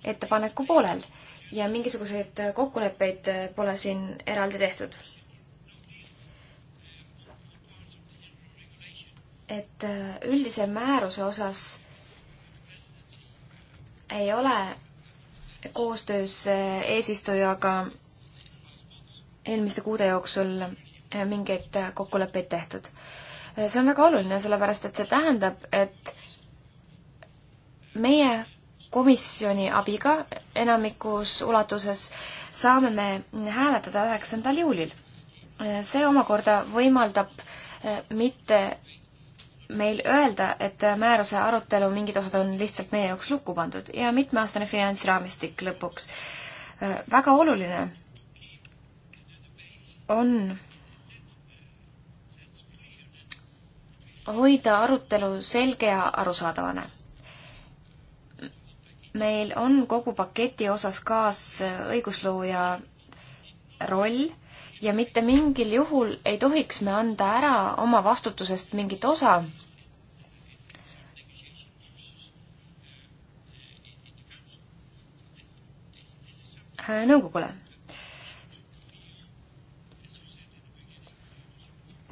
ettepaneku poolel ja mingisuguseid kokkuleppeid äh, pole siin eraldi tehtud. et üldise määruse osas ei ole koostöös äh, eesistujaga eelmiste kuude jooksul äh, mingeid äh, kokkuleppeid tehtud. see on väga oluline, sellepärast et see tähendab, et meie komisjoni abiga enamikus ulatuses saame me hääletada üheksandal juulil. see omakorda võimaldab mitte meil öelda, et määruse arutelu mingid osad on lihtsalt meie jaoks lukku pandud ja mitmeaastane finantsraamistik lõpuks. väga oluline on hoida arutelu selge ja arusaadavana. meil on kogu paketi osas kaasõiguslooja roll ja mitte mingil juhul ei tohiks me anda ära oma vastutusest mingit osa. Äh, nõukogule.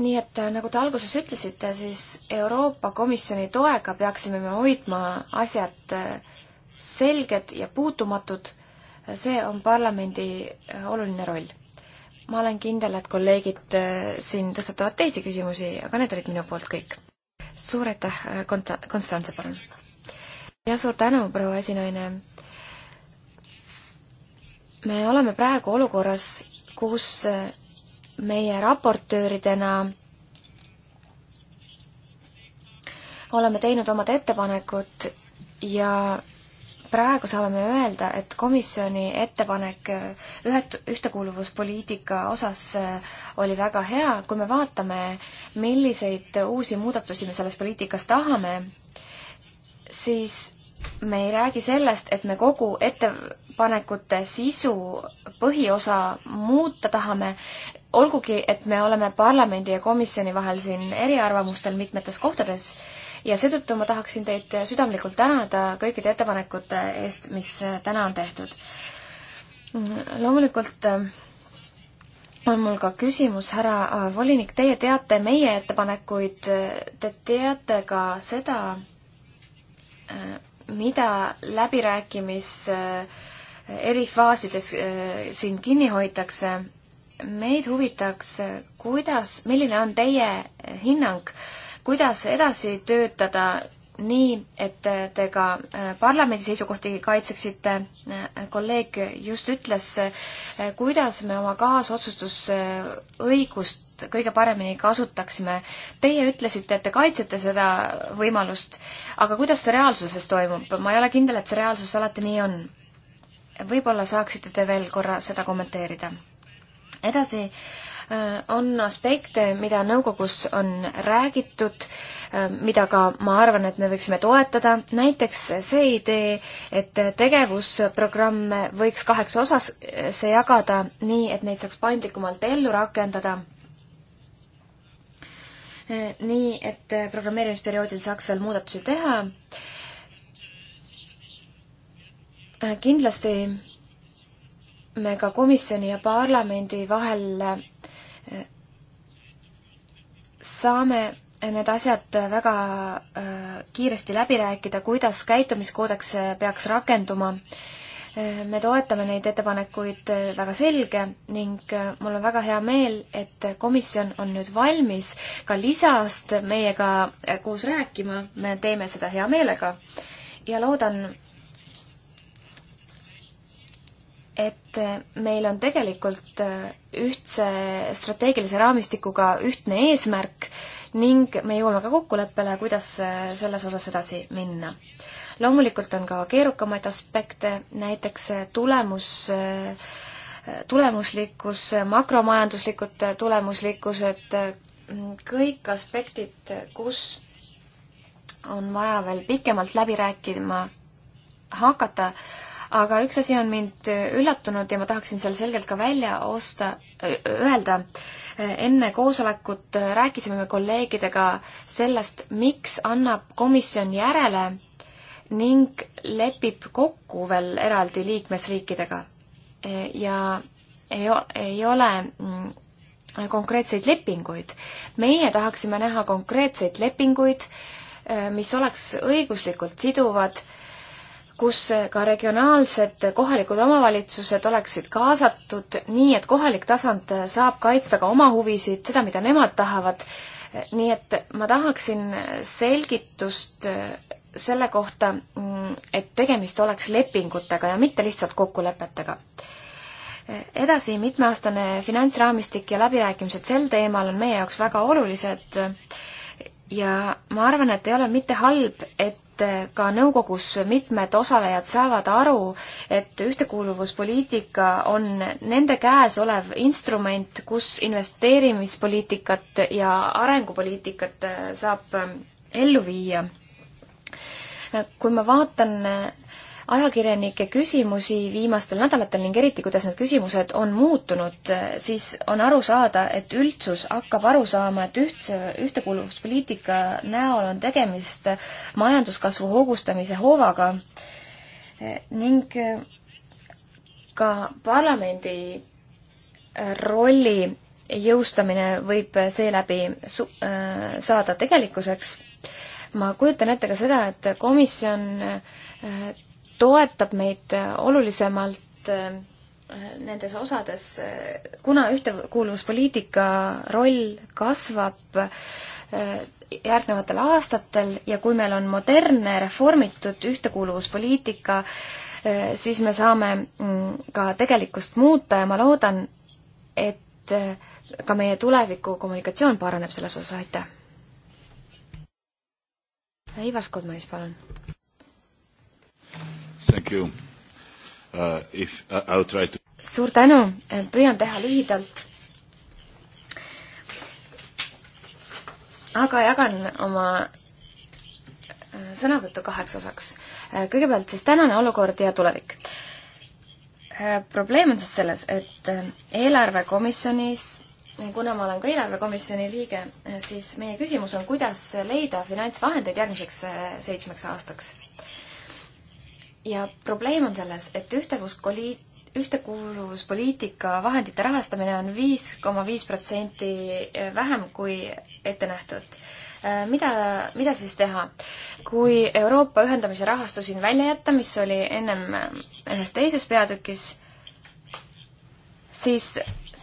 nii et äh, nagu te alguses ütlesite, siis Euroopa Komisjoni toega peaksime me hoidma asjad äh, selged ja puutumatud. see on parlamendi oluline roll ma olen kindel, et kolleegid äh, siin tõstatavad teisi küsimusi, aga need olid minu poolt kõik. suur aitäh, äh, Konsta-, Konstantse, palun! ja suur tänu, proua esinaine! me oleme praegu olukorras, kus äh, meie raportööridena oleme teinud omad ettepanekud ja praegu saame me öelda, et komisjoni ettepanek eh, ühet-, ühtekuuluvuspoliitika osas eh, oli väga hea, kui me vaatame, milliseid uusi muudatusi me selles poliitikas tahame, siis me ei räägi sellest, et me kogu ettepanekute sisu põhiosa muuta tahame, olgugi et me oleme parlamendi ja komisjoni vahel siin eriarvamustel mitmetes kohtades ja seetõttu ma tahaksin teid südamlikult tänada kõikide ettepanekute eest, mis täna on tehtud. loomulikult äh, on mul ka küsimus, härra äh, volinik, teie teate meie ettepanekuid, äh, te teate ka seda, mida läbirääkimis eri faasides siin kinni hoitakse. meid huvitaks, kuidas, milline on teie hinnang äh, kuidas edasi töötada nii, et te ka äh, parlamendi seisukohti kaitseksite, äh, kolleeg just ütles, äh, kuidas me oma kaasotsustusõigust kõige paremini kasutaksime. Teie ütlesite, et te kaitsete seda võimalust, aga kuidas see reaalsuses toimub, ma ei ole kindel, et see reaalsuses alati nii on. võib-olla saaksite te veel korra seda kommenteerida. edasi äh, Äh, on aspekte, mida nõukogus on räägitud, äh, mida ka ma arvan, et me võiksime toetada, näiteks see idee, et tegevusprogramme võiks kaheks osasse äh, jagada, nii et neid saaks paindlikumalt ellu rakendada nii, et programmeerimisperioodil saaks veel muudatusi teha. kindlasti me ka komisjoni ja parlamendi vahel saame need asjad väga äh, kiiresti läbi rääkida, kuidas käitumiskoodeks äh, peaks rakenduma. Äh, me toetame neid ettepanekuid väga selge ning mul on väga hea meel, et komisjon on nüüd valmis ka lisast meiega koos rääkima, me teeme seda hea meelega ja loodan, et meil on tegelikult ühtse strateegilise raamistikuga ühtne eesmärk ning me jõuame ka kokkuleppele, kuidas selles osas edasi minna. loomulikult on ka keerukamaid aspekte, näiteks tulemus tulemuslikkus, makromajanduslikud tulemuslikkused, kõik aspektid, kus on vaja veel pikemalt läbi rääkima hakata aga üks asi on mind üllatunud ja ma tahaksin selle selgelt ka välja osta, öelda. enne koosolekut rääkisime me kolleegidega sellest, miks annab komisjon järele ning lepib kokku veel eraldi liikmesriikidega. ja ei, ei ole mm, konkreetseid lepinguid. meie tahaksime näha konkreetseid lepinguid, mis oleks õiguslikult siduvad äh, kus ka regionaalsed kohalikud omavalitsused oleksid kaasatud nii, et kohalik tasand saab kaitsta ka oma huvisid, seda, mida nemad tahavad. nii et ma tahaksin selgitust selle kohta, et tegemist oleks lepingutega ja mitte lihtsalt kokkulepetega. edasi, mitmeaastane finantsraamistik ja läbirääkimised sel teemal on meie jaoks väga olulised ja ma arvan, et ei ole mitte halb, et et ka nõukogus mitmed osalejad saavad aru, et ühtekuuluvuspoliitika on nende käes olev instrument, kus investeerimispoliitikat ja arengupoliitikat saab ellu viia. kui ma vaatan ajakirjanike küsimusi viimastel nädalatel ning eriti, kuidas need küsimused on muutunud, siis on aru saada, et üldsus hakkab aru saama, et ühtse, ühtekuuluvuspoliitika näol on tegemist majanduskasvu hoogustamise hoovaga ning ka parlamendi rolli jõustamine võib seeläbi su-, saada tegelikkuseks. ma kujutan ette ka seda, et komisjon toetab meid äh, olulisemalt äh, nendes osades, äh, kuna ühtekuuluvuspoliitika roll kasvab järgnevatel aastatel ja kui meil on modernne, reformitud ühtekuuluvuspoliitika, siis me saame mm, ka tegelikkust muuta ja ma loodan, et ka meie tuleviku kommunikatsioon paraneb selles osas, aitäh! Ivar Skodmanis, palun Uh, if, uh, to... suur tänu, eh, püüan teha lühidalt. aga jagan oma eh, sõnavõttu kaheks osaks. Eh, kõigepealt siis tänane olukord ja tulevik. probleem on siis selles, et eelarvekomisjonis kuna ma olen ka eelarvekomisjoni liige, siis meie küsimus on, kuidas leida finantsvahendeid järgmiseks seitsmeks aastaks ja probleem on selles, et ühtekuuskoli-, ühtekuuluvuspoliitika vahendite rahastamine on viis koma viis protsenti vähem kui ette nähtud äh, mida, mida siis teha? kui Euroopa ühendamise rahastu siin välja jätta, mis oli ennem äh, ühes teises peatükis, siis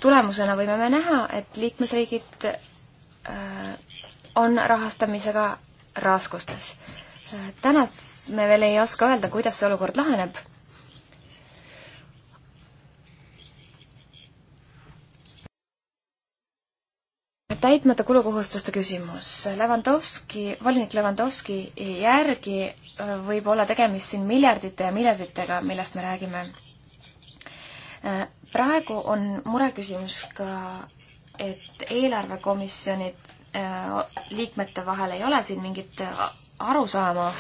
tulemusena võime me näha, et liikmesriigid äh, on rahastamisega raskustes täna me veel ei oska öelda, kuidas see olukord laheneb. täitmata kulukohustuste küsimus. Levandovski, volinik Levandovski järgi äh, võib olla tegemist siin miljardite ja miljarditega, millest me räägime. Äh, praegu on mureküsimus ka, et eelarvekomisjonid äh, liikmete vahel ei ole siin mingit aru saama,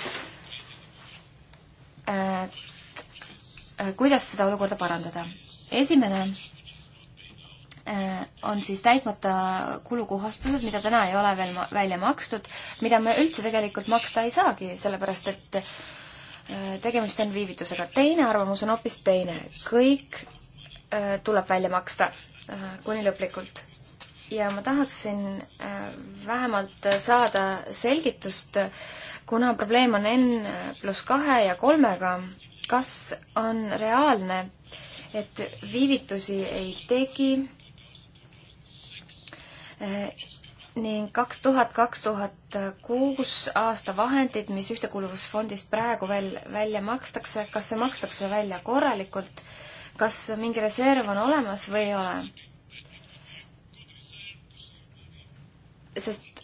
et äh, kuidas seda olukorda parandada. esimene äh, on siis täitmata kulukohastused, mida täna ei ole veel ma välja makstud, mida me üldse tegelikult maksta ei saagi, sellepärast et äh, tegemist on viivitusega. teine arvamus on hoopis teine. kõik tuleb välja maksta kuni lõplikult. ja ma tahaksin vähemalt saada selgitust äh, kuna probleem on N pluss kahe ja kolmega, kas on reaalne, et viivitusi ei tegi äh, ning kaks tuhat, kaks tuhat kuus aasta vahendid, mis Ühtekuuluvusfondist praegu veel välja makstakse, kas see makstakse välja korralikult, kas mingi reserv on olemas või ei ole? sest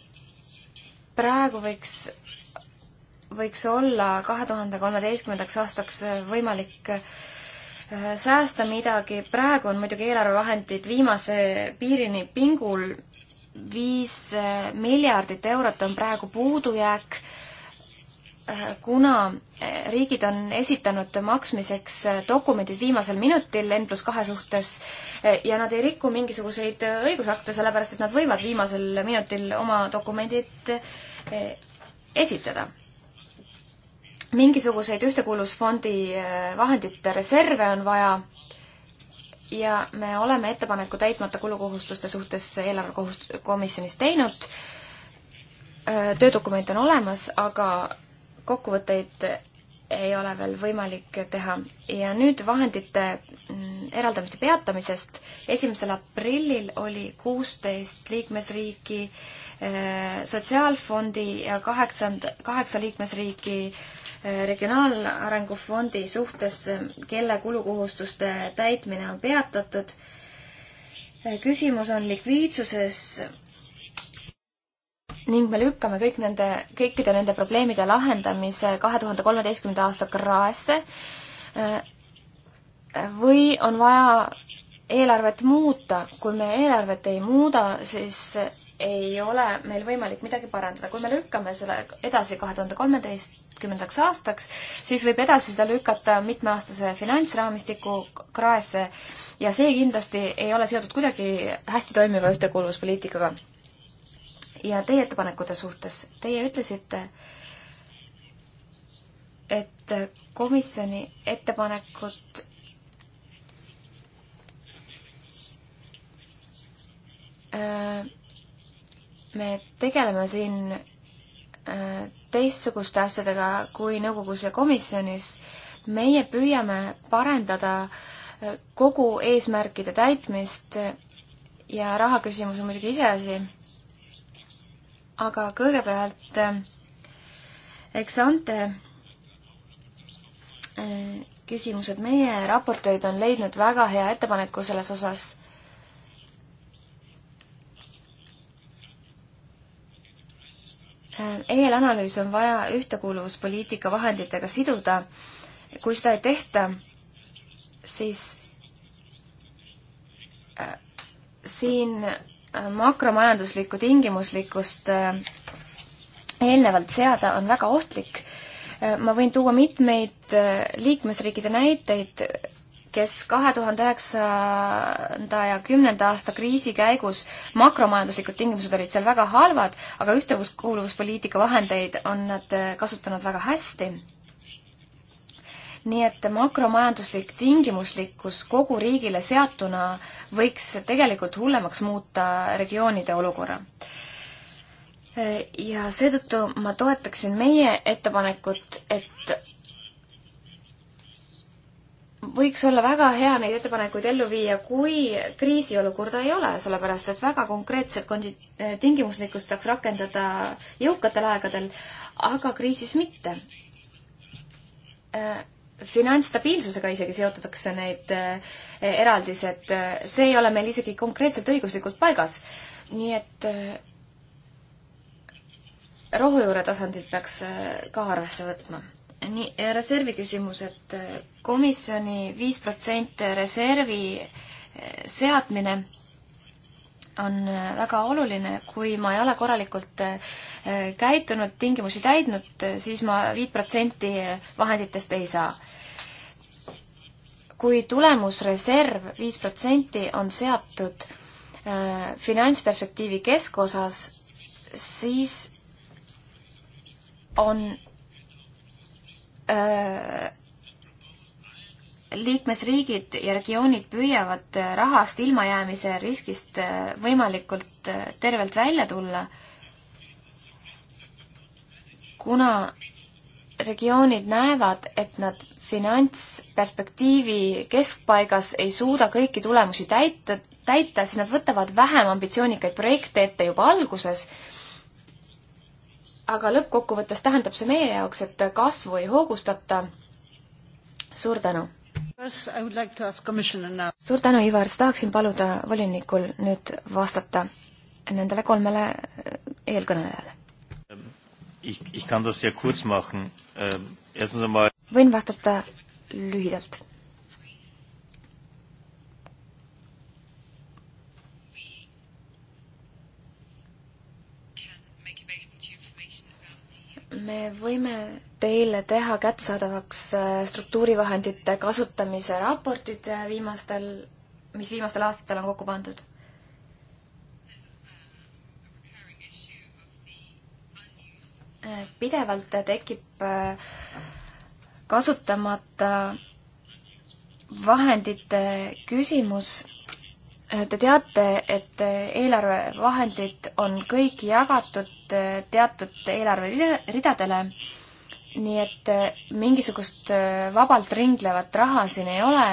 praegu võiks võiks olla kahe tuhande kolmeteistkümnendaks aastaks äh, võimalik äh, säästa midagi, praegu on muidugi eelarvevahendid viimase piirini pingul, viis äh, miljardit eurot on praegu puudujääk, kuna riigid on esitanud maksmiseks dokumendid viimasel minutil N pluss kahe suhtes ja nad ei riku mingisuguseid õigusakte, sellepärast et nad võivad viimasel minutil oma dokumendid esitada mingisuguseid ühtekuuluvusfondi äh, vahendite reserve on vaja ja me oleme ettepaneku täitmata kulukohustuste suhtes eelarvekohust-, komisjonis teinud. Äh, töödokument on olemas, aga kokkuvõtteid ei ole veel võimalik teha. ja nüüd vahendite mm, eraldamise peatamisest. esimesel aprillil oli kuusteist liikmesriiki äh, sotsiaalfondi ja kaheksand-, kaheksa liikmesriiki äh, Regionaalarengu Fondi suhtes, kelle kulukohustuste täitmine on peatatud. küsimus on likviidsuses ning me lükkame kõik nende, kõikide nende probleemide lahendamise kahe tuhande kolmeteistkümnenda aasta kraesse või on vaja eelarvet muuta, kui me eelarvet ei muuda, siis ei ole meil võimalik midagi parandada. kui me lükkame selle edasi kahe tuhande kolmeteistkümnendaks aastaks, siis võib edasi seda lükata mitmeaastase finantsraamistiku kraesse ja see kindlasti ei ole seotud kuidagi hästi toimiva ühtekuuluvuspoliitikaga. ja teie ettepanekute suhtes, teie ütlesite, et komisjoni ettepanekut äh, me tegeleme siin äh, teistsuguste asjadega kui nõukogus ja komisjonis. meie püüame parendada äh, kogu eesmärkide täitmist ja rahaküsimus on muidugi iseasi. aga kõigepealt äh, eks ante küsimused, meie raportöörid on leidnud väga hea ettepaneku selles osas eelanalüüs on vaja ühtekuuluvuspoliitika vahenditega siduda. kui seda ei tehta, siis äh, siin äh, makromajanduslikku tingimuslikkust äh, eelnevalt seada on väga ohtlik. ma võin tuua mitmeid liikmesriikide näiteid, kes kahe tuhande üheksanda ja kümnenda aasta kriisi käigus, makromajanduslikud tingimused olid seal väga halvad, aga ühtekuuluvuspoliitika vahendeid on nad äh, kasutanud väga hästi. nii et makromajanduslik tingimuslikkus kogu riigile seatuna võiks tegelikult hullemaks muuta regioonide olukorra äh, ja seetõttu ma toetaksin meie ettepanekut, et võiks olla väga hea neid ettepanekuid ellu viia, kui kriisiolukorda ei ole, sellepärast et väga konkreetset kondi-, äh, tingimuslikkust saaks rakendada jõukatel aegadel, aga kriisis mitte. Äh, finantsstabiilsusega isegi seotatakse need äh, eraldised, see ei ole meil isegi konkreetselt õiguslikult paigas. nii et rohujuure tasandil peaks ka arvesse võtma nii, reservi küsimus, et äh, komisjoni viis protsenti reservi äh, seadmine on äh, väga oluline, kui ma ei ole korralikult käitunud, tingimusi täidnud, siis ma viit protsenti vahenditest ei saa. kui tulemusreserv viis protsenti on seatud finantsperspektiivi keskosas, siis on Äh, liikmesriigid ja regioonid püüavad äh, rahast ilmajäämise riskist äh, võimalikult tervelt välja tulla, kuna regioonid näevad, et nad finantsperspektiivi keskpaigas ei suuda kõiki tulemusi täita, täita, siis nad võtavad vähem ambitsioonikaid projekte ette juba alguses aga lõppkokkuvõttes tähendab see meie jaoks, et kasvu ei hoogustata. suur tänu! suur tänu, Ivar, tahaksin paluda volinikul nüüd vastata nendele kolmele eh, eelkõnelejale. Ähm, ähm, võin vastata lühidalt me võime teile teha kättesaadavaks äh, struktuurivahendite kasutamise raportid äh, viimastel, mis viimastel aastatel on kokku pandud. Äh, pidevalt tekib kasutamata vahendite küsimus Äh, te teate, et äh, eelarvevahendid on kõik jagatud äh, teatud eelarveridadele, nii et mingisugust vabalt ringlevat raha siin ei ole.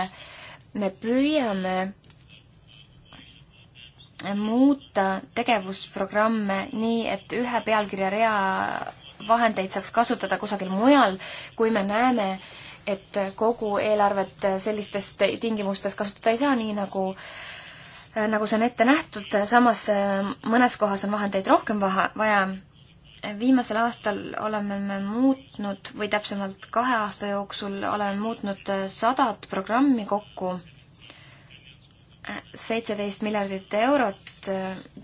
me püüame muuta tegevusprogramme nii, et ühe pealkirja rea vahendeid saaks kasutada kusagil mujal, kui me näeme, et kogu eelarvet sellistes tingimustes kasutada ei saa, nii nagu äh, Äh, nagu see on ette nähtud, äh, samas äh, mõnes kohas on vahendeid rohkem vaha, vaja. viimasel aastal oleme me muutnud või täpsemalt kahe aasta jooksul oleme muutnud sadat programmi kokku. seitseteist miljardit eurot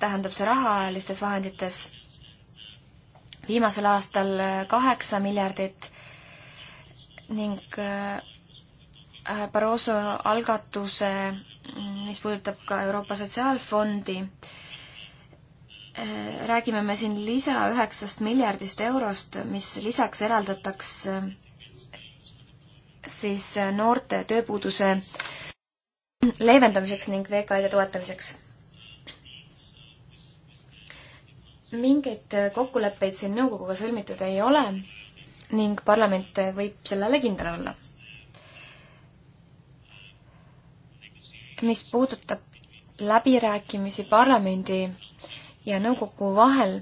tähendab see rahalistes vahendites. viimasel aastal kaheksa miljardit ning Barroso algatuse mis puudutab ka Euroopa Sotsiaalfondi, räägime me siin lisa üheksast miljardist eurost, mis lisaks eraldatakse siis noorte tööpuuduse leevendamiseks ning VKI-de toetamiseks. mingeid kokkuleppeid siin nõukoguga sõlmitud ei ole ning parlament võib sellele kindel olla mis puudutab läbirääkimisi parlamendi ja nõukogu vahel,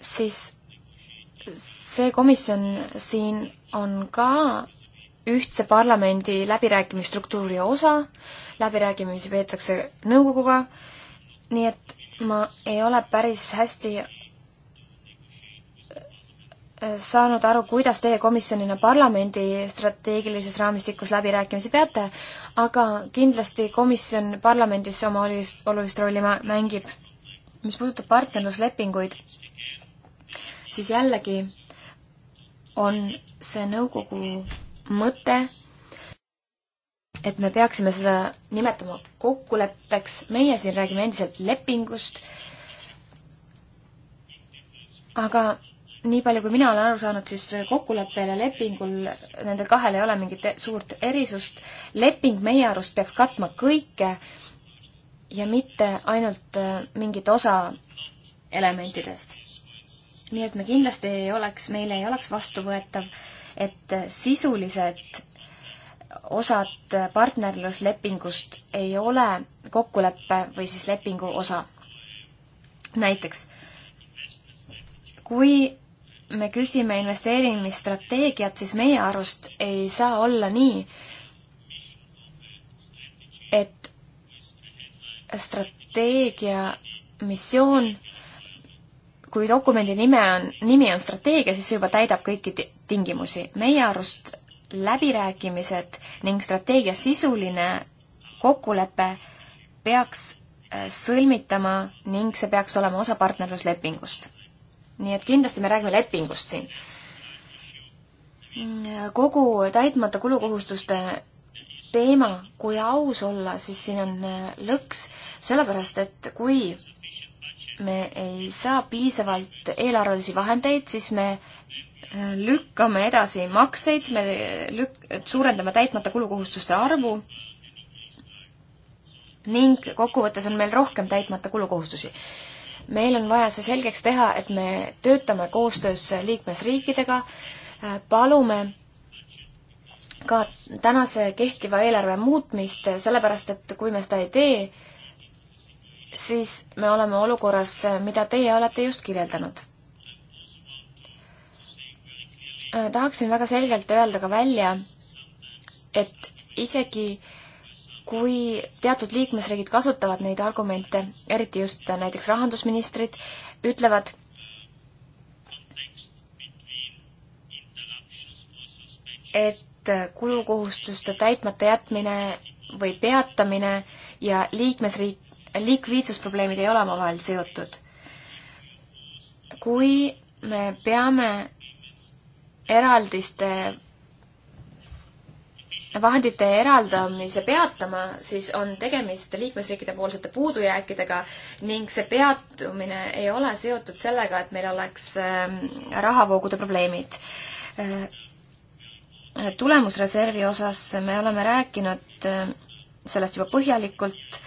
siis see komisjon siin on ka ühtse parlamendi läbirääkimisstruktuuri osa, läbirääkimisi peetakse nõukoguga, nii et ma ei ole päris hästi saanud aru, kuidas teie komisjonina parlamendi strateegilises raamistikus läbirääkimisi peate, aga kindlasti komisjon parlamendis oma olulist, olulist rolli mängib. mis puudutab partnerluslepinguid, siis jällegi on see nõukogu mõte, et me peaksime seda nimetama kokkuleppeks, meie siin räägime endiselt lepingust, aga nii palju, kui mina olen aru saanud, siis kokkuleppel ja lepingul nendel kahel ei ole mingit e-, suurt erisust. leping meie arust peaks katma kõike ja mitte ainult äh, mingit osa elementidest. nii et me kindlasti ei oleks, meile ei oleks vastuvõetav, et sisulised osad partnerluslepingust ei ole kokkuleppe või siis lepingu osa. näiteks kui me küsime investeerimisstrateegiat, siis meie arust ei saa olla nii, et strateegia missioon, kui dokumendi nime on, nimi on strateegia, siis see juba täidab kõiki tingimusi. meie arust läbirääkimised ning strateegia sisuline kokkulepe peaks äh, sõlmitama ning see peaks olema osa partnerluslepingust nii et kindlasti me räägime lepingust siin. kogu täitmata kulukohustuste teema, kui aus olla, siis siin on äh, lõks, sellepärast et kui me ei saa piisavalt eelarvelisi vahendeid, siis me äh, lükkame edasi makseid, me äh, lük-, suurendame täitmata kulukohustuste arvu ning kokkuvõttes on meil rohkem täitmata kulukohustusi meil on vaja see selgeks teha, et me töötame koostöös liikmesriikidega, äh, palume ka tänase kehtiva eelarve muutmist, sellepärast et kui me seda ei tee, siis me oleme olukorras, mida teie olete just kirjeldanud. Äh, tahaksin väga selgelt öelda ka välja, et isegi äh, kui teatud liikmesriigid kasutavad neid argumente, eriti just näiteks rahandusministrid, ütlevad, et kulukohustuste täitmata jätmine või peatamine ja liikmesriik, likviidsusprobleemid ei ole omavahel seotud. kui me peame eraldiste vahendite eraldamise peatama, siis on tegemist liikmesriikide poolsete puudujääkidega ning see peatumine ei ole seotud sellega, et meil oleks ähm, rahavoogude probleemid. Äh, tulemusreservi osas me oleme rääkinud ähm, sellest juba põhjalikult,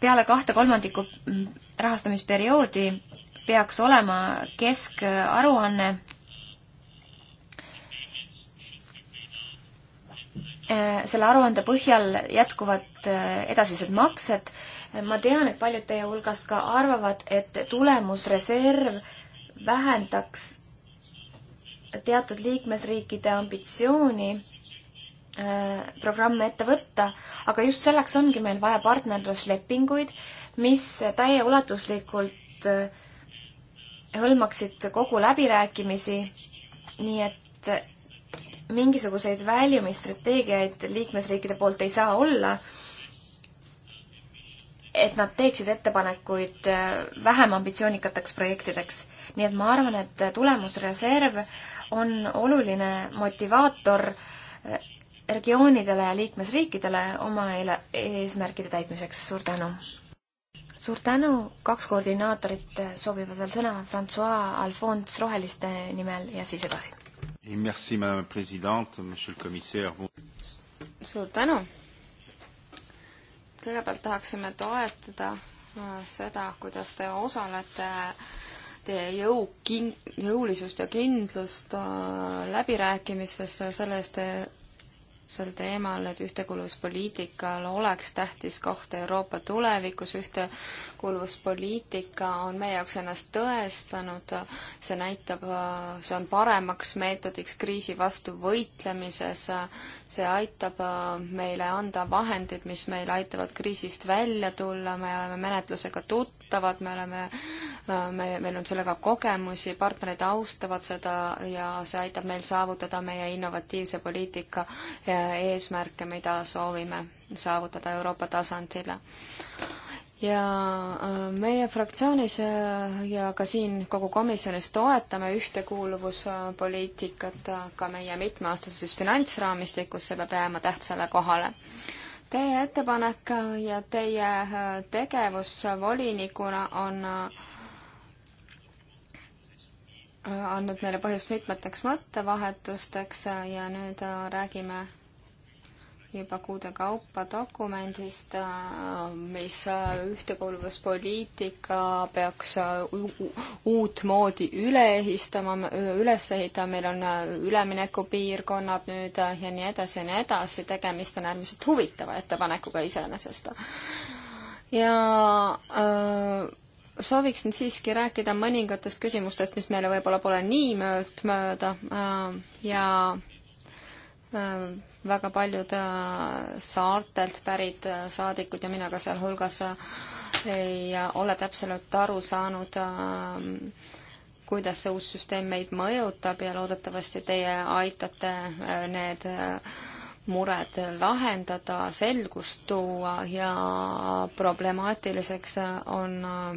peale kahte kolmandikku mm, rahastamisperioodi peaks olema keskaruanne Äh, selle aruande põhjal jätkuvad äh, edasised maksed. ma tean, et paljud teie hulgast ka arvavad, et tulemusreserv vähendaks teatud liikmesriikide ambitsiooni äh, programme ette võtta, aga just selleks ongi meil vaja partnerluslepinguid, mis täieulatuslikult hõlmaksid kogu läbirääkimisi, nii et mingisuguseid väljumisstrateegiaid liikmesriikide poolt ei saa olla, et nad teeksid ettepanekuid äh, vähem ambitsioonikateks projektideks. nii et ma arvan, et tulemusreserv on oluline motivaator äh, regioonidele ja liikmesriikidele oma eesmärkide täitmiseks. suur tänu! suur tänu, kaks koordinaatorit soovivad veel sõna, Francois Alphonse Roheliste nimel ja siis edasi suur tänu! kõigepealt tahaksime toetada äh, seda, kuidas te osalete teie jõu kin-, jõulisust ja kindlust äh, läbirääkimistesse, selle eest te sel teemal, et ühtekuuluvuspoliitikal oleks tähtis koht Euroopa tulevikus, ühtekuuluvuspoliitika on meie jaoks ennast tõestanud, see näitab, see on paremaks meetodiks kriisi vastu võitlemises, see aitab meile anda vahendid, mis meil aitavad kriisist välja tulla, me oleme menetlusega tuttavad, me oleme, me, meil on sellega kogemusi, partnerid austavad seda ja see aitab meil saavutada meie innovatiivse poliitika eesmärke, mida soovime saavutada Euroopa tasandil. ja äh, meie fraktsioonis äh, ja ka siin kogu komisjonis toetame ühtekuuluvuspoliitikat äh, ka meie mitmeaastases finantsraamistikus, see peab jääma tähtsale kohale teie ettepanek ja teie tegevus volinikuna on andnud meile põhjust mitmeteks mõttevahetusteks ja nüüd räägime juba kuude kaupa dokumendist, mis ühtekuuluvuspoliitika peaks uutmoodi üle ehistama, üles ehitama, meil on üleminekupiirkonnad nüüd ja nii edasi ja nii edasi, tegemist on äärmiselt huvitava ettepanekuga iseenesest. ja öö, äh, sooviksin siiski rääkida mõningatest küsimustest, mis meile võib-olla pole nii möödmööda äh, ja öö, äh, väga paljud äh, saartelt pärit äh, saadikud ja mina ka sealhulgas äh, ei ole täpselt aru saanud, kuidas see uus süsteem meid mõjutab ja loodetavasti teie aitate need mured lahendada, selgust tuua ja problemaatiliseks on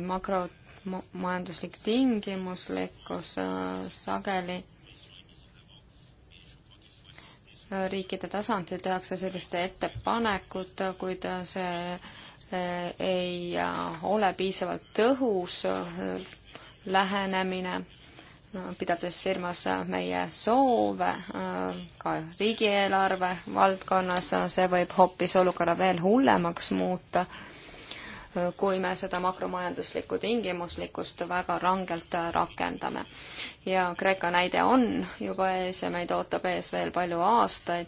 makromajanduslik tingimuslikkus sageli riikide tasandil tehakse selliste ettepanekud, kuid see e, ei e, ole piisavalt tõhus e, lähenemine, pidades silmas meie soove ka riigieelarve valdkonnas, see võib hoopis olukorra veel hullemaks muuta kui me seda makromajanduslikku tingimuslikkust väga rangelt rakendame. ja Kreeka näide on juba ees ja meid ootab ees veel palju aastaid,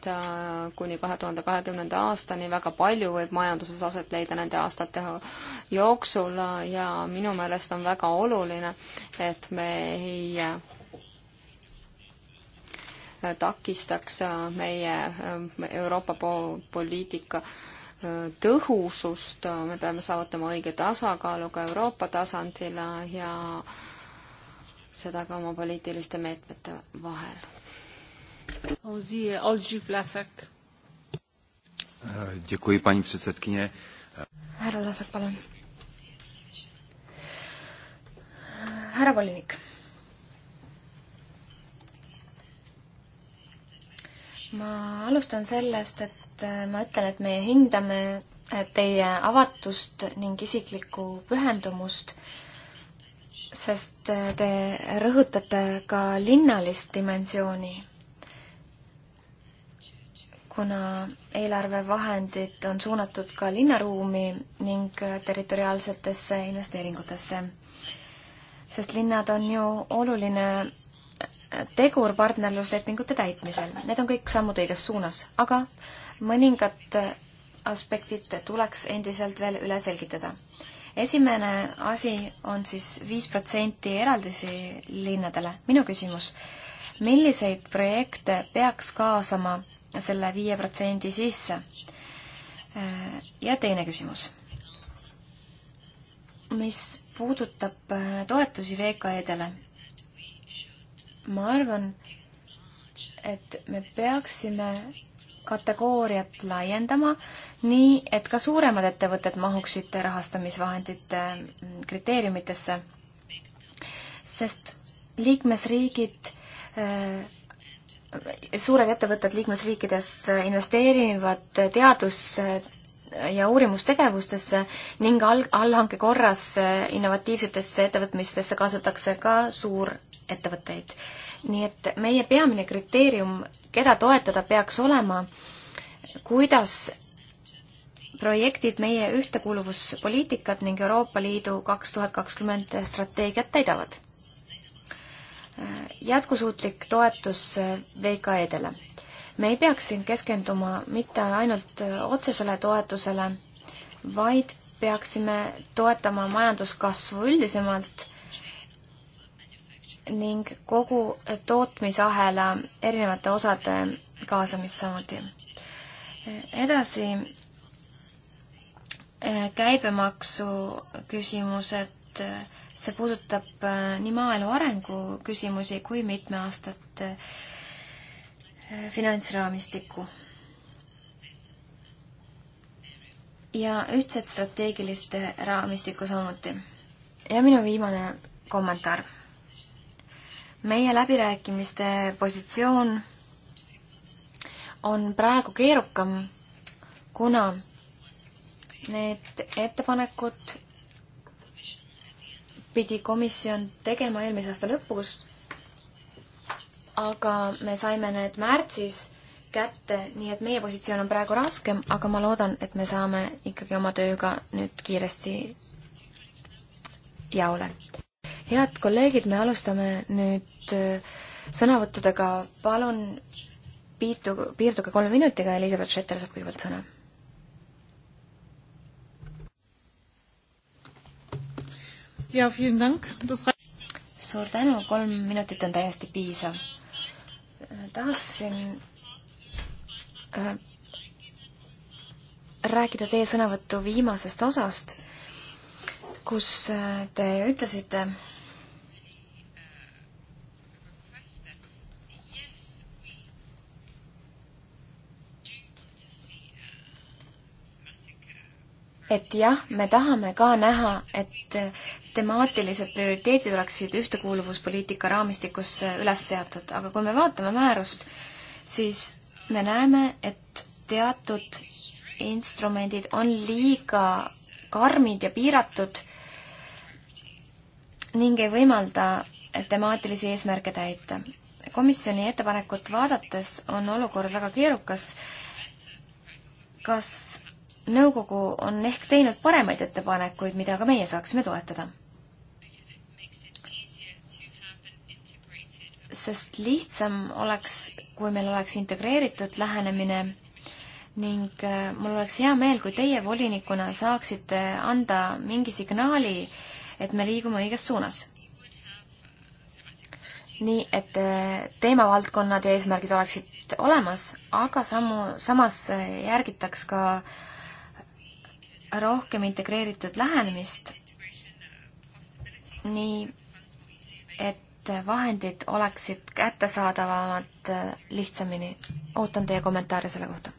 kuni kahe tuhande kahekümnenda aastani, väga palju võib majanduses aset leida nende aastate jooksul ja minu meelest on väga oluline, et me ei takistaks meie Euroopa poliitika Äh, tõhusust, äh, me peame saavutama õige tasakaalu ka Euroopa tasandil äh, ja seda ka oma poliitiliste meetmete vahel. härra Lasak, palun. härra volinik. ma alustan sellest, et et äh, ma ütlen, et me hindame äh, teie avatust ning isiklikku pühendumust, sest äh, te rõhutate ka linnalist dimensiooni, kuna eelarvevahendid on suunatud ka linnaruumi ning territoriaalsetesse investeeringutesse. sest linnad on ju oluline tegur partnerluslepingute täitmisel. Need on kõik sammud õiges suunas, aga mõningad aspektid tuleks endiselt veel üle selgitada. esimene asi on siis viis protsenti eraldisi linnadele. minu küsimus, milliseid projekte peaks kaasama selle viie protsendi sisse? ja teine küsimus, mis puudutab toetusi VKE-dele. ma arvan, et me peaksime kategooriat laiendama, nii et ka suuremad ettevõtted mahuksid rahastamisvahendite mm, kriteeriumitesse, sest liikmesriigid äh, suured ettevõtted liikmesriikides investeerivad teadus- ja uurimustevustesse ning all, allhanke korras äh, innovatiivsetesse ettevõtmistesse kaasatakse ka suurettevõtteid nii et meie peamine kriteerium, keda toetada, peaks olema, kuidas projektid meie ühtekuuluvuspoliitikat ning Euroopa Liidu kaks tuhat kakskümmend strateegiat täidavad. jätkusuutlik toetus VKE-dele. me ei peaks siin keskenduma mitte ainult otsesele toetusele, vaid peaksime toetama majanduskasvu üldisemalt ning kogu tootmisahela erinevate osade kaasamist samuti. edasi eh, käibemaksu küsimused, see puudutab eh, nii maaelu arengu küsimusi kui mitme aastat eh, finantsraamistikku. ja ühtset strateegilist raamistikku samuti. ja minu viimane kommentaar meie läbirääkimiste positsioon on praegu keerukam, kuna need ettepanekud pidi komisjon tegema eelmise aasta lõpus, aga me saime need märtsis kätte, nii et meie positsioon on praegu raskem, aga ma loodan, et me saame ikkagi oma tööga nüüd kiiresti jaole. head kolleegid, me alustame nüüd nüüd äh, sõnavõttudega, palun piitu, piirduge kolme minutiga ja Elizabeth Schetter saab kõigepealt sõna. suur tänu, kolm minutit on täiesti piisav. Äh, tahaksin äh, rääkida teie sõnavõtu viimasest osast, kus äh, te ütlesite äh,, et jah, me tahame ka näha, et temaatilised prioriteedid oleksid ühtekuuluvuspoliitika raamistikus üles seatud, aga kui me vaatame määrust, siis me näeme, et teatud instrumendid on liiga karmid ja piiratud ning ei võimalda temaatilisi eesmärke täita. komisjoni ettepanekut vaadates on olukord väga keerukas. kas nõukogu on ehk teinud paremaid ettepanekuid, mida ka meie saaksime toetada. sest lihtsam oleks, kui meil oleks integreeritud lähenemine ning äh, mul oleks hea meel, kui teie volinikuna saaksite anda mingi signaali, et me liigume õiges suunas. nii, et äh, teemavaldkonnad ja eesmärgid oleksid olemas, aga samu, samas äh, järgitaks ka äh, rohkem integreeritud lähenemist nii, et vahendid oleksid kättesaadavamad äh, lihtsamini. ootan teie kommentaare selle kohta.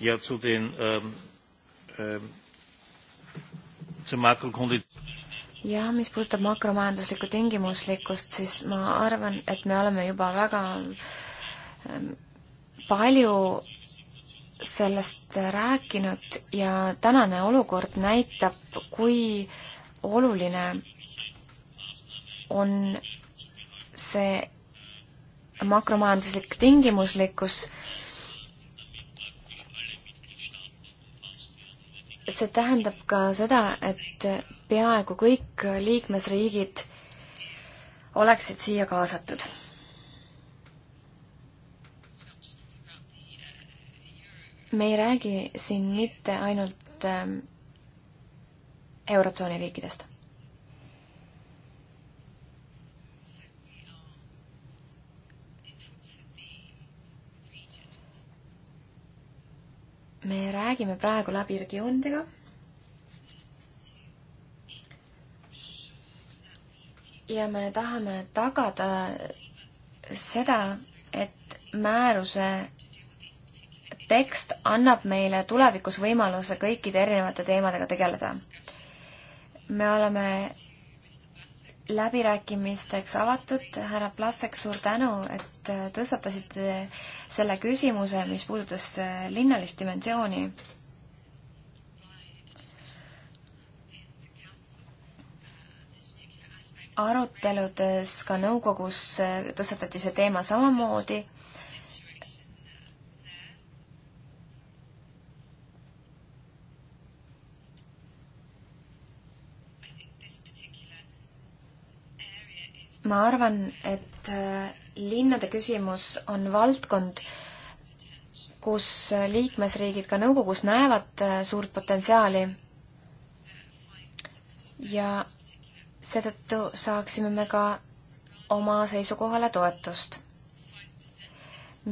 ja zu den ähm, ähm, zu Makrokonditionen ja mis puudutab makromajanduslikku tingimuslikkust, siis ma arvan, et me oleme juba väga ähm, palju sellest rääkinud ja tänane olukord näitab, kui oluline on see makromajanduslik tingimuslikkus, see tähendab ka seda, et peaaegu kõik liikmesriigid oleksid siia kaasatud. me ei räägi siin mitte ainult ähm, eurotsooni riikidest. me räägime praegu läbi regioonidega ja me tahame tagada seda, et määruse tekst annab meile tulevikus võimaluse kõikide erinevate teemadega tegeleda. me oleme läbirääkimisteks avatud, härra Plasek, suur tänu, et tõstatasite selle küsimuse, mis puudutas linnalist dimensiooni aruteludes ka nõukogus tõstatati see teema samamoodi. ma arvan, et äh, linnade küsimus on valdkond, kus liikmesriigid ka nõukogus näevad äh, suurt potentsiaali ja seetõttu saaksime me ka oma seisukohale toetust.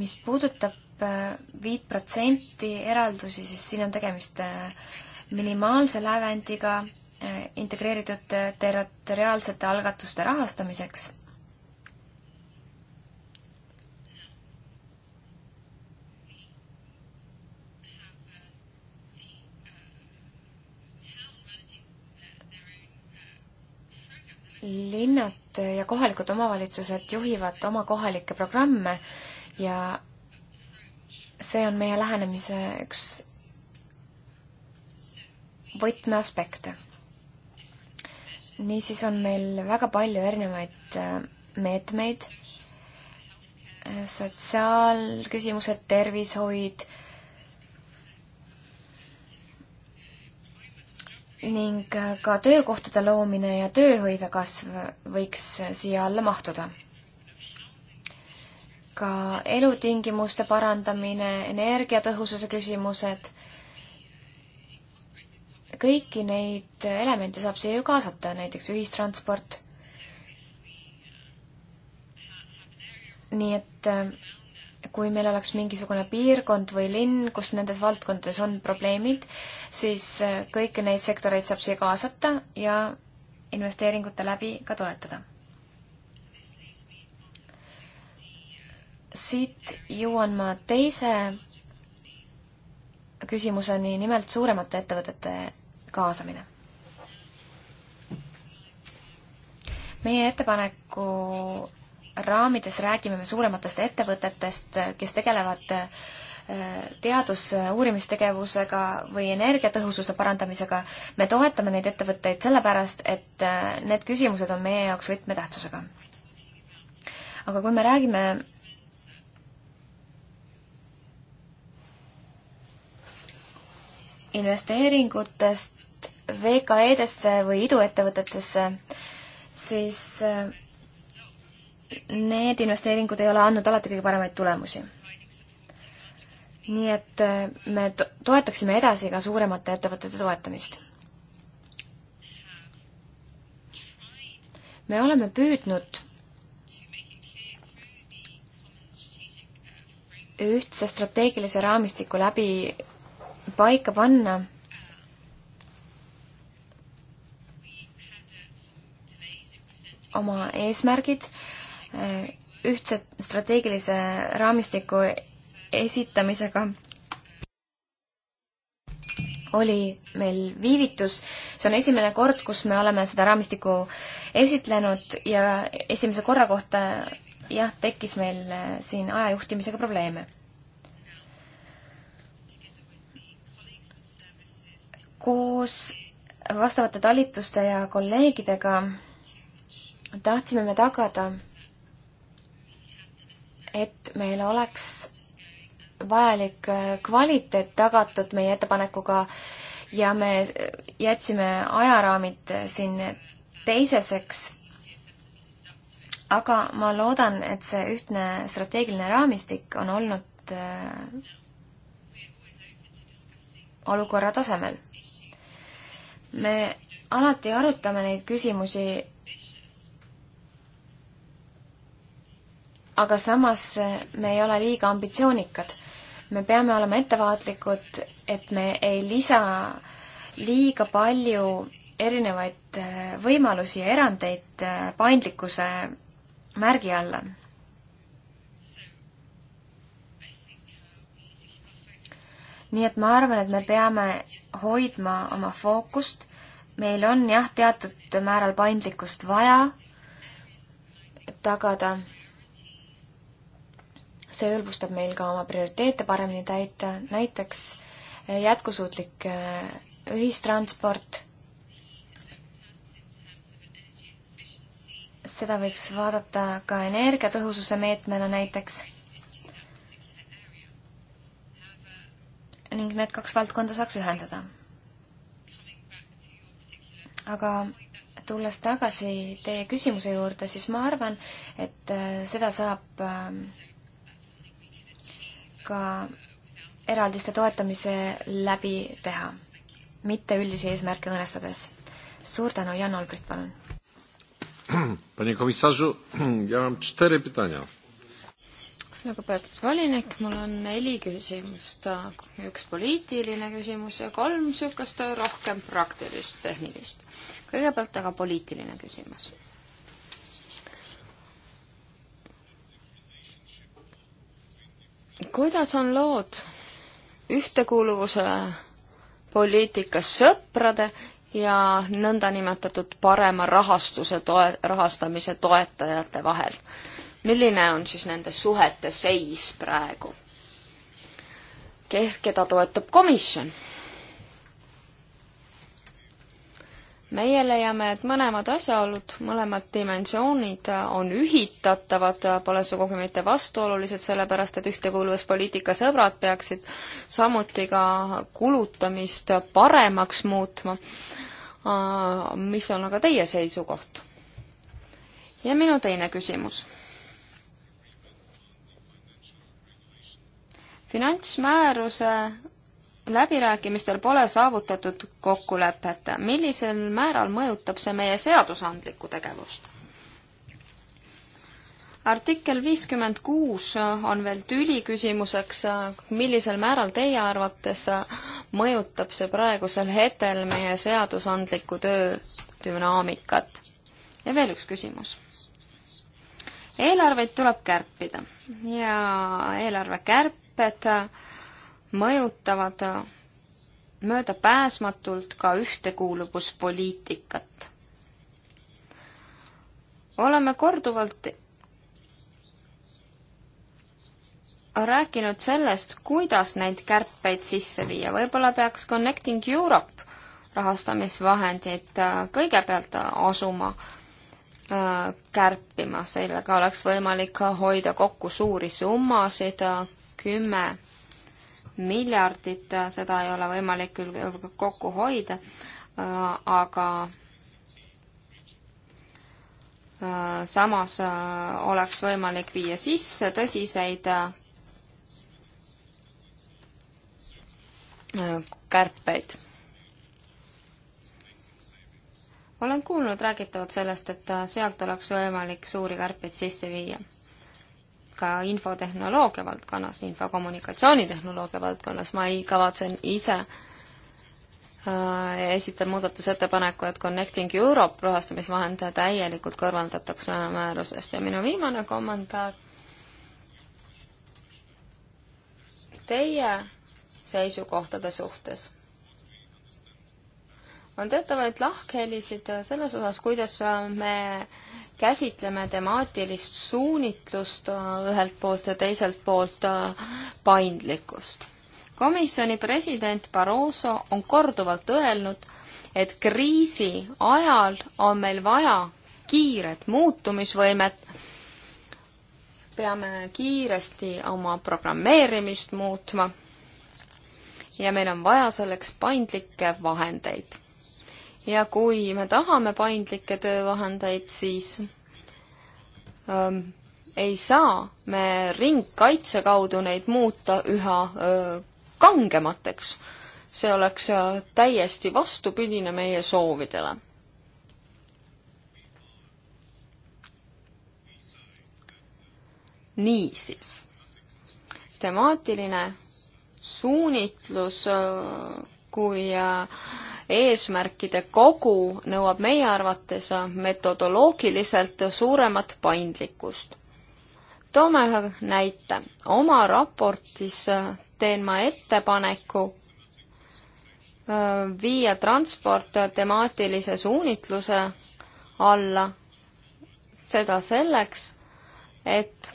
mis puudutab äh, viit protsenti eraldusi, siis siin on tegemist äh, minimaalse lävendiga äh, integreeritud territoriaalsete algatuste rahastamiseks linnad ja kohalikud omavalitsused juhivad oma kohalikke programme ja see on meie lähenemise üks võtmeaspekte. niisiis on meil väga palju erinevaid äh, meetmeid, sotsiaalküsimused, tervishoid, ning äh, ka töökohtade loomine ja tööhõive kasv võiks äh, siia alla mahtuda. ka elutingimuste parandamine, energiatõhususe küsimused, kõiki neid elemente saab siia ju kaasata, näiteks ühistransport. nii et äh, kui meil oleks mingisugune piirkond või linn, kus nendes valdkondades on probleemid, siis äh, kõiki neid sektoreid saab siia kaasata ja investeeringute läbi ka toetada. siit jõuan ma teise küsimuseni, nimelt suuremate ettevõtete kaasamine meie ettepaneku raamides räägime me suurematest ettevõtetest, kes tegelevad äh, teadus-uurimistegevusega või energiatõhususe parandamisega. me toetame neid ettevõtteid sellepärast, et äh, need küsimused on meie jaoks võtmetähtsusega. aga kui me räägime investeeringutest VKE-desse või iduettevõtetesse, siis äh, need investeeringud ei ole andnud alati kõige paremaid tulemusi. nii et äh, me toetaksime edasi ka suuremate ettevõtete toetamist. me oleme püüdnud ühtse strateegilise raamistiku läbi paika panna oma eesmärgid Äh, ühtse strateegilise raamistiku esitamisega oli meil viivitus, see on esimene kord, kus me oleme seda raamistikku esitlenud ja esimese korra kohta jah, tekkis meil äh, siin aja juhtimisega probleeme. koos vastavate talituste ja kolleegidega tahtsime me tagada et meil oleks vajalik äh, kvaliteet tagatud meie ettepanekuga ja me äh, jätsime ajaraamid äh, siin teiseseks. aga ma loodan, et see ühtne strateegiline raamistik on olnud olukorra tasemel. me alati arutame neid küsimusi aga samas me ei ole liiga ambitsioonikad. me peame olema ettevaatlikud, et me ei lisa liiga palju erinevaid äh, võimalusi ja erandeid äh, paindlikkuse märgi alla. nii et ma arvan, et me peame hoidma oma fookust, meil on jah, teatud määral paindlikkust vaja tagada see hõlbustab meil ka oma prioriteete paremini täita, näiteks eh, jätkusuutlik eh, ühistransport, seda võiks vaadata ka energiatõhususe meetmena näiteks. ning need kaks valdkonda saaks ühendada. aga tulles tagasi teie küsimuse juurde, siis ma arvan, et eh, seda saab ka eraldiste toetamise läbi teha, mitte üldisi eesmärke õõnestades. suur tänu, Jan Olbrit, palun. [clears throat] Panie komisarzu, [clears throat] ja cztery pytania. lugupeetud volinik, mul on neli küsimust, üks poliitiline küsimus ja kolm niisugust rohkem praktilist, tehnilist. kõigepealt aga poliitiline küsimus kuidas on lood ühtekuuluvuse poliitikas sõprade ja nõndanimetatud parema rahastuse toe, rahastamise toetajate vahel. milline on siis nende suhete seis praegu? kes, keda toetab komisjon? meie leiame, et mõlemad asjaolud, mõlemad dimensioonid on ühitatavad, pole sugugi mitte vastuolulised, sellepärast et ühtekuuluvuspoliitika sõbrad peaksid samuti ka kulutamist paremaks muutma. mis on aga teie seisukoht? ja minu teine küsimus. finantsmääruse läbirääkimistel pole saavutatud kokkulepet. millisel määral mõjutab see meie seadusandlikku tegevust? artikkel viiskümmend kuus on veel tüli küsimuseks, millisel määral teie arvates mõjutab see praegusel hetkel meie seadusandliku töö dünaamikat? ja veel üks küsimus. eelarveid tuleb kärpida ja eelarve kärped mõjutavad äh, möödapääsmatult ka ühtekuuluvuspoliitikat. oleme korduvalt rääkinud sellest, kuidas neid kärpeid sisse viia, võib-olla peaks Connecting Europe rahastamisvahendid äh, kõigepealt asuma äh, kärpima, sellega oleks võimalik hoida kokku suuri summasid, kümme miljardit, seda ei ole võimalik küll kokku hoida, aga äh, samas äh, oleks võimalik viia sisse tõsiseid äh, kärpeid. olen kuulnud räägitavat sellest, et sealt oleks võimalik suuri kärpeid sisse viia ka infotehnoloogia valdkonnas, infokommunikatsioonitehnoloogia valdkonnas, ma ei kavatse ise äh, esitan muudatusettepaneku, et Connecting Europe rahastamisvahend täielikult kõrvaldatakse määrusest ja minu viimane kommentaar. Teie seisukohtade suhtes on teatavaid lahkhelisid selles osas, kuidas me käsitleme temaatilist suunitlust äh, ühelt poolt ja teiselt poolt äh, paindlikkust. komisjoni president Barroso on korduvalt öelnud, et kriisi ajal on meil vaja kiiret muutumisvõimet, peame kiiresti oma programmeerimist muutma ja meil on vaja selleks paindlikke vahendeid ja kui me tahame paindlikke töövahendeid, siis ähm, ei saa me ringkaitse kaudu neid muuta üha öö, äh, kangemateks. see oleks äh, täiesti vastupidine meie soovidele. niisiis, temaatiline suunitlus öö, äh, kui eesmärkide kogu nõuab meie arvates metodoloogiliselt suuremat paindlikkust. toome ühe näite. oma raportis teen ma ettepaneku äh, viia transport temaatilise suunitluse alla, seda selleks, et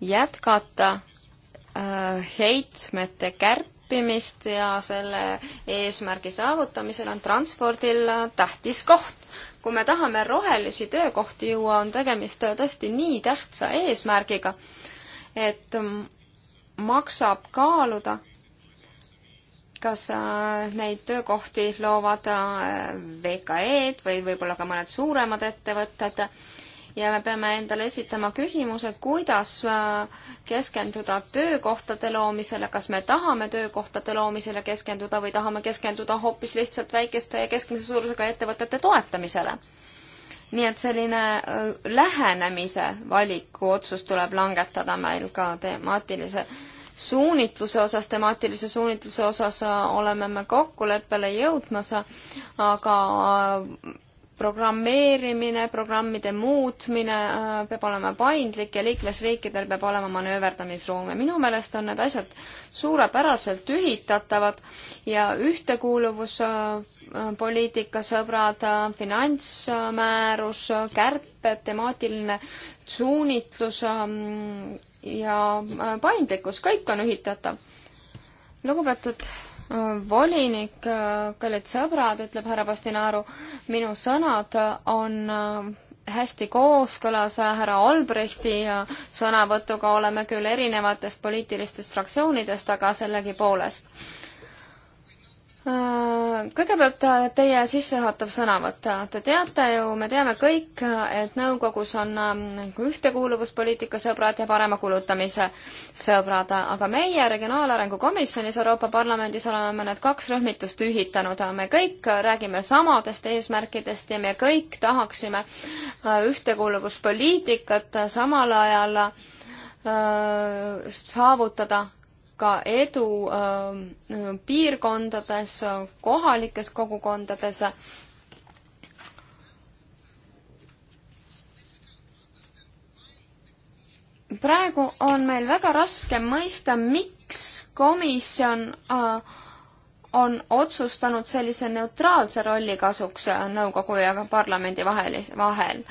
jätkata Äh, heitmete kärpimist ja selle eesmärgi saavutamisel on transpordil tähtis koht. kui me tahame rohelisi töökohti juua, on tegemist tõesti nii tähtsa eesmärgiga, et maksab kaaluda, kas äh, neid töökohti loovad äh, VKE-d või võib-olla ka mõned suuremad ettevõtted et ja me peame endale esitama küsimuse, et kuidas äh, keskenduda töökohtade loomisele, kas me tahame töökohtade loomisele keskenduda või tahame keskenduda hoopis lihtsalt väikeste ja keskmise suurusega ettevõtete toetamisele nii et selline äh, lähenemise valiku otsus tuleb langetada meil ka temaatilise suunitluse osas, temaatilise suunitluse osas äh, oleme me kokkuleppele jõudmas, aga programmeerimine, programmide muutmine äh, peab olema paindlik ja liikmesriikidel peab olema manööverdamisruum ja minu meelest on need asjad suurepäraselt ühitatavad ja ühtekuuluvuspoliitika äh, äh, sõbrad, finantsmäärus, kärped, temaatiline suunitlus ähm, ja paindlikkus, kõik on ühitatav. lugupeetud volinik, äh, kallid sõbrad, ütleb härra Postinaru, minu sõnad äh, on äh, hästi kooskõlas härra Albrechti sõnavõtuga, oleme küll erinevatest poliitilistest fraktsioonidest, aga sellegipoolest Kõigepealt äh, teie sissejuhatav sõnavõtt. Te teate ju, me teame kõik, äh, et nõukogus on ähm, nagu ühtekuuluvuspoliitika sõbrad ja parema kulutamise sõbrad, aga meie Regionaalarengu Komisjonis Euroopa Parlamendis oleme me need kaks rühmitust ühitanud. me kõik räägime samadest eesmärkidest ja me kõik tahaksime äh, ühtekuuluvuspoliitikat samal ajal saavutada ka edu ähm, piirkondades, kohalikes kogukondades. praegu on meil väga raske mõista, miks komisjon äh, on otsustanud sellise neutraalse rolli kasuks äh, nõukogu ja parlamendi vahel, vahel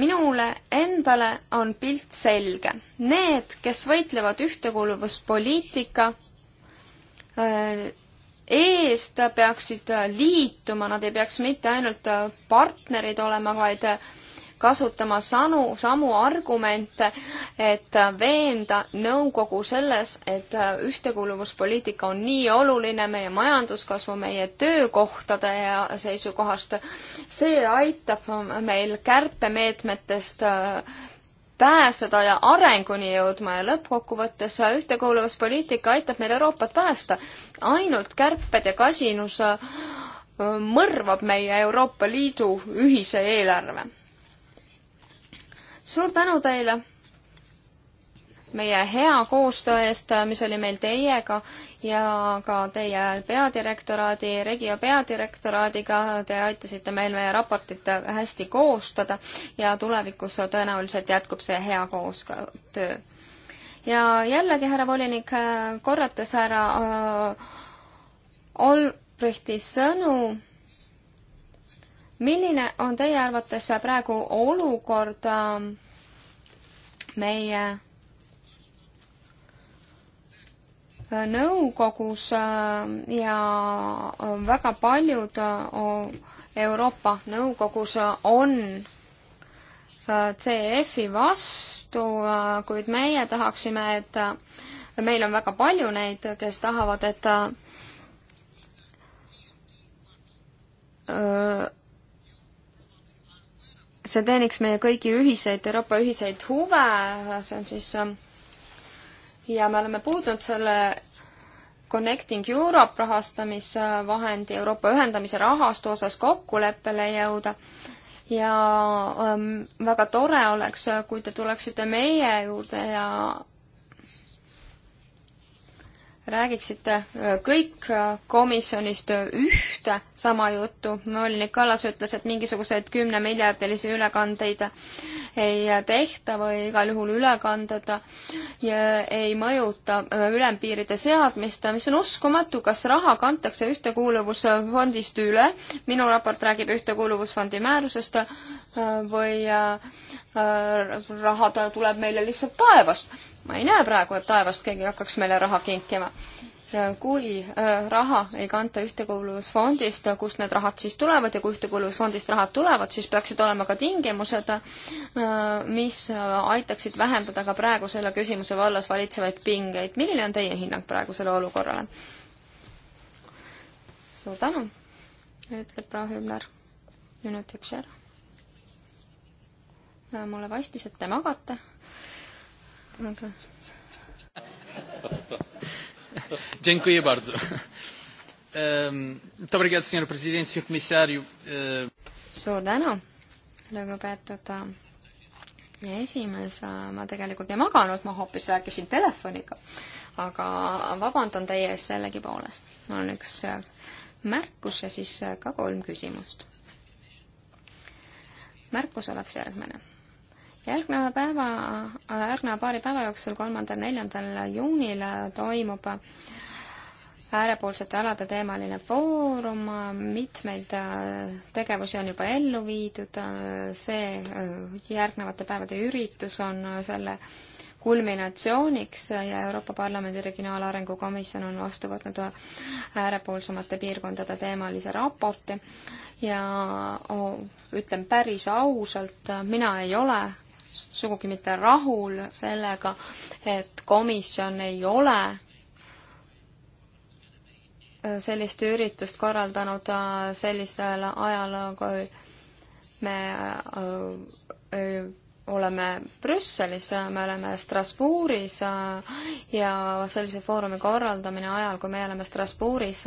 minule endale on pilt selge. Need, kes võitlevad ühtekuuluvuspoliitika äh, eest, peaksid liituma, nad ei peaks mitte ainult partnerid olema, vaid kasutama sanu, samu argumente, et veenda nõukogu selles, et ühtekuuluvuspoliitika on nii oluline meie majanduskasvu, meie töökohtade ja seisukohast. see aitab meil kärpemeetmetest äh, pääseda ja arenguni jõudma ja lõppkokkuvõttes ühtekuuluvuspoliitika aitab meil Euroopat päästa. ainult kärped ja kasinus äh, mõrvab meie Euroopa Liidu ühise eelarve suur tänu teile meie hea koostöö eest, mis oli meil teiega ja ka teie peadirektoraadi, Regio peadirektoraadiga, te aitasite meil meie raportit hästi koostada ja tulevikus tõenäoliselt jätkub see hea koostöö. ja jällegi, härra volinik, korrates härra äh, Olbrechti sõnu, milline on teie arvates praegu olukord ähm, meie äh, nõukogus ähm, ja äh, väga paljud äh, Euroopa Nõukogus on CF-i vastu, kuid meie tahaksime, et meil on väga palju neid, kes tahavad, et see teeniks meie kõigi ühiseid, Euroopa ühiseid huve, see on siis ähm, ja me oleme puudunud selle Connecting Europe rahastamisvahendi Euroopa ühendamise rahastu osas kokkuleppele jõuda ja ähm, väga tore oleks, äh, kui te tuleksite meie juurde ja räägiksite äh, kõik äh, komisjonist äh, ühte sama juttu. Molnik Kallas ütles, et mingisuguseid kümnemiljardilisi ülekandeid ei tehta või igal juhul ülekanded ei mõjuta ülempiiride seadmist, mis on uskumatu, kas raha kantakse ühtekuuluvusfondist üle, minu raport räägib ühtekuuluvusfondi määrusest või äh, äh, raha tuleb meile lihtsalt taevast. ma ei näe praegu, et taevast keegi hakkaks meile raha kinkima. kui äh, raha ei kanta Ühtekuuluvusfondist, kust need rahad siis tulevad ja kui Ühtekuuluvusfondist rahad tulevad, siis peaksid olema ka tingimused, mis aitaksid vähendada ka praegu selle küsimuse vallas valitsevaid pingeid. milline on teie hinnang praegusele olukorrale? suur tänu, ütleb proua Hübner minutiks ära mulle vastis, et te magate. aga. Dziękuję bardzo. Muito obrigado, senhor presidente, senhor comissário. Eh, suur tänu, lugupeetud äh, esimees, äh, ma tegelikult ei maganud, ma hoopis rääkisin telefoniga. aga vabandan teie ees sellegipoolest. mul on üks äh, märkus ja siis ka kolm küsimust. märkus oleks järgmine järgneva päeva, järgneva paari päeva jooksul, kolmandal, neljandal juunil toimub äärepoolsete alade teemaline foorum, mitmeid äh, tegevusi on juba ellu viidud, see äh, järgnevate päevade üritus on selle kulminatsiooniks ja Euroopa Parlamendi Regionaalarengu Komisjon on vastu võtnud äärepoolsemate piirkondade teemalise raporti ja oh, ütlen päris ausalt, mina ei ole sugugi mitte rahul sellega, et komisjon ei ole sellist üritust korraldanud äh, sellisel ajal, kui me äh, äh, oleme Brüsselis, me oleme Strasbourgis ja sellise foorumi korraldamine ajal, kui me oleme Strasbourgis,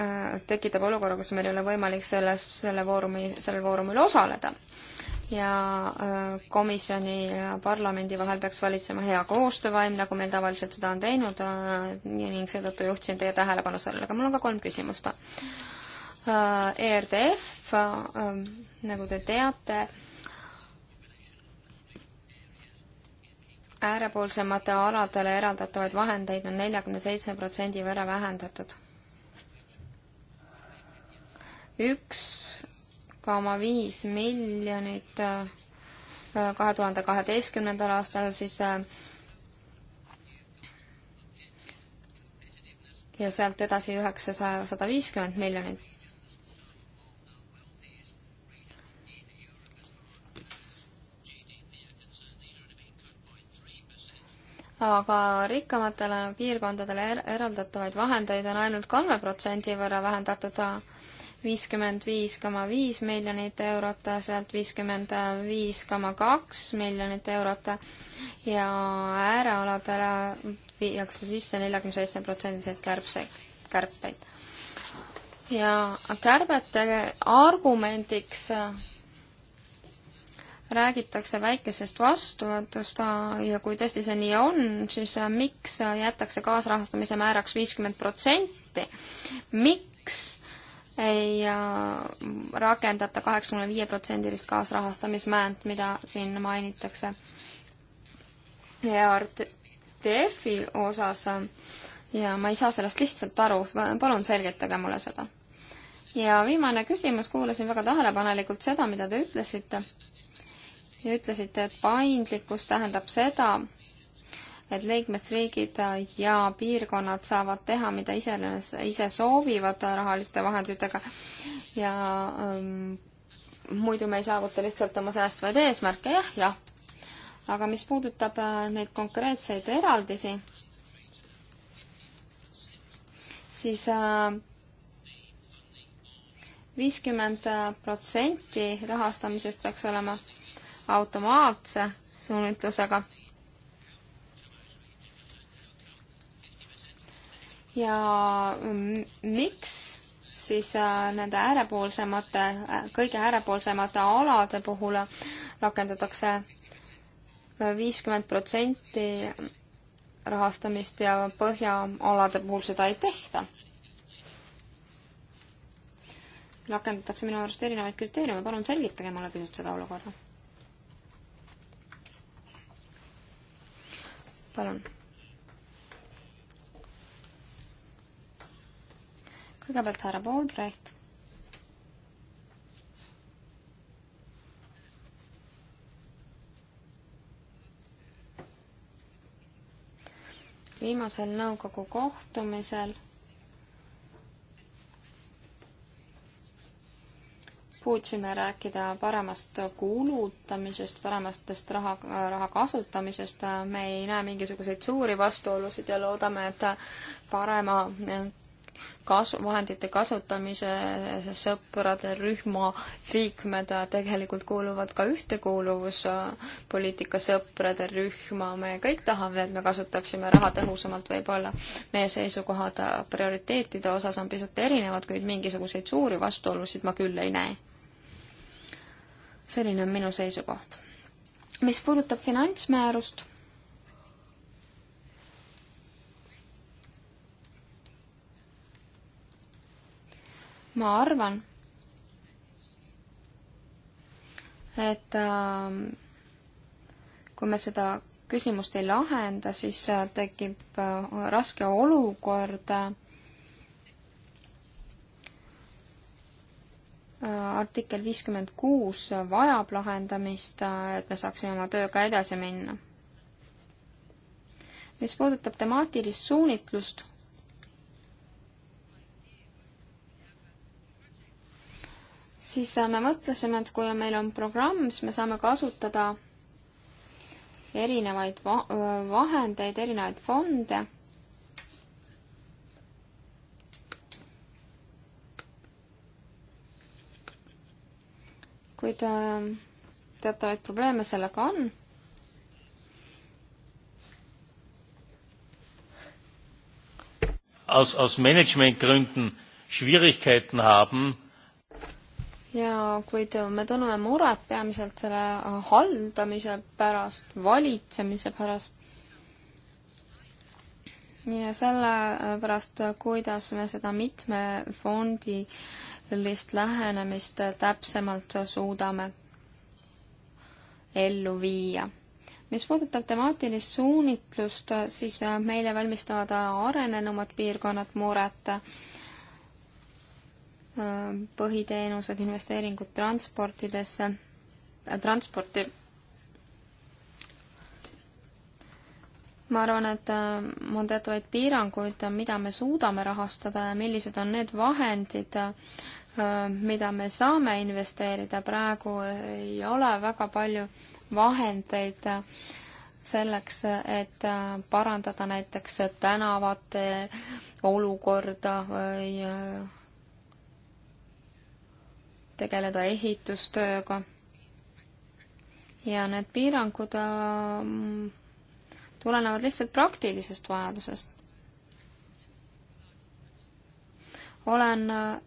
Äh, tekitab olukorra, kus meil ei ole võimalik selles, selle foorumi, sellel foorumil osaleda. ja äh, komisjoni ja parlamendi vahel peaks valitsema hea koostöövaim, nagu meil tavaliselt seda on teinud äh, ning seetõttu juhtisin teie tähelepanu sellele, aga mul on ka kolm küsimust. ERDF, nagu te teate, äärepoolsemate aladele eraldatavaid vahendeid on neljakümne seitsme protsendi võrra vähendatud üks koma viis miljonit äh, kahe tuhande kaheteistkümnendal aastal siis äh, ja sealt edasi üheksasaja, sada viiskümmend miljonit. aga rikkamatele piirkondadele er-, eraldatavaid vahendeid on ainult kolme protsendi võrra vähendatud viiskümmend viis koma viis miljonit eurot, sealt viiskümmend viis koma kaks miljonit eurot ja äärealadele viiakse sisse neljakümne seitsme protsendiseid kärbseid, kärpeid. ja kärbete argumendiks räägitakse väikesest vastuvõtust ja kui tõesti see nii on, siis miks jätakse kaasrahastamise määraks viiskümmend protsenti? miks ja rakendata kaheksakümne viie protsendilist kaasrahastamismäänt, mida siin mainitakse. ERTF-i osas ja ma ei saa sellest lihtsalt aru, palun selgitage mulle seda. ja viimane küsimus, kuulasin väga tähelepanelikult seda, mida te ütlesite. ja ütlesite, et paindlikkus tähendab seda, et liikmesriigid ja piirkonnad saavad teha, mida ise, ise soovivad rahaliste vahenditega ja ähm, muidu me ei saavuta lihtsalt oma säästvaid eesmärke, jah, jah. aga mis puudutab äh, neid konkreetseid eraldisi, siis äh, viiskümmend äh, protsenti rahastamisest peaks olema automaatse suunitlusega ja mm, miks siis äh, nende äärepoolsemate, äh, kõige äärepoolsemate alade puhul rakendatakse äh, viiskümmend protsenti rahastamist ja põhjaalade puhul seda ei tehta. rakendatakse minu arust erinevaid kriteeriume, palun selgitage mulle pisut seda olukorda. palun kõigepealt härra Poolbrecht. viimasel nõukogu kohtumisel püüdsime rääkida paremast kulutamisest, paremastest raha, raha kasutamisest, me ei näe mingisuguseid suuri vastuolusid ja loodame, et parema kas-, vahendite kasutamise sõprade rühma liikmed tegelikult kuuluvad ka ühtekuuluvuspoliitika sõprade rühma. me kõik tahame, et me kasutaksime raha tõhusamalt võib-olla. meie seisukohad prioriteetide osas on pisut erinevad, kuid mingisuguseid suuri vastuolusid ma küll ei näe. selline on minu seisukoht. mis puudutab finantsmäärust ma arvan, et ähm, kui me seda küsimust ei lahenda, siis äh, tekib äh, raske olukord äh, artikkel viiskümmend kuus vajab lahendamist, et me saaksime oma tööga edasi minna. mis puudutab temaatilist suunitlust, siis äh, me mõtlesime, et kui meil on programm, siis me saame kasutada erinevaid va äh, vahendeid, erinevaid fonde. kuid äh, teatavaid probleeme sellega on aus, aus Managementgründen Schwierigkeiten haben, ja kuid me tunneme muret peamiselt selle haldamise pärast, valitsemise pärast. ja selle pärast, kuidas me seda mitme fondilist lähenemist täpsemalt suudame ellu viia. mis puudutab temaatilist suunitlust, siis meile valmistavad arenenumad piirkonnad muret põhiteenused, investeeringud transportidesse, äh, transporti. ma arvan, et äh, on teatavaid piiranguid, mida me suudame rahastada ja millised on need vahendid, äh, mida me saame investeerida. praegu ei ole väga palju vahendeid selleks, et parandada näiteks tänavate olukorda või tegeleda ehitustööga. ja need piirangud ähm, tulenevad lihtsalt praktilisest vajadusest. olen äh,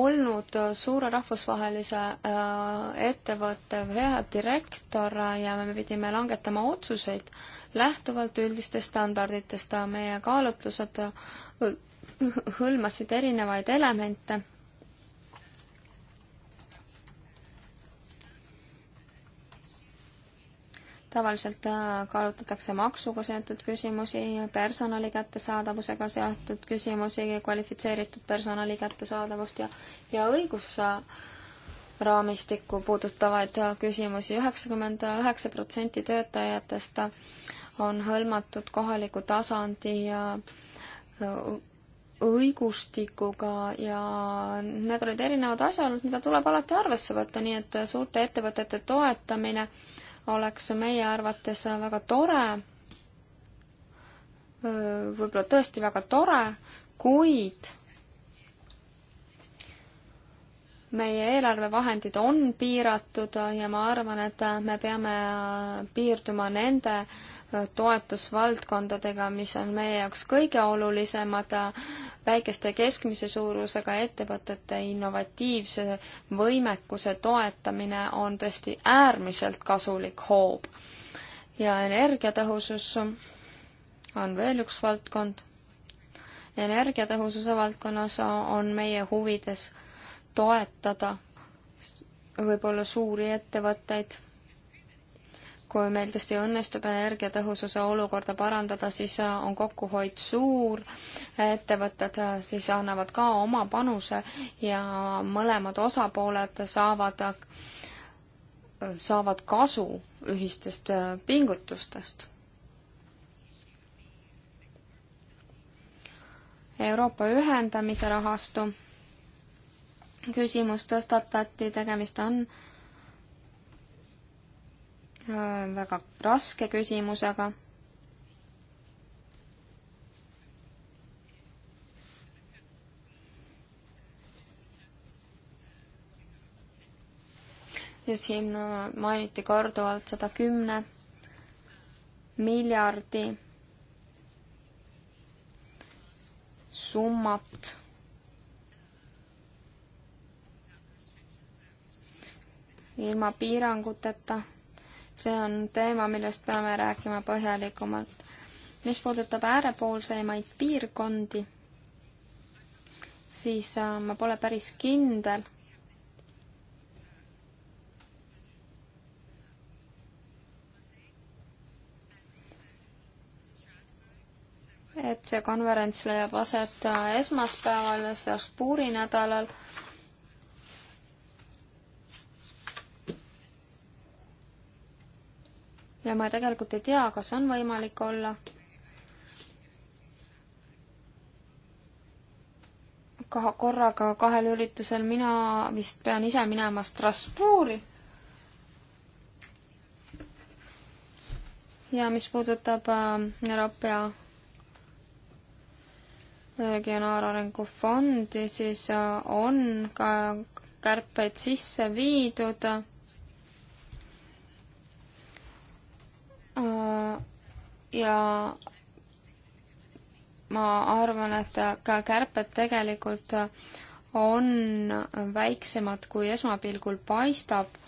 olnud suure rahvusvahelise äh, ettevõtte peadirektor ja me pidime langetama otsuseid lähtuvalt üldistest standarditest. meie kaalutlused hõlmasid erinevaid elemente. tavaliselt äh, kaalutletakse maksuga seotud küsimusi, personali kättesaadavusega seotud küsimusi, kvalifitseeritud personali kättesaadavust ja, ja õigusraamistikku puudutavaid äh, küsimusi. üheksakümmend üheksa protsenti töötajatest on hõlmatud kohaliku tasandi ja äh, õigustikuga ja need olid erinevad asjaolud, mida tuleb alati arvesse võtta, nii et suurte ettevõtete toetamine oleks meie arvates väga tore, võib-olla tõesti väga tore, kuid meie eelarvevahendid on piiratud ja ma arvan, et me peame piirduma nende toetusvaldkondadega, mis on meie jaoks kõige olulisemad, väikeste keskmise suurusega ettevõtete innovatiivse võimekuse toetamine on tõesti äärmiselt kasulik hoob. ja energiatõhusus on veel üks valdkond. energiatõhususe valdkonnas on meie huvides toetada võib-olla suuri ettevõtteid kui meil tõesti õnnestub energiatõhususe olukorda parandada, siis äh, on kokkuhoid suur, ettevõtted äh, siis annavad ka oma panuse ja mõlemad osapooled saavad, äh, saavad kasu ühistest pingutustest. Euroopa ühendamise rahastu küsimus tõstatati, tegemist on äh, Äh, väga raske küsimusega. ja siin äh, mainiti korduvalt seda kümne miljardi summat ilma piiranguteta see on teema, millest peame rääkima põhjalikumalt. mis puudutab äärepoolseimaid piirkondi, siis äh, ma pole päris kindel, et see konverents leiab aset äh, esmaspäeval Strasbourgi nädalal ja ma tegelikult ei tea, kas on võimalik olla kahe korraga kahel üritusel, mina vist pean ise minema Strasbourgi. ja mis puudutab äh, Euroopa regionaalarengu fondi, siis äh, on ka kärpeid sisse viidud äh, Äh, ja ma arvan, et ka kärped tegelikult on väiksemad, kui esmapilgul paistab.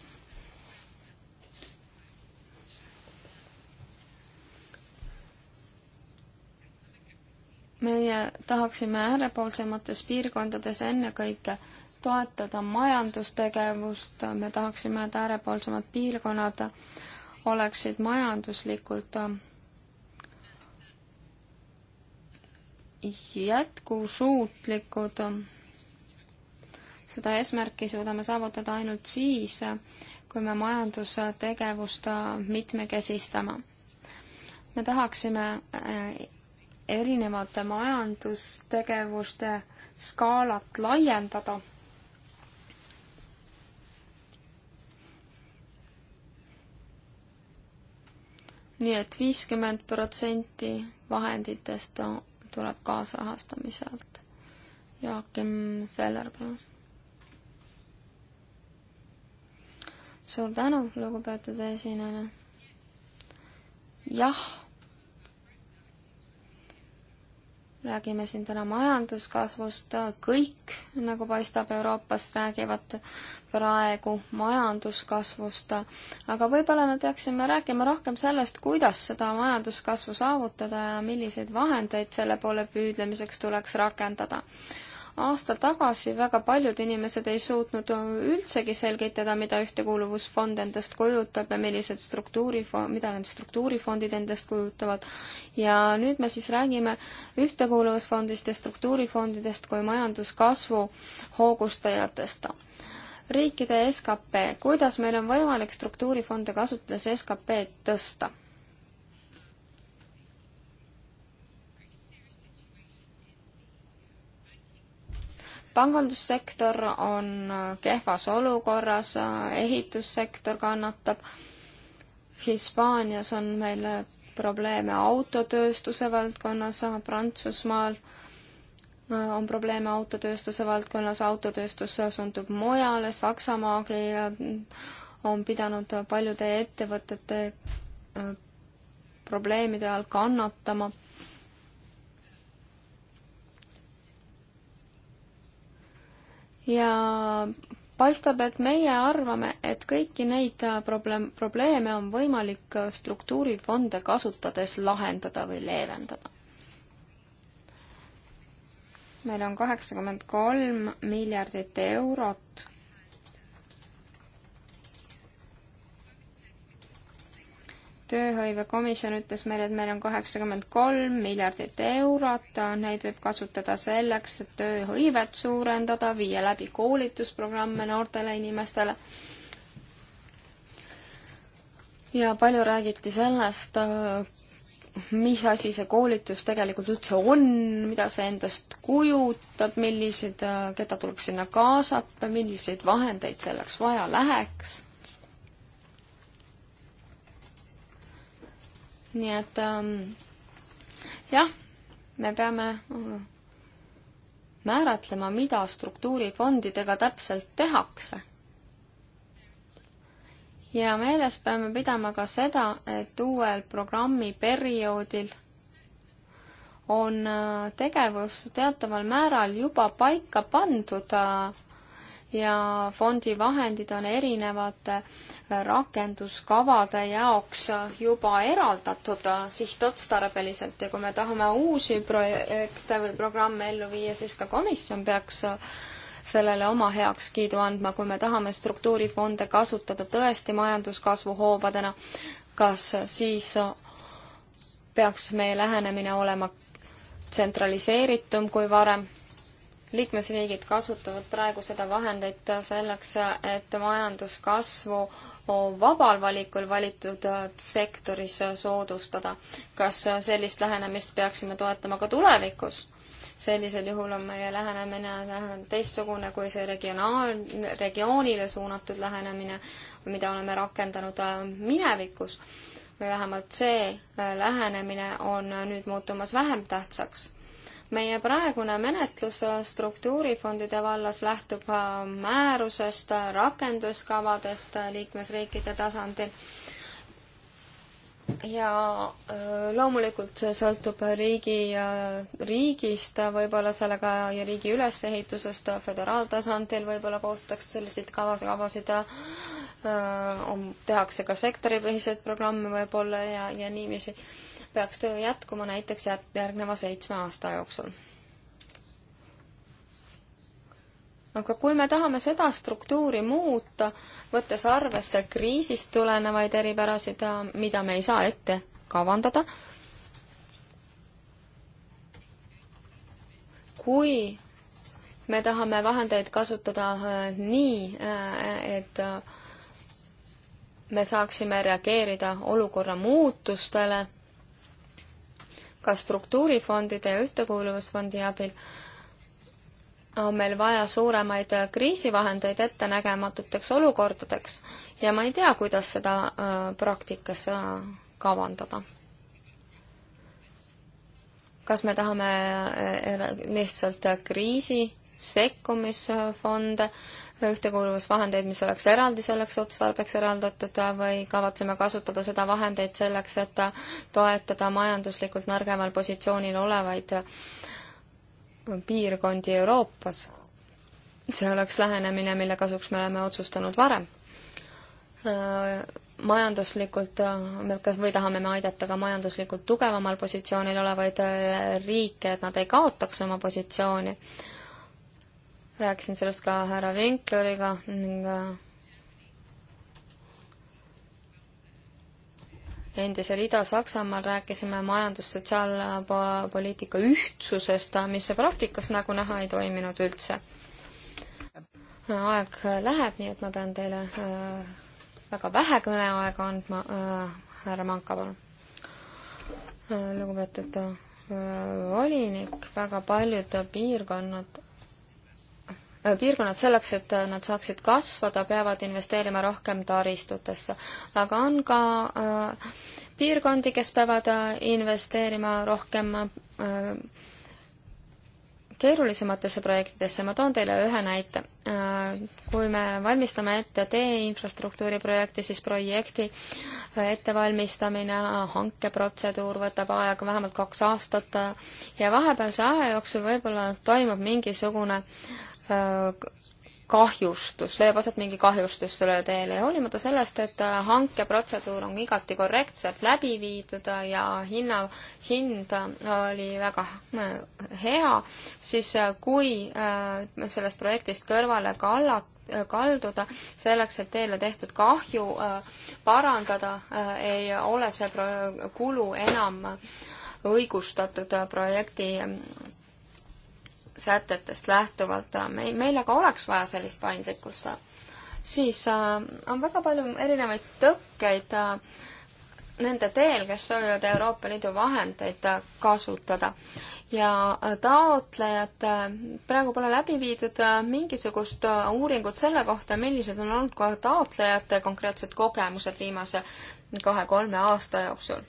meie tahaksime äärepoolsemates piirkondades ennekõike toetada majandustegevust, me tahaksime, et äärepoolsemad piirkonnad äh, oleksid majanduslikult jätkusuutlikud. seda eesmärki suudame saavutada ainult siis, kui me majandustegevust mitmekesistame. me tahaksime eh, erinevate majandustegevuste skaalat laiendada nii et viiskümmend protsenti vahenditest tuleb kaasrahastamise alt. Joakim Seller, palun. suur tänu, lugupeetud esinejana. jah räägime siin täna majanduskasvust, kõik, nagu paistab, Euroopas räägivad praegu majanduskasvust, aga võib-olla me peaksime rääkima rohkem sellest, kuidas seda majanduskasvu saavutada ja milliseid vahendeid selle poole püüdlemiseks tuleks rakendada aasta tagasi väga paljud inimesed ei suutnud üldsegi selgitada, mida ühtekuuluvusfond endast kujutab ja millised struktuuri, mida need struktuurifondid endast kujutavad. ja nüüd me siis räägime ühtekuuluvusfondist ja struktuurifondidest kui majanduskasvu hoogustajatest riikide skp, kuidas meil on võimalik struktuurifonde kasutades SKP-d tõsta? pangandussektor on kehvas olukorras, ehitussektor kannatab, Hispaanias on meil probleeme autotööstuse valdkonnas, Prantsusmaal on probleeme autotööstuse valdkonnas, autotööstus suundub mujale, Saksamaagi on pidanud paljude ettevõtete probleemide all kannatama ja paistab, et meie arvame, et kõiki neid äh, probleem, probleeme on võimalik äh, struktuurifonde kasutades lahendada või leevendada. meil on kaheksakümmend kolm miljardit eurot tööhõivekomisjon ütles meile, et meil on kaheksakümmend kolm miljardit eurot, neid võib kasutada selleks, et tööhõivet suurendada, viia läbi koolitusprogramme noortele inimestele. ja palju räägiti sellest, mis asi see koolitus tegelikult üldse on, mida see endast kujutab, millised, keda tuleks sinna kaasata, milliseid vahendeid selleks vaja läheks nii et ähm, jah, me peame äh, määratlema, mida struktuurifondidega täpselt tehakse. ja meeles peame pidama ka seda, et uuel programmiperioodil on äh, tegevus teataval määral juba paika pandud äh, ja fondi vahendid on erinevate rakenduskavade jaoks juba eraldatud sihtotstarbeliselt ja kui me tahame uusi projekte või programme ellu viia, siis ka komisjon peaks sellele oma heakskiidu andma, kui me tahame struktuurifonde kasutada tõesti majanduskasvu hoobadena, kas siis peaks meie lähenemine olema tsentraliseeritum kui varem liikmesriigid kasutavad praegu seda vahendit selleks, et majanduskasvu vabal valikul valitud sektoris soodustada. kas sellist lähenemist peaksime toetama ka tulevikus? sellisel juhul on meie lähenemine teistsugune kui see regionaal, regioonile suunatud lähenemine, mida oleme rakendanud minevikus. või vähemalt see lähenemine on nüüd muutumas vähem tähtsaks meie praegune menetlus struktuurifondide vallas lähtub äh, määrusest, rakenduskavadest liikmesriikide tasandil ja äh, loomulikult see sõltub riigi ja äh, riigist, võib-olla sellega ja riigi ülesehitusest föderaaltasandil võib-olla koostatakse selliseid kavasid, kavasid on, um, tehakse ka sektoripõhiseid programme võib-olla ja, ja niiviisi peaks töö jätkuma näiteks järgneva seitsme aasta jooksul. aga kui me tahame seda struktuuri muuta, võttes arvesse kriisist tulenevaid eripärasid, äh, mida me ei saa ette kavandada, kui me tahame vahendeid kasutada äh, nii, äh, et me saaksime reageerida olukorra muutustele, ka struktuurifondide ja ühtekuuluvusfondi abil on meil vaja suuremaid kriisivahendeid ettenägematuteks olukordadeks ja ma ei tea, kuidas seda äh, praktikas äh, kavandada. kas me tahame äh, lihtsalt kriisi sekkumisfonde ühtekuuluvusvahendeid, mis oleks eraldi selleks otstarbeks eraldatud äh, või kavatseme kasutada seda vahendeid selleks, et äh, toetada majanduslikult nõrgemal positsioonil olevaid äh, piirkondi Euroopas. see oleks lähenemine, mille kasuks me oleme otsustanud varem majanduslikult, kas või tahame me aidata ka majanduslikult tugevamal positsioonil olevaid riike, et nad ei kaotaks oma positsiooni rääkisin sellest ka härra Vinkleriga ning äh, endisel Ida-Saksamaal rääkisime majandus-sotsiaalpoliitika ühtsusest, mis praktikas nagu näha ei toiminud üldse. aeg läheb, nii et ma pean teile äh, väga vähe kõneaega andma, äh, härra Manka, palun. lugupeetud volinik, väga paljud piirkonnad piirkonnad selleks, et nad saaksid kasvada, peavad investeerima rohkem taristutesse. aga on ka äh, piirkondi, kes peavad äh, investeerima rohkem äh, keerulisematesse projektidesse, ma toon teile ühe näite. Äh, kui me valmistame ette teeinfrastruktuuri projekti, siis projekti äh, ettevalmistamine, hankeprotseduur võtab aega vähemalt kaks aastat ja vahepealse aja jooksul võib-olla toimub mingisugune äh, kahjustus, leiab aset mingi kahjustus sellele teele ja hoolimata sellest, et äh, hankeprotseduur on igati korrektselt läbi viidud äh, ja hinna, hind äh, oli väga hea, siis kui sellest projektist kõrvale kallata, kalduda, selleks, et teile tehtud kahju parandada, ei ole see kulu enam õigustatud projekti sätetest lähtuvalt, meil, meil aga oleks vaja sellist paindlikkust, siis äh, on väga palju erinevaid tõkkeid äh, nende teel, kes soovivad Euroopa Liidu vahendeid äh, kasutada. ja taotlejad, praegu pole läbi viidud mingisugust uuringut selle kohta, millised on olnud ka taotlejate konkreetsed kogemused viimase kahe-kolme aasta jooksul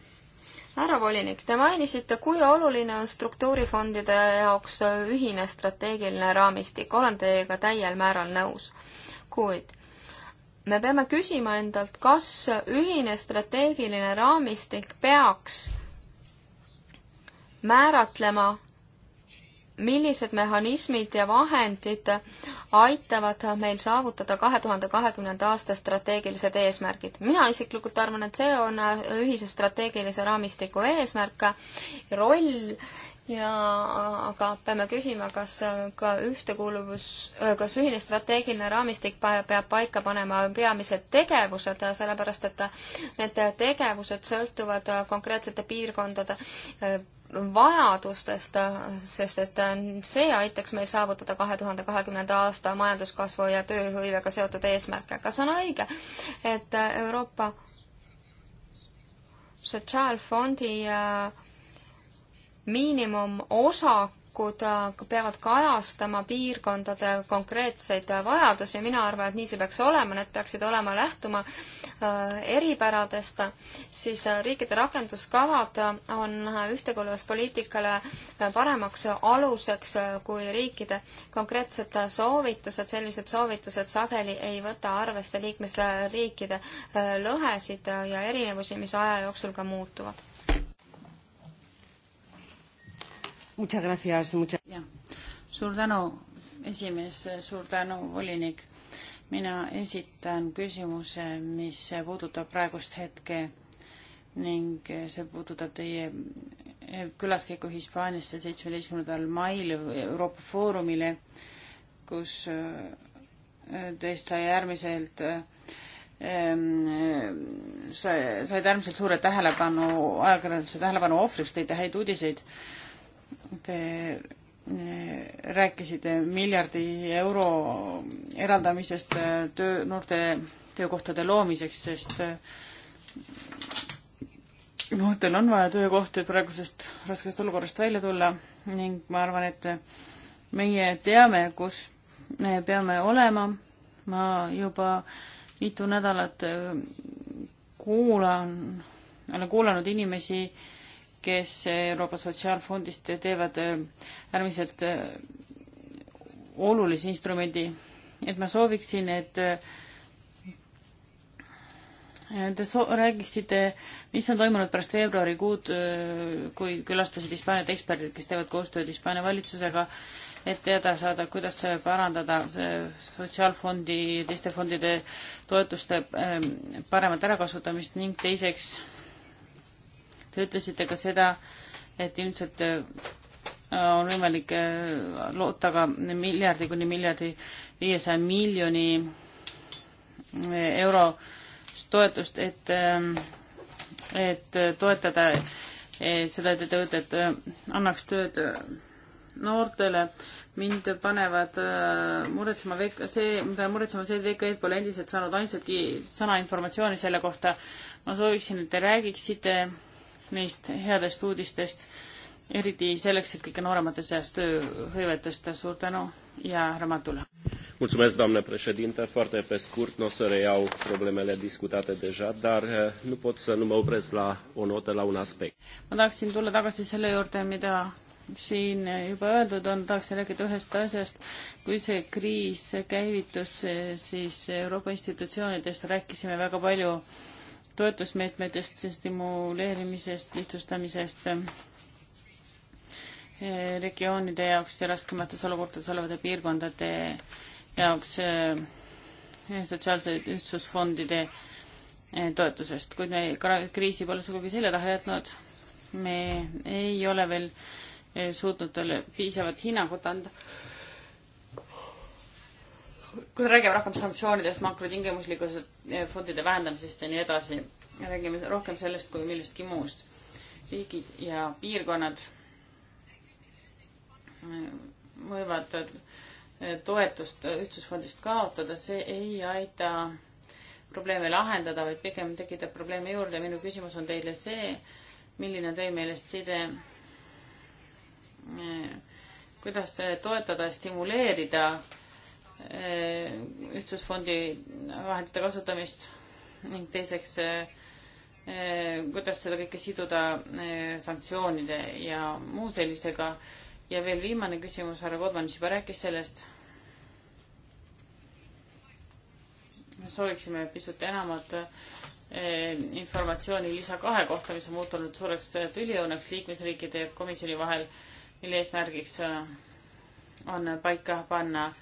härra volinik, te mainisite, kui oluline on struktuurifondide jaoks ühine strateegiline raamistik, olen teiega täiel määral nõus. kuid me peame küsima endalt, kas ühine strateegiline raamistik peaks määratlema millised mehhanismid ja vahendid aitavad meil saavutada kahe tuhande kahekümnenda aasta strateegilised eesmärgid? mina isiklikult arvan, et see on ühise strateegilise raamistiku eesmärk, roll ja aga peame küsima, kas ka ühtekuuluvus, kas ühine strateegiline raamistik peab paika panema peamised tegevused, sellepärast et need tegevused sõltuvad konkreetsete piirkondade vajadustest, sest et see aitaks meil saavutada kahe tuhande kahekümnenda aasta majanduskasvu ja tööhõivega seotud eesmärke. kas on õige, et Euroopa Sotsiaalfondi äh, miinimumosak võrgud äh, peavad kajastama piirkondade konkreetseid vajadusi, mina arvan, et nii see peaks olema, need peaksid olema lähtuma äh, eripäradest, siis äh, riikide rakenduskavad on ühtekuuluvuspoliitikale paremaks aluseks kui riikide konkreetsed soovitused, sellised soovitused sageli ei võta arvesse liikmesriikide lõhesid ja erinevusi, mis aja jooksul ka muutuvad jah, suur tänu, esimees, suur tänu, volinik. mina esitan küsimuse, mis puudutab praegust hetke ning see puudutab teie külaskäiku Hispaaniasse seitsmeteistkümnendal mail Euroopa Foorumile, kus äh, teist sai äärmiselt ähm, said äärmiselt suure tähelepanu, ajakirjanduse tähelepanu ohvriks, tõite häid uudiseid Te eh, rääkisite miljardi euro eraldamisest eh, töö, noorte töökohtade loomiseks, sest eh, noortel on vaja töökohti, et praegusest raskest olukorrast välja tulla ning ma arvan, et meie teame, kus me peame olema. ma juba mitu nädalat kuulan, olen kuulanud inimesi, kes Euroopa Sotsiaalfondist teevad äh, äärmiselt äh, olulise instrumendi. et ma sooviksin, et äh, Te so-, räägiksite, mis on toimunud pärast veebruarikuud, kui külastasid Hispaaniat eksperdid, kes teevad koostööd Hispaania valitsusega, et teada saada, kuidas parandada sotsiaalfondi, teiste fondide toetuste paremat ärakasutamist ning teiseks, Te ütlesite ka seda, et ilmselt äh, on võimalik äh, loota ka miljardi kuni miljardi viiesaja miljoni äh, euro toetust, et, et toetada et seda, et te ütlete, et annaks tööd noortele. mind panevad muretsema VK, see, mida muretsema see, et VKE-d pole endiselt saanud ainsatki sõnainformatsiooni selle kohta. ma sooviksin, et te räägiksite neist headest uudistest, eriti selleks, et kõige nooremate seas tööhõivet tõsta. suur tänu ja härra Matula! Mulțumesc, doamnă președintă. Foarte pe scurt, nu o să reiau problemele discutate deja, dar eh, nu pot să nu mă opresc la o notă, la un aspect. Ma tahaksin tulla tagasi selle juurde, mida siin juba öeldud on, tahaksin rääkida ühest asjast. Kui see kriis käivitus, siis Euroopa institutsioonidest rääkisime väga palju äh, toetusmeetmetest, stimuleerimisest, lihtsustamisest eh, regioonide jaoks ja raskemates olukordades olevate piirkondade jaoks eh, sotsiaalse ühtsusfondide eh, toetusest, kuid me kriisi pole sugugi selja taha jätnud. me ei ole veel suutnud talle piisavat hinnangut anda kui räägime rohkem sanktsioonidest, makrotingimuslikkusest, eh, fondide vähendamisest ja nii edasi, räägime rohkem sellest kui millestki muust. riigid ja piirkonnad eh, võivad eh, toetust ühtsusfondist kaotada, see ei aita probleeme lahendada, vaid pigem tekitab probleeme juurde. minu küsimus on teile see, milline on teie meelest side kuidas toetada, stimuleerida Eh, ühtsusfondi vahendite kasutamist ning teiseks, eh, kuidas seda kõike siduda eh, sanktsioonide ja muu sellisega. ja veel viimane küsimus, härra Kodmanis juba rääkis sellest. me sooviksime pisut enamat informatsiooni lisa kahe kohta, mis on muutunud suureks tüliõunaks liikmesriikide ja komisjoni vahel, mille eesmärgiks on paika panna äh,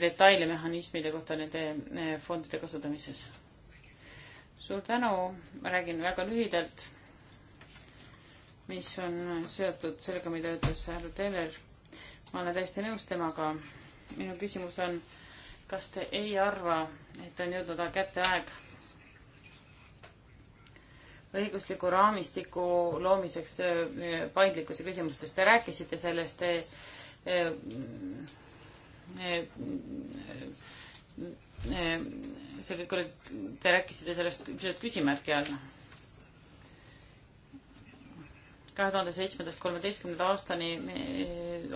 detaile mehhanismide kohta nende eh, fondide kasutamises. suur tänu, ma räägin väga lühidalt, mis on seotud sellega, mida ütles härra Teller. ma olen täiesti nõus temaga. minu küsimus on, kas te ei arva, et on jõudnud kätte aeg õigusliku raamistiku loomiseks eh, paindlikkuse küsimustes? Te rääkisite sellest te, eh, selle, te rääkisite sellest pisut küsimärgi all. kahe tuhande seitsmendast kolmeteistkümnenda aastani,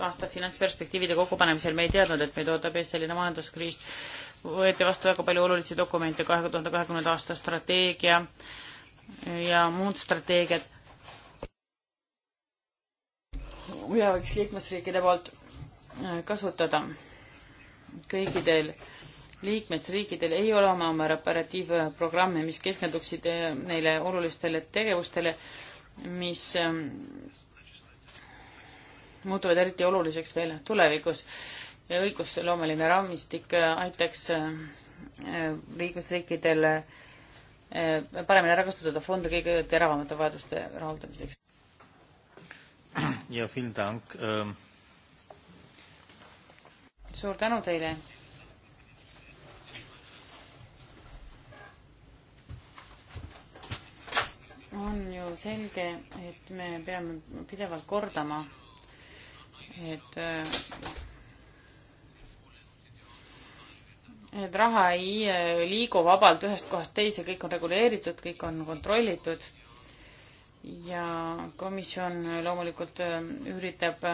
aasta finantsperspektiivide kokkupanemisel me ei teadnud, et meid ootab ees selline majanduskriis. võeti vastu väga palju olulisi dokumente, kahe tuhande kahekümnenda aasta strateegia ja muud strateegiad. mida võiks liikmesriikide poolt kasutada kõikidel liikmesriikidel ei ole oma oma operatiivprogramme, mis keskenduksid eh, neile olulistele tegevustele, mis ähm, muutuvad eriti oluliseks veel tulevikus ja õigusloomeline raamistik äh, aitaks äh, äh, liikmesriikidel paremini ära kasutada fonde kõige teravamate vajaduste rahuldamiseks. ja, vielen Dank ähm suur tänu teile. on ju selge, et me peame pidevalt kordama, et äh, et raha ei äh, liigu vabalt ühest kohast teise, kõik on reguleeritud, kõik on kontrollitud ja komisjon loomulikult äh, üritab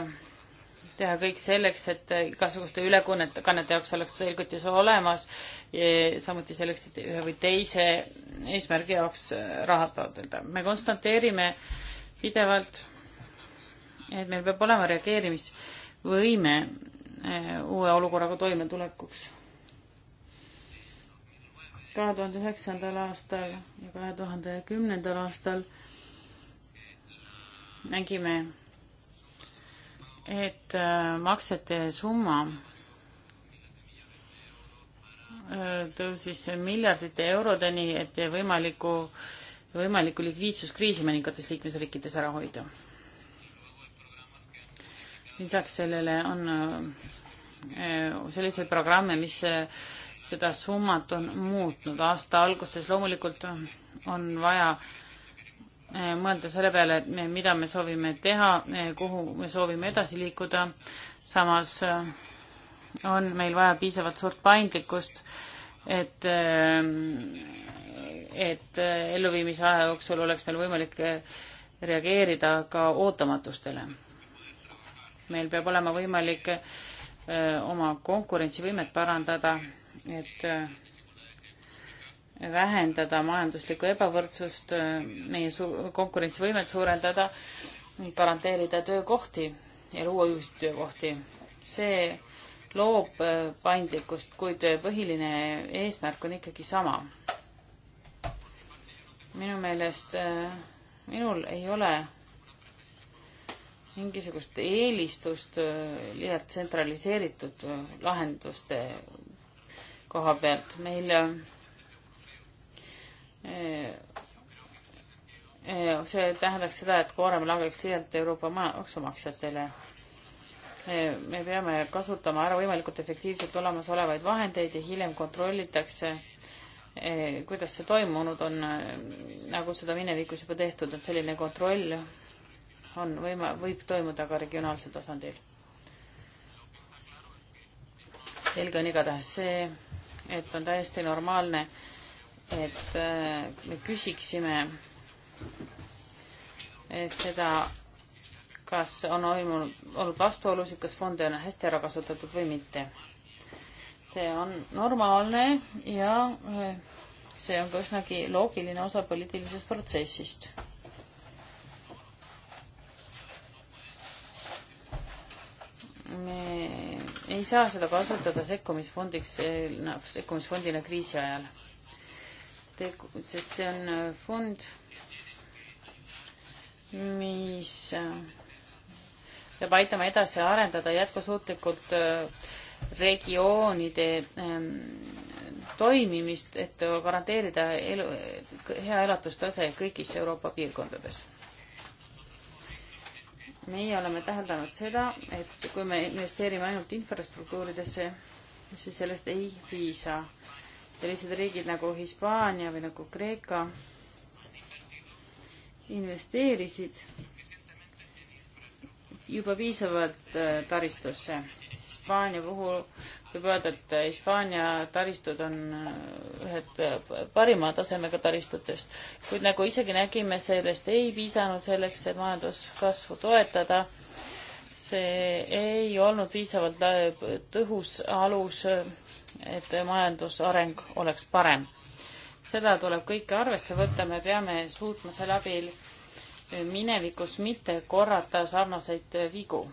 teha kõik selleks, et igasuguste ülekannete jaoks oleks selgitus olemas, samuti selleks, et ühe või teise eesmärgi jaoks raha taotleda. me konstateerime pidevalt, et meil peab olema reageerimisvõime eh, uue olukorraga toimetulekuks. kahe tuhande üheksandal aastal ja kahe tuhande kümnendal aastal nägime et äh, maksete summa äh, tõusis miljardite eurodeni, et võimaliku, võimaliku likviidsuskriisi mõningates liikmesriikides ära hoida. lisaks sellele on äh, selliseid programme, mis seda summat on muutnud. aasta alguses loomulikult on vaja Eh, mõelda selle peale, et me, mida me soovime teha, eh, kuhu me soovime edasi liikuda. samas eh, on meil vaja piisavalt suurt paindlikkust, et, et elluviimise aja jooksul oleks meil võimalik reageerida ka ootamatustele. meil peab olema võimalik oma konkurentsivõimet parandada, et vähendada majanduslikku ebavõrdsust, meie su-, konkurentsivõimet suurendada, garanteerida töökohti ja luua uusi töökohti. see loob äh, paindlikkust, kuid äh, põhiline eesmärk on ikkagi sama. minu meelest äh, minul ei ole mingisugust eelistust liialt tsentraliseeritud lahenduste koha pealt. meil see tähendaks seda, et koorem langeks siiralt Euroopa maksumaksjatele. me peame kasutama ära võimalikult efektiivselt olemasolevaid vahendeid ja hiljem kontrollitakse, kuidas see toimunud on, nagu seda minevikus juba tehtud, et selline kontroll on võima-, võib toimuda ka regionaalsel tasandil. selge on igatahes see, et on täiesti normaalne et äh, me küsiksime seda, kas on olnud, olnud vastuolusid, kas fonde on hästi ära kasutatud või mitte. see on normaalne ja äh, see on ka üsnagi loogiline osa poliitilisest protsessist. me ei saa seda kasutada sekkumisfondiks, äh, noh, sekkumisfondina kriisi ajal sest see on äh, fond, mis äh, peab aitama edasi arendada jätkusuutlikult äh, regioonide ähm, toimimist, et garanteerida elu, hea elatustase kõigis Euroopa piirkondades meie oleme täheldanud seda, et kui me investeerime ainult infrastruktuuridesse, siis sellest ei piisa sellised riigid nagu Hispaania või nagu Kreeka investeerisid juba piisavalt äh, taristusse. Hispaania puhul võib öelda, et äh, Hispaania taristud on äh, ühed parima tasemega taristutest, kuid nagu isegi nägime, sellest ei piisanud selleks, et majanduskasvu toetada see ei olnud piisavalt tõhus alus, et majandusareng oleks parem. seda tuleb kõike arvesse võtta, me peame suutma selle abil minevikus mitte korrata sarnaseid vigu.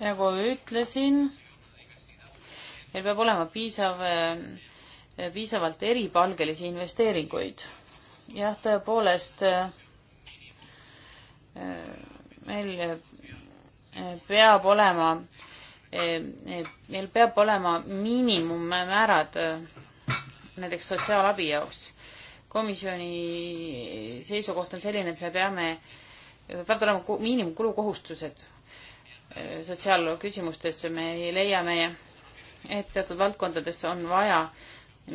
nagu ütlesin, meil peab olema piisav, piisavalt eripalgelisi investeeringuid. jah, tõepoolest meil eh, peab olema, eh, eh, meil peab olema miinimummäärad näiteks sotsiaalabi jaoks. komisjoni seisukoht on selline, et me peame, peavad olema miinimumkulukohustused sotsiaalküsimustesse, me leiame, et teatud valdkondades on vaja äh,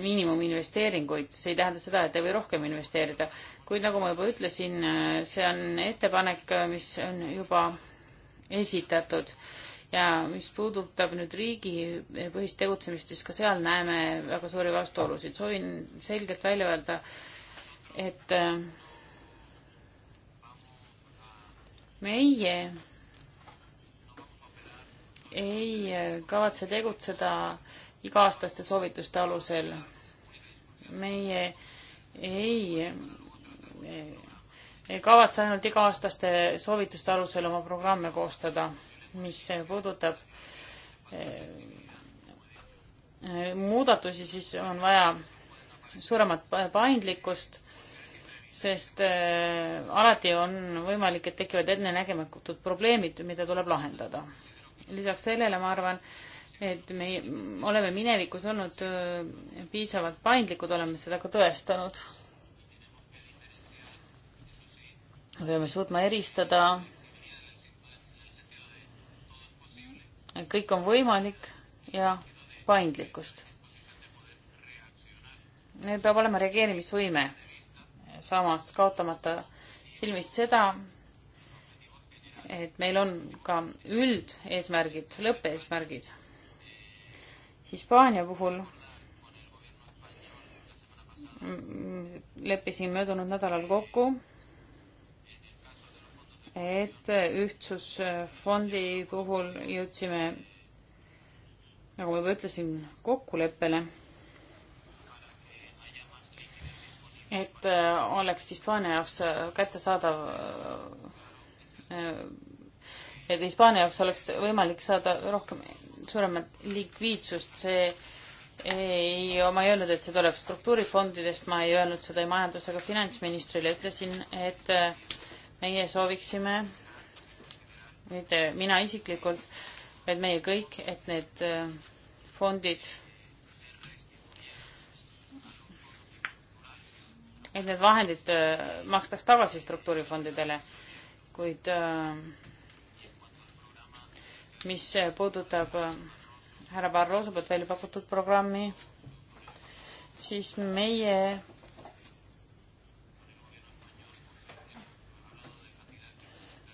miinimuminvesteeringuid, see ei tähenda seda, et ei või rohkem investeerida. kuid nagu ma juba ütlesin, see on ettepanek, mis on juba esitatud ja mis puudutab nüüd riigipõhist tegutsemist, siis ka seal näeme väga suuri vastuolusid. soovin selgelt välja öelda, et äh, meie ei kavatse tegutseda äh, iga-aastaste soovituste alusel. meie ei, ei kavatse ainult iga-aastaste soovituste alusel oma programme koostada, mis puudutab eh, muudatusi, siis on vaja suuremat paindlikkust, sest eh, alati on võimalik, et tekivad ettenägematud probleemid, mida tuleb lahendada. lisaks sellele ma arvan, et me oleme minevikus olnud äh, piisavalt paindlikud, oleme seda ka tõestanud. peame suutma eristada. kõik on võimalik ja paindlikkust. meil peab olema reageerimisvõime, samas kaotamata silmist seda, et meil on ka üldeesmärgid, lõppeesmärgid Hispaania puhul leppisin möödunud nädalal kokku, et ühtsusfondi puhul jõudsime, nagu ma juba ütlesin, kokkuleppele, et oleks Hispaania jaoks kättesaadav, et Hispaania jaoks oleks võimalik saada rohkem suuremat likviidsust, see ei, ma ei öelnud, et see tuleb struktuurifondidest, ma ei öelnud seda ei majandus- ega finantsministrile, ütlesin, et äh, meie sooviksime, mitte äh, mina isiklikult, vaid meie kõik, et need äh, fondid, et need vahendid makstaks tagasi struktuurifondidele, kuid äh, mis puudutab äh, härra Barroso poolt välja pakutud programmi, siis meie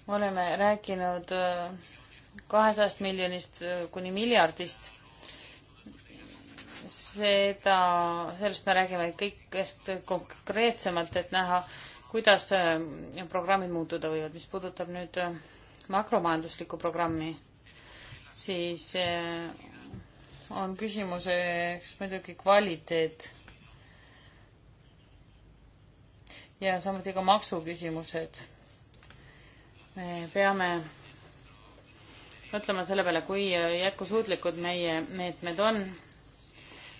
oleme rääkinud äh, kahesajast miljonist äh, kuni miljardist. seda, sellest me räägime kõikest konkreetsemalt, et näha, kuidas programmid muutuda võivad. mis puudutab nüüd makromajanduslikku programmi siis eh, on küsimuseks muidugi kvaliteet. ja samuti ka maksuküsimused. me peame mõtlema selle peale, kui jätkusuutlikud meie meetmed on.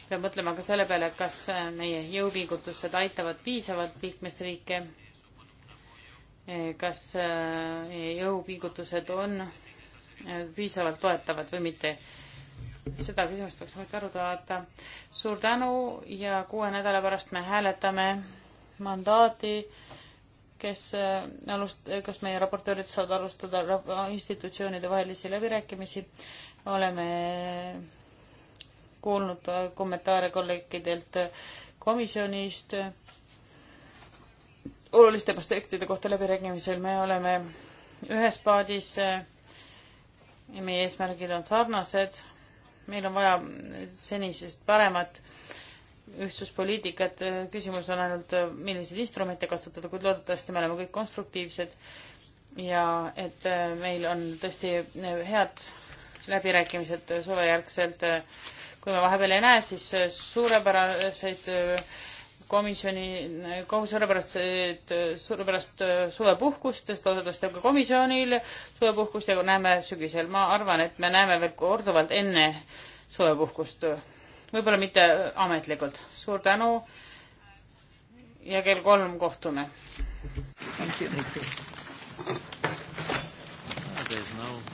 peab mõtlema ka selle peale, kas meie jõupingutused aitavad piisavalt liikmesriike. Eh, kas eh, jõupingutused on piisavalt toetavad või mitte. seda küsimust peaks samuti arutada. suur tänu ja kuue nädala pärast me hääletame mandaati, kes äh, alust-, kas meie raportöörid saavad alustada institutsioonide vahelisi läbirääkimisi. oleme kuulnud äh, kommentaare kolleegidelt äh, komisjonist oluliste aspektide kohta läbirääkimisel me oleme ühes paadis meie eesmärgid on sarnased, meil on vaja senisest paremat ühtsuspoliitikat, küsimus on ainult, milliseid instrumente kasutada, kuid loodetavasti me oleme kõik konstruktiivsed ja et meil on tõesti head läbirääkimised suvejärgselt. kui me vahepeal ei näe, siis suurepäraseid komisjoni, suurepärast, suurepärast suvepuhkust, sest loodetavasti on ka komisjonil suvepuhkust ja näeme sügisel. ma arvan, et me näeme veel korduvalt enne suvepuhkust, võib-olla mitte ametlikult. suur tänu ja kell kolm kohtume. Thank you. Thank you. Oh, there's no...